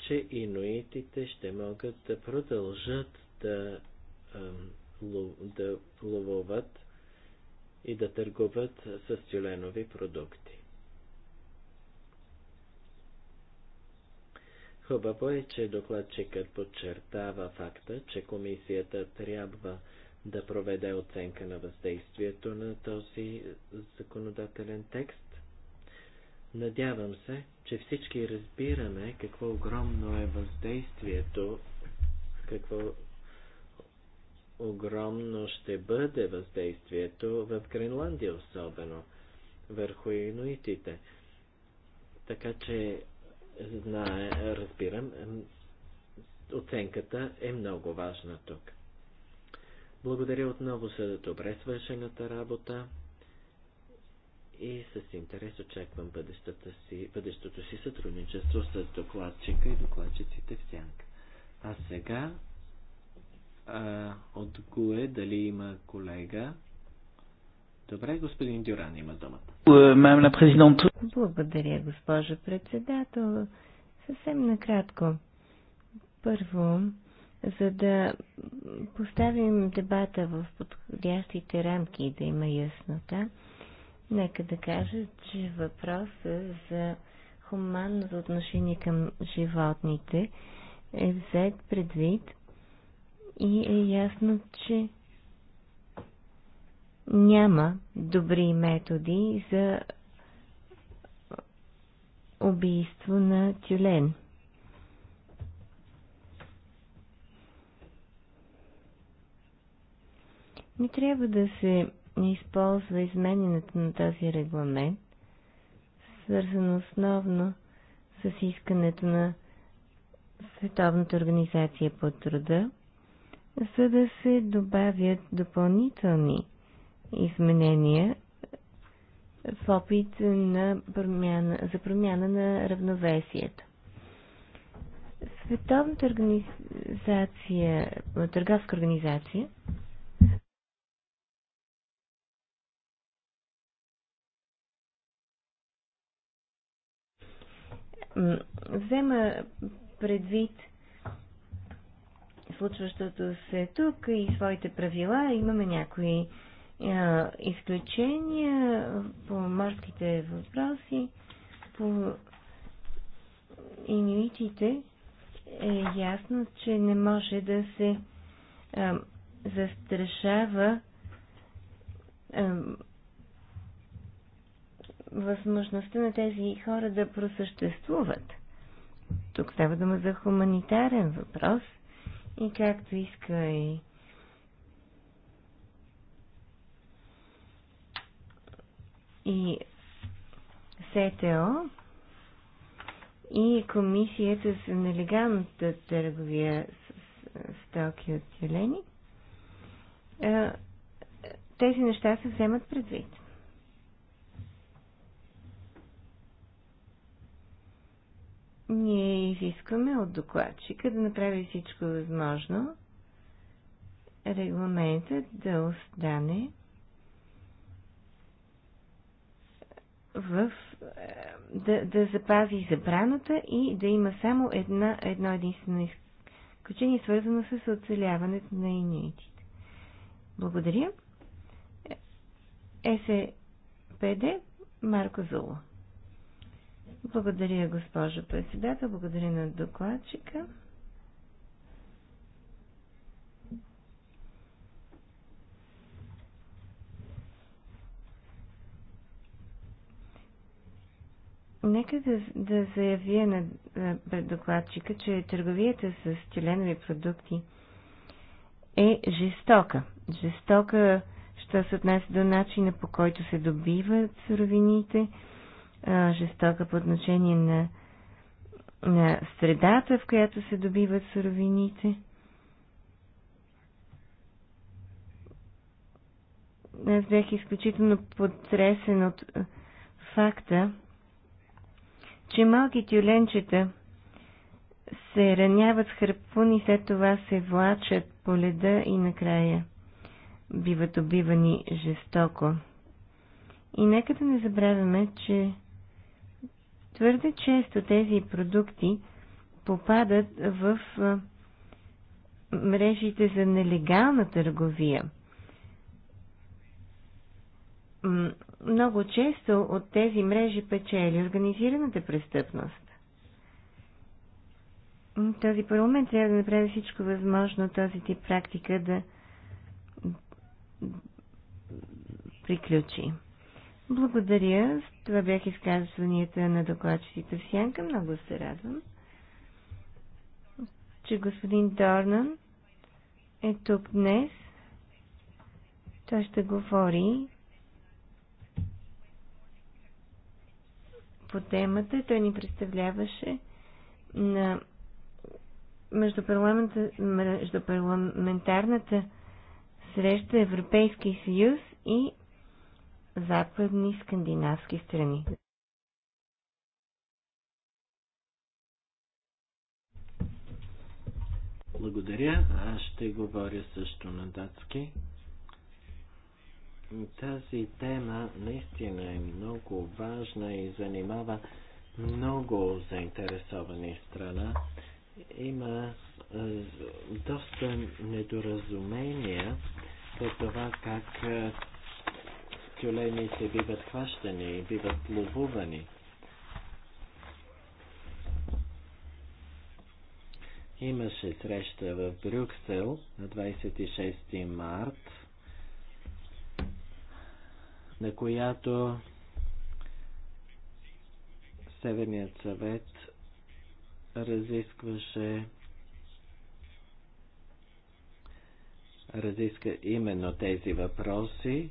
че инуитите ще могат да продължат да, да ловуват и да търгуват с тюленови продукти. Хубаво е, че докладчикът подчертава факта, че комисията трябва да проведе оценка на въздействието на този законодателен текст. Надявам се, че всички разбираме какво огромно е въздействието, какво огромно ще бъде въздействието в Гренландия особено, върху инуитите. Така че знае, разбирам, оценката е много важна тук. Благодаря отново за добре свършената работа и с интерес очаквам бъдещата си, бъдещото си сътрудничество с докладчика и докладчиците в сянка. А сега а, от ГУЕ дали има колега? Добре, господин Дюран има думата. Благодаря, госпожа председател. Съвсем накратко. Първо, за да поставим дебата в подходящите рамки и да има яснота, нека да кажа, че въпросът за хуманното отношение към животните е взет предвид и е ясно, че няма добри методи за убийство на тюлен. Не трябва да се използва измененето на този регламент, свързано основно с искането на Световната организация по труда, за да се добавят допълнителни изменения в опит на промяна, за промяна на равновесието. Световната организация, търговска организация, взема предвид случващото се тук и своите правила. Имаме някои изключения по морските въпроси, по инуитите е ясно, че не може да се а, застрашава а, възможността на тези хора да просъществуват. Тук става дума за хуманитарен въпрос и както иска и и СТО и Комисията за нелегалната търговия с стоки от тюлени, тези неща се вземат предвид. Ние изискваме от докладчика да направи всичко възможно регламентът да остане в, е, да, да запази забраната и да има само една, едно единствено изключение, свързано с оцеляването на инуитите. Благодаря. Е, СПД Марко Зуло. Благодаря, госпожо председател. Благодаря на докладчика. Нека да, да заявя на пред докладчика, че търговията с теленови продукти е жестока. Жестока, що се отнася до начина по който се добиват суровините, жестока по отношение на, на средата, в която се добиват суровините. Аз бях изключително потресен от факта, че малки тюленчета се раняват с харпуни, след това се влачат по леда и накрая биват убивани жестоко. И нека да не забравяме, че твърде често тези продукти попадат в мрежите за нелегална търговия – много често от тези мрежи печели организираната престъпност. Този парламент трябва да направи всичко възможно този тип практика да приключи. Благодаря. Това бях изказванията на докладчиците в Сянка. Много се радвам, че господин Дорнан е тук днес. Той ще говори по темата. Той ни представляваше на междупарламентарната среща Европейски съюз и западни скандинавски страни. Благодаря. Аз ще говоря също на датски. Тази тема наистина е много важна и занимава много заинтересовани страна. Има е, доста недоразумения по това как е, тюлените биват хващани и биват ловувани. Имаше среща в Брюксел на 26 март на която Северният съвет разискваше разиска именно тези въпроси.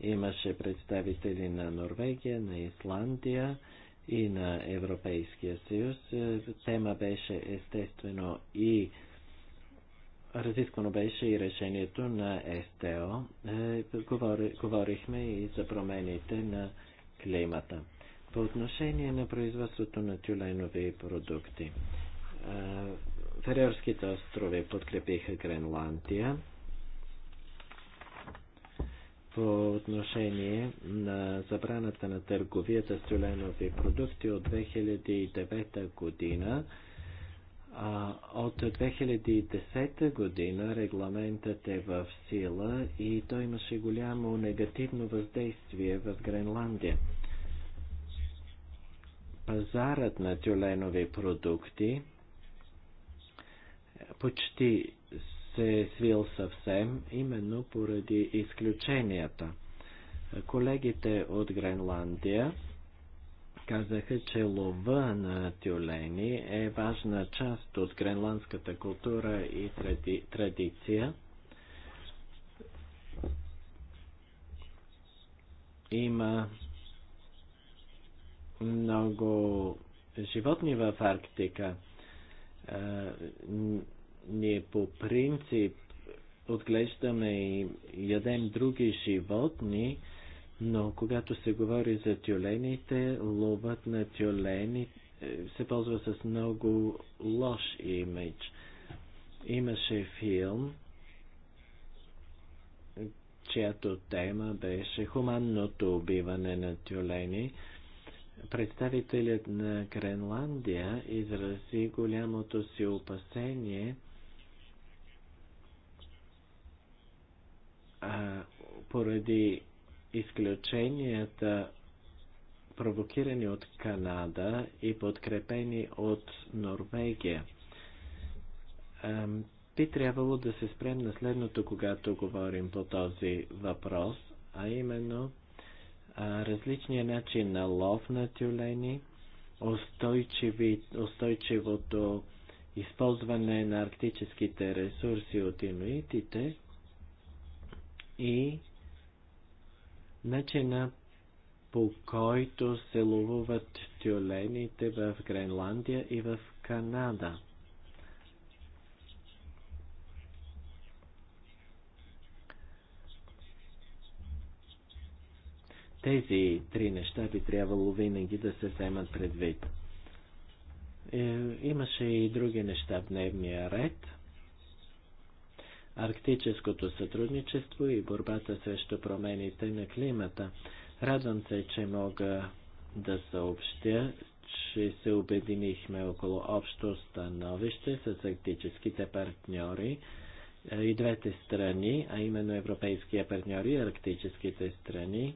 Имаше представители на Норвегия, на Исландия и на Европейския съюз. Тема беше естествено и Разисквано беше и решението на СТО. Е, говорихме и за промените на климата. По отношение на производството на тюленови продукти. Е, Фериорските острови подкрепиха Гренландия по отношение на забраната на търговията с тюленови продукти от 2009 година. А, от 2010 година регламентът е в сила и той имаше голямо негативно въздействие в Гренландия. Пазарът на тюленови продукти почти се е свил съвсем, именно поради изключенията. Колегите от Гренландия казаха, че лова на тюлени е важна част от гренландската култура и тради, традиция. Има много животни в Арктика. Ние по принцип отглеждаме и ядем други животни, но когато се говори за тюлените, ловът на тюлени е, се ползва с много лош имидж. Имаше филм, чиято тема беше хуманното убиване на тюлени. Представителят на Гренландия изрази голямото си опасение а, поради изключенията, провокирани от Канада и подкрепени от Норвегия. Би трябвало да се спрем на следното, когато говорим по този въпрос, а именно различния начин на лов на тюлени, устойчиви, устойчивото използване на арктическите ресурси от инуитите и Начина по който се ловуват тюлените в Гренландия и в Канада. Тези три неща би трябвало винаги да се вземат предвид. Е, имаше и други неща в дневния ред арктическото сътрудничество и борбата срещу промените на климата. Радвам се, че мога да съобщя, че се обединихме около общо становище с арктическите партньори и двете страни, а именно европейския партньори и арктическите страни,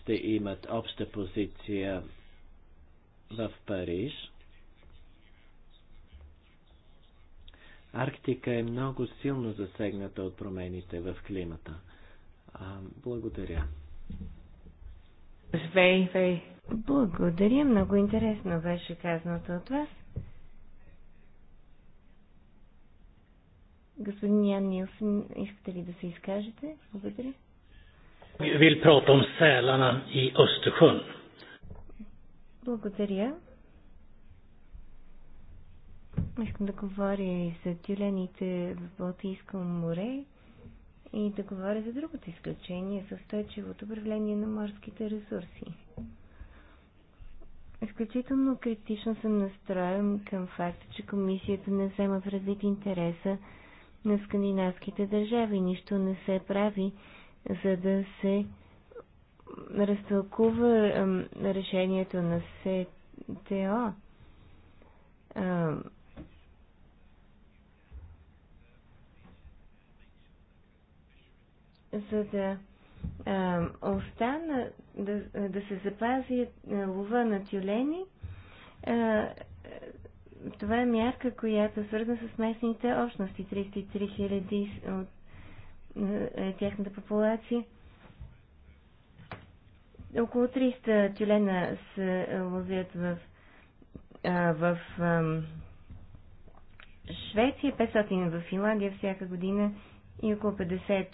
ще имат обща позиция в Париж Арктика е много силно засегната от промените в климата. А, благодаря. Благодаря, много интересно беше казаното от вас. Господин Ян Нилсен, искате ли да се изкажете? Благодаря. Vill om Благодаря. Искам да говоря и за тюлените в Балтийско море и да говоря за другото изключение, за устойчивото управление на морските ресурси. Изключително критично съм настроен към факта, че комисията не взема предвид интереса на скандинавските държави. Нищо не се прави, за да се разтълкува решението на СТО. за да а, остана, да, да се запази лова на тюлени, а, това е мярка, която е свързана с местните общности. 33 хиляди от е, тяхната популация. Около 300 тюлена се ловят в, а, в а, Швеция, 500 в Финландия всяка година и около 50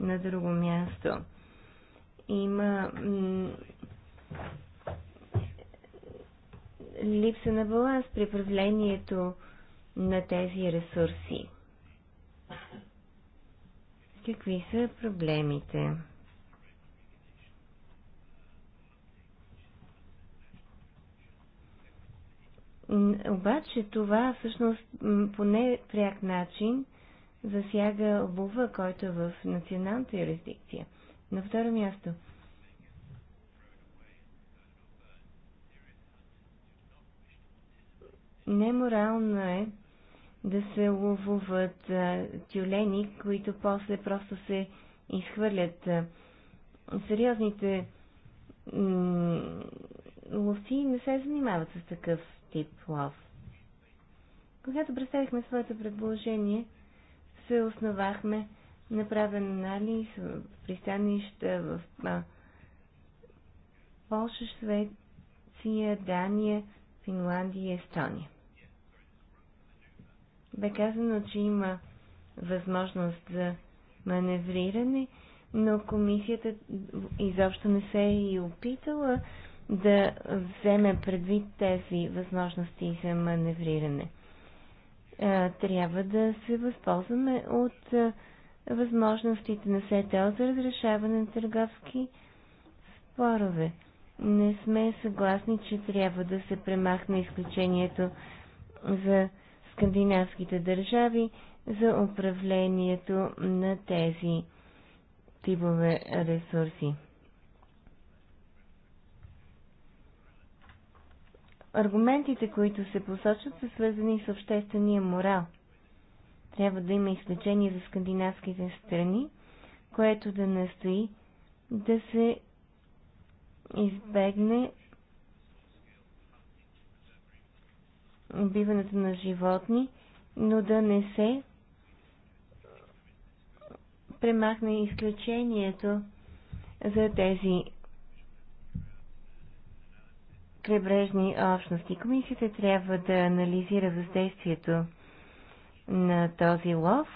на друго място. Има липса на баланс при правлението на тези ресурси. Какви са проблемите? Обаче това всъщност по непряк начин – засяга обува, който е в националната юрисдикция. На второ място, неморално е да се ловуват а, тюлени, които после просто се изхвърлят. сериозните ловци не се занимават с такъв тип лов. Когато представихме своето предложение, се основахме направен анализ в пристанища в а, Польша, Швеция, Дания, Финландия и Естония. Бе казано, че има възможност за маневриране, но комисията изобщо не се е и опитала да вземе предвид тези възможности за маневриране. Е, трябва да се възползваме от е, възможностите на СТО за разрешаване на търговски спорове. Не сме съгласни, че трябва да се премахне изключението за скандинавските държави за управлението на тези типове ресурси. Аргументите, които се посочват, са свързани с обществения морал. Трябва да има изключение за скандинавските страни, което да настои да се избегне убиването на животни, но да не се премахне изключението за тези крайбрежни общности. Комисията трябва да анализира въздействието на този лов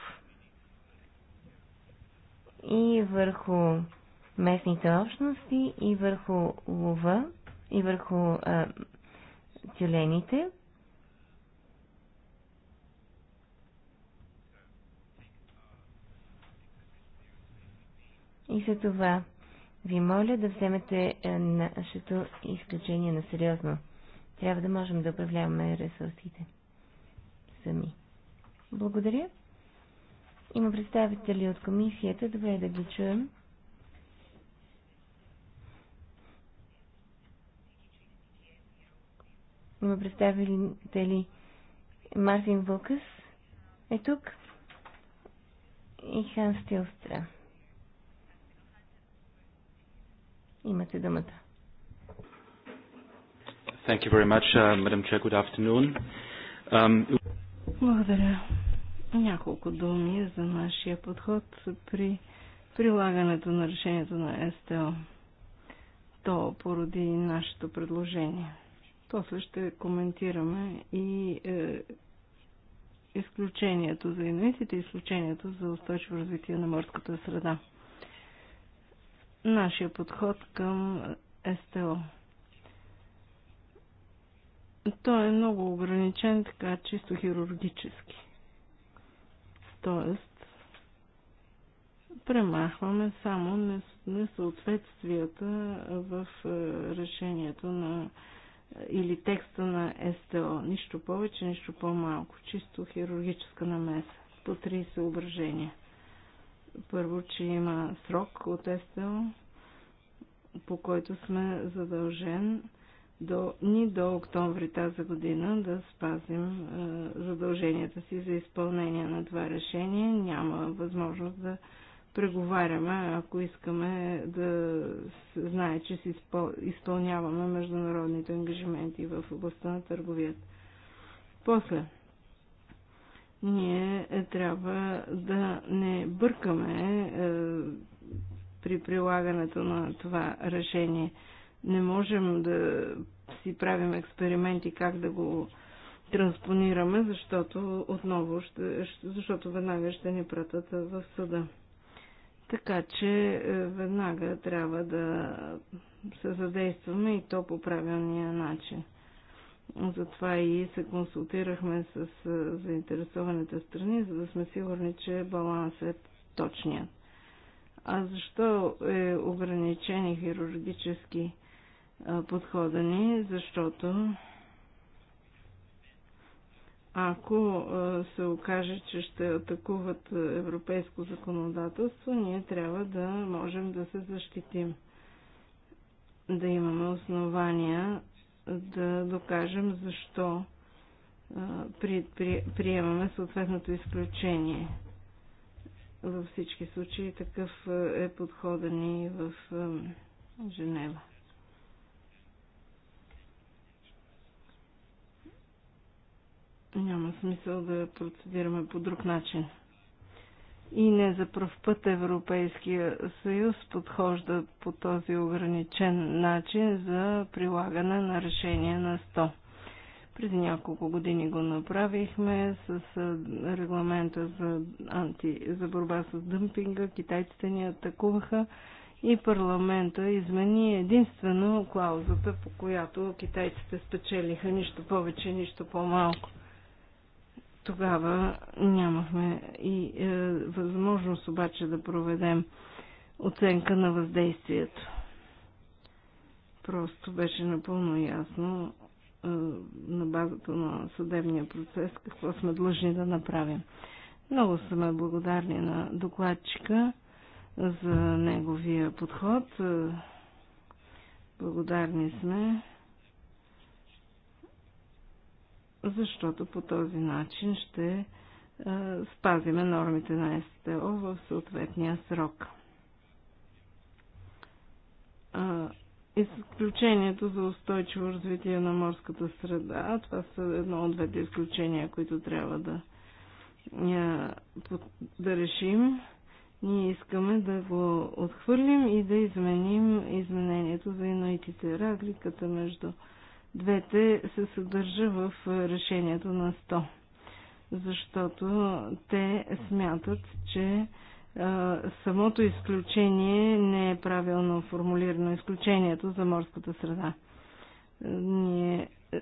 и върху местните общности, и върху лова, и върху а, тюлените. И за това ви моля да вземете е, нашето изключение на сериозно. Трябва да можем да управляваме ресурсите сами. Благодаря. Има представители от комисията. Добре е да ги чуем. Има представители Мартин Вълкъс е тук и Хан Стилстра. Имате думата. Thank you very much, uh, Madam Chair. Good afternoon. Um... Благодаря. Няколко думи за нашия подход при прилагането на решението на СТО. То породи нашето предложение. После ще коментираме и е, изключението за инвестите и изключението за устойчиво развитие на морската среда нашия подход към СТО. Той е много ограничен, така чисто хирургически. Тоест, премахваме само несъответствията в е, решението на или текста на СТО. Нищо повече, нищо по-малко. Чисто хирургическа намеса. По три съображения. Първо, че има срок от ЕСТЕЛ, по който сме задължен до, ни до октомври тази година да спазим е, задълженията си за изпълнение на това решение. Няма възможност да преговаряме, ако искаме да се знае, че си изпълняваме международните ангажименти в областта на търговията. После, ние е, трябва да не бъркаме е, при прилагането на това решение. Не можем да си правим експерименти как да го транспонираме, защото отново ще, защото веднага ще ни пратят в съда. Така че е, веднага трябва да се задействаме и то по правилния начин. Затова и се консултирахме с е, заинтересованите страни, за да сме сигурни, че балансът е точният. А защо е ограничени хирургически е, подхода ни? Защото ако е, се окаже, че ще атакуват европейско законодателство, ние трябва да можем да се защитим. Да имаме основания да докажем защо при, при, приемаме съответното изключение. Във всички случаи такъв е подхода и в Женева. Няма смисъл да процедираме по друг начин и не за пръв път Европейския съюз подхожда по този ограничен начин за прилагане на решение на 100. Преди няколко години го направихме с регламента за, анти, за борба с дъмпинга. Китайците ни атакуваха и парламента измени единствено клаузата, по която китайците спечелиха нищо повече, нищо по-малко. Тогава нямахме и е, възможност обаче да проведем оценка на въздействието. Просто беше напълно ясно е, на базата на съдебния процес какво сме длъжни да направим. Много сме благодарни на докладчика за неговия подход. Е, благодарни сме защото по този начин ще е, спазиме нормите на СТО в съответния срок. Изключението за устойчиво развитие на морската среда, това са едно от двете изключения, които трябва да, да решим. Ние искаме да го отхвърлим и да изменим изменението за иноитите. разликата между двете се съдържа в е, решението на 100. Защото те смятат, че е, самото изключение не е правилно формулирано. Изключението за морската среда. Ние, е,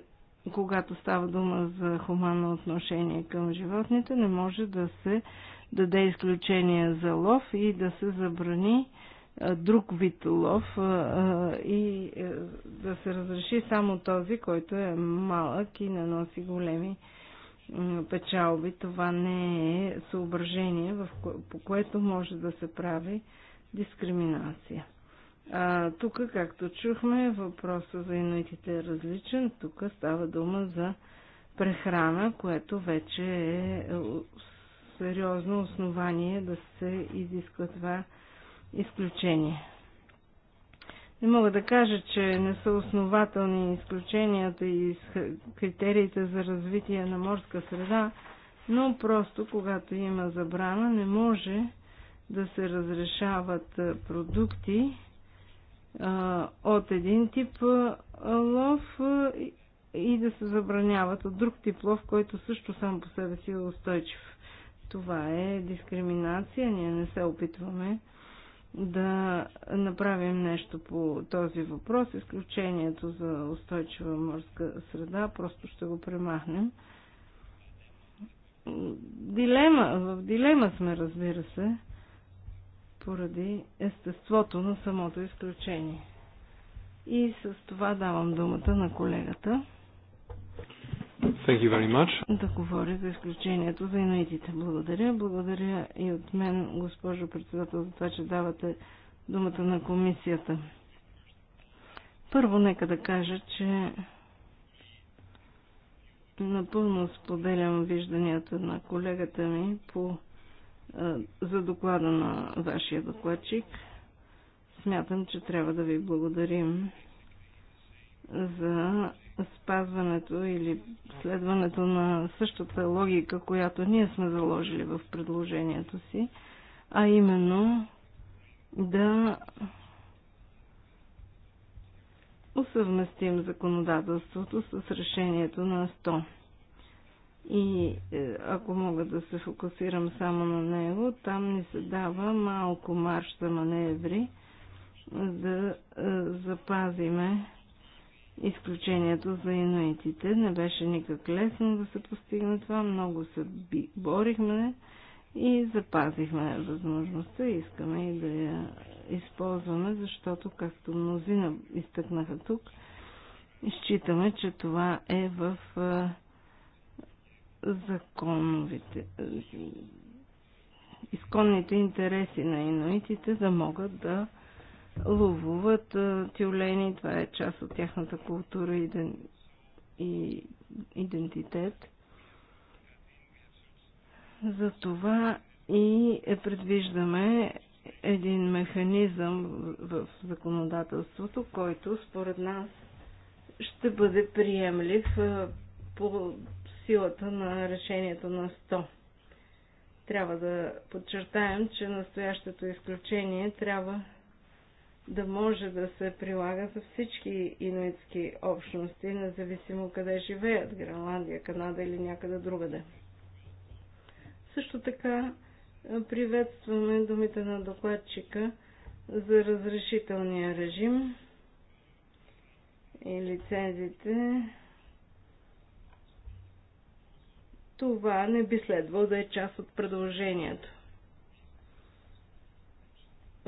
когато става дума за хуманно отношение към животните, не може да се даде изключение за лов и да се забрани друг вид улов и е, да се разреши само този, който е малък и не носи големи печалби. Това не е съображение, по което може да се прави дискриминация. А, тук, както чухме, въпроса за инуитите е различен. Тук става дума за прехрана, което вече е, е сериозно основание да се изисква това изключения. Не мога да кажа, че не са основателни изключенията и критериите за развитие на морска среда, но просто когато има забрана, не може да се разрешават продукти а, от един тип лов и да се забраняват от друг тип лов, който също сам по себе си е устойчив. Това е дискриминация, ние не се опитваме да направим нещо по този въпрос. Изключението за устойчива морска среда просто ще го премахнем. Дилема, в дилема сме, разбира се, поради естеството на самото изключение. И с това давам думата на колегата. Thank you very much. Да говоря за изключението за инуитите. Благодаря. Благодаря и от мен, госпожо председател, за това, че давате думата на комисията. Първо, нека да кажа, че напълно споделям вижданията на колегата ми по, за доклада на вашия докладчик. Смятам, че трябва да ви благодарим за спазването или следването на същата логика, която ние сме заложили в предложението си, а именно да усъвместим законодателството с решението на 100. И е, ако мога да се фокусирам само на него, там ни се дава малко марш за маневри, да е, запазиме изключението за инуитите. Не беше никак лесно да се постигне това. Много се борихме и запазихме възможността. Искаме и да я използваме, защото, както мнозина изтъкнаха тук, считаме, че това е в законовите изконните интереси на инуитите да могат да ловуват тюлени, това е част от тяхната култура и, ден... и идентитет. Затова и предвиждаме един механизъм в законодателството, който според нас ще бъде приемлив по силата на решението на 100. Трябва да подчертаем, че настоящето изключение трябва да може да се прилага за всички инуитски общности, независимо къде живеят Гренландия, Канада или някъде другаде. Също така е, приветстваме думите на докладчика за разрешителния режим и лицензите. Това не би следвало да е част от предложението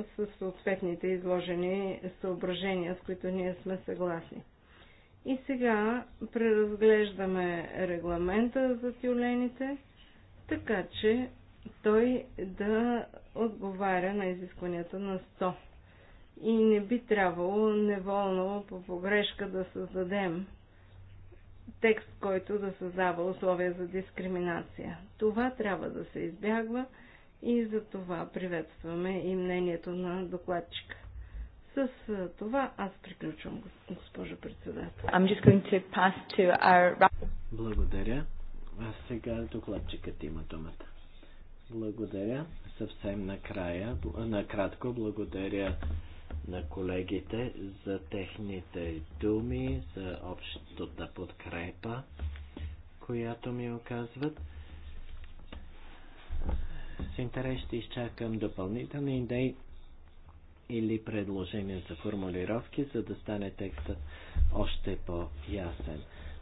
с съответните изложени съображения, с които ние сме съгласни. И сега преразглеждаме регламента за тюлените, така че той да отговаря на изискванията на 100. И не би трябвало неволно по погрешка да създадем текст, който да създава условия за дискриминация. Това трябва да се избягва и за това приветстваме и мнението на докладчика. С това аз приключвам, госпожо председател. I'm just going to pass to our... Благодаря. А сега докладчикът има думата. Благодаря. Съвсем накрая, накратко благодаря на колегите за техните думи, за общата подкрепа, която ми оказват. С интерес ще изчакам допълнителни идеи или предложения за формулировки, за да стане текстът още по-ясен.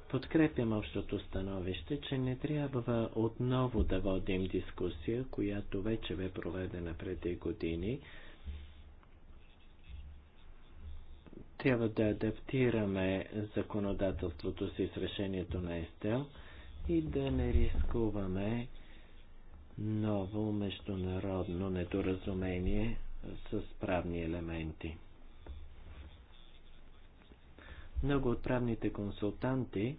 Подкрепям общото становище, че не трябва отново да водим дискусия, която вече бе проведена преди години. Трябва да адаптираме законодателството си с решението на Естел и да не рискуваме ново международно недоразумение с правни елементи. Много от правните консултанти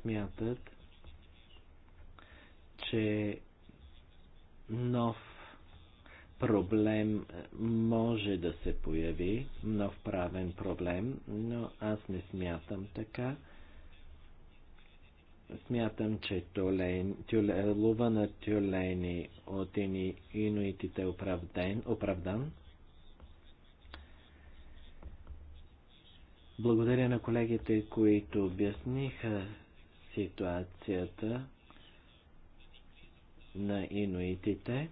смятат, че нов проблем може да се появи, нов правен проблем, но аз не смятам така. Смятам, че тюлен, тюлен, лува на тюлени от инуитите е оправдан, оправдан. Благодаря на колегите, които обясниха ситуацията на инуитите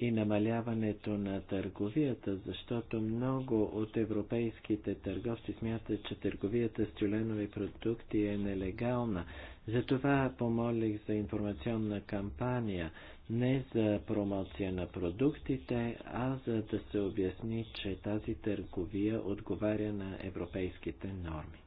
и намаляването на търговията, защото много от европейските търговци смятат, че търговията с тюленови продукти е нелегална. Затова помолих за информационна кампания, не за промоция на продуктите, а за да се обясни, че тази търговия отговаря на европейските норми.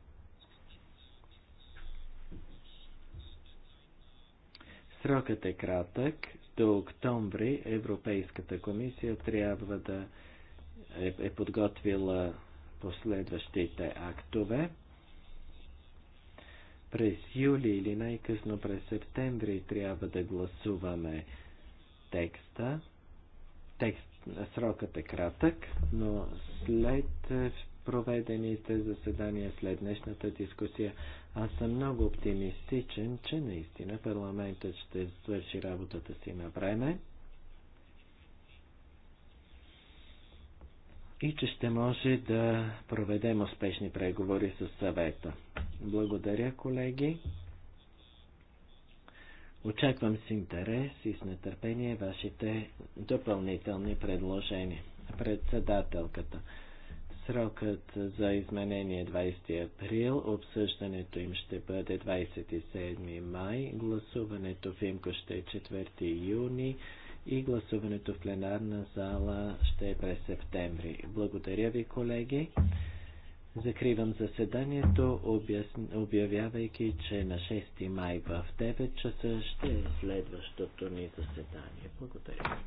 Срокът е кратък, до октомври Европейската комисия трябва да е, е подготвила последващите актове. През юли или най-късно през септември трябва да гласуваме текста. Текст, срокът е кратък, но след проведените заседания, след днешната дискусия, аз съм много оптимистичен, че наистина парламентът ще свърши работата си на време и че ще може да проведем успешни преговори с съвета. Благодаря, колеги. Очаквам с интерес и с нетърпение вашите допълнителни предложения. Председателката. Срокът за изменение 20 е април, обсъждането им ще бъде 27 май, гласуването в Имко ще е 4 юни и гласуването в пленарна зала ще е през септември. Благодаря ви, колеги. Закривам заседанието, обявявайки, че на 6 май в 9 часа ще е следващото ни заседание. Благодаря.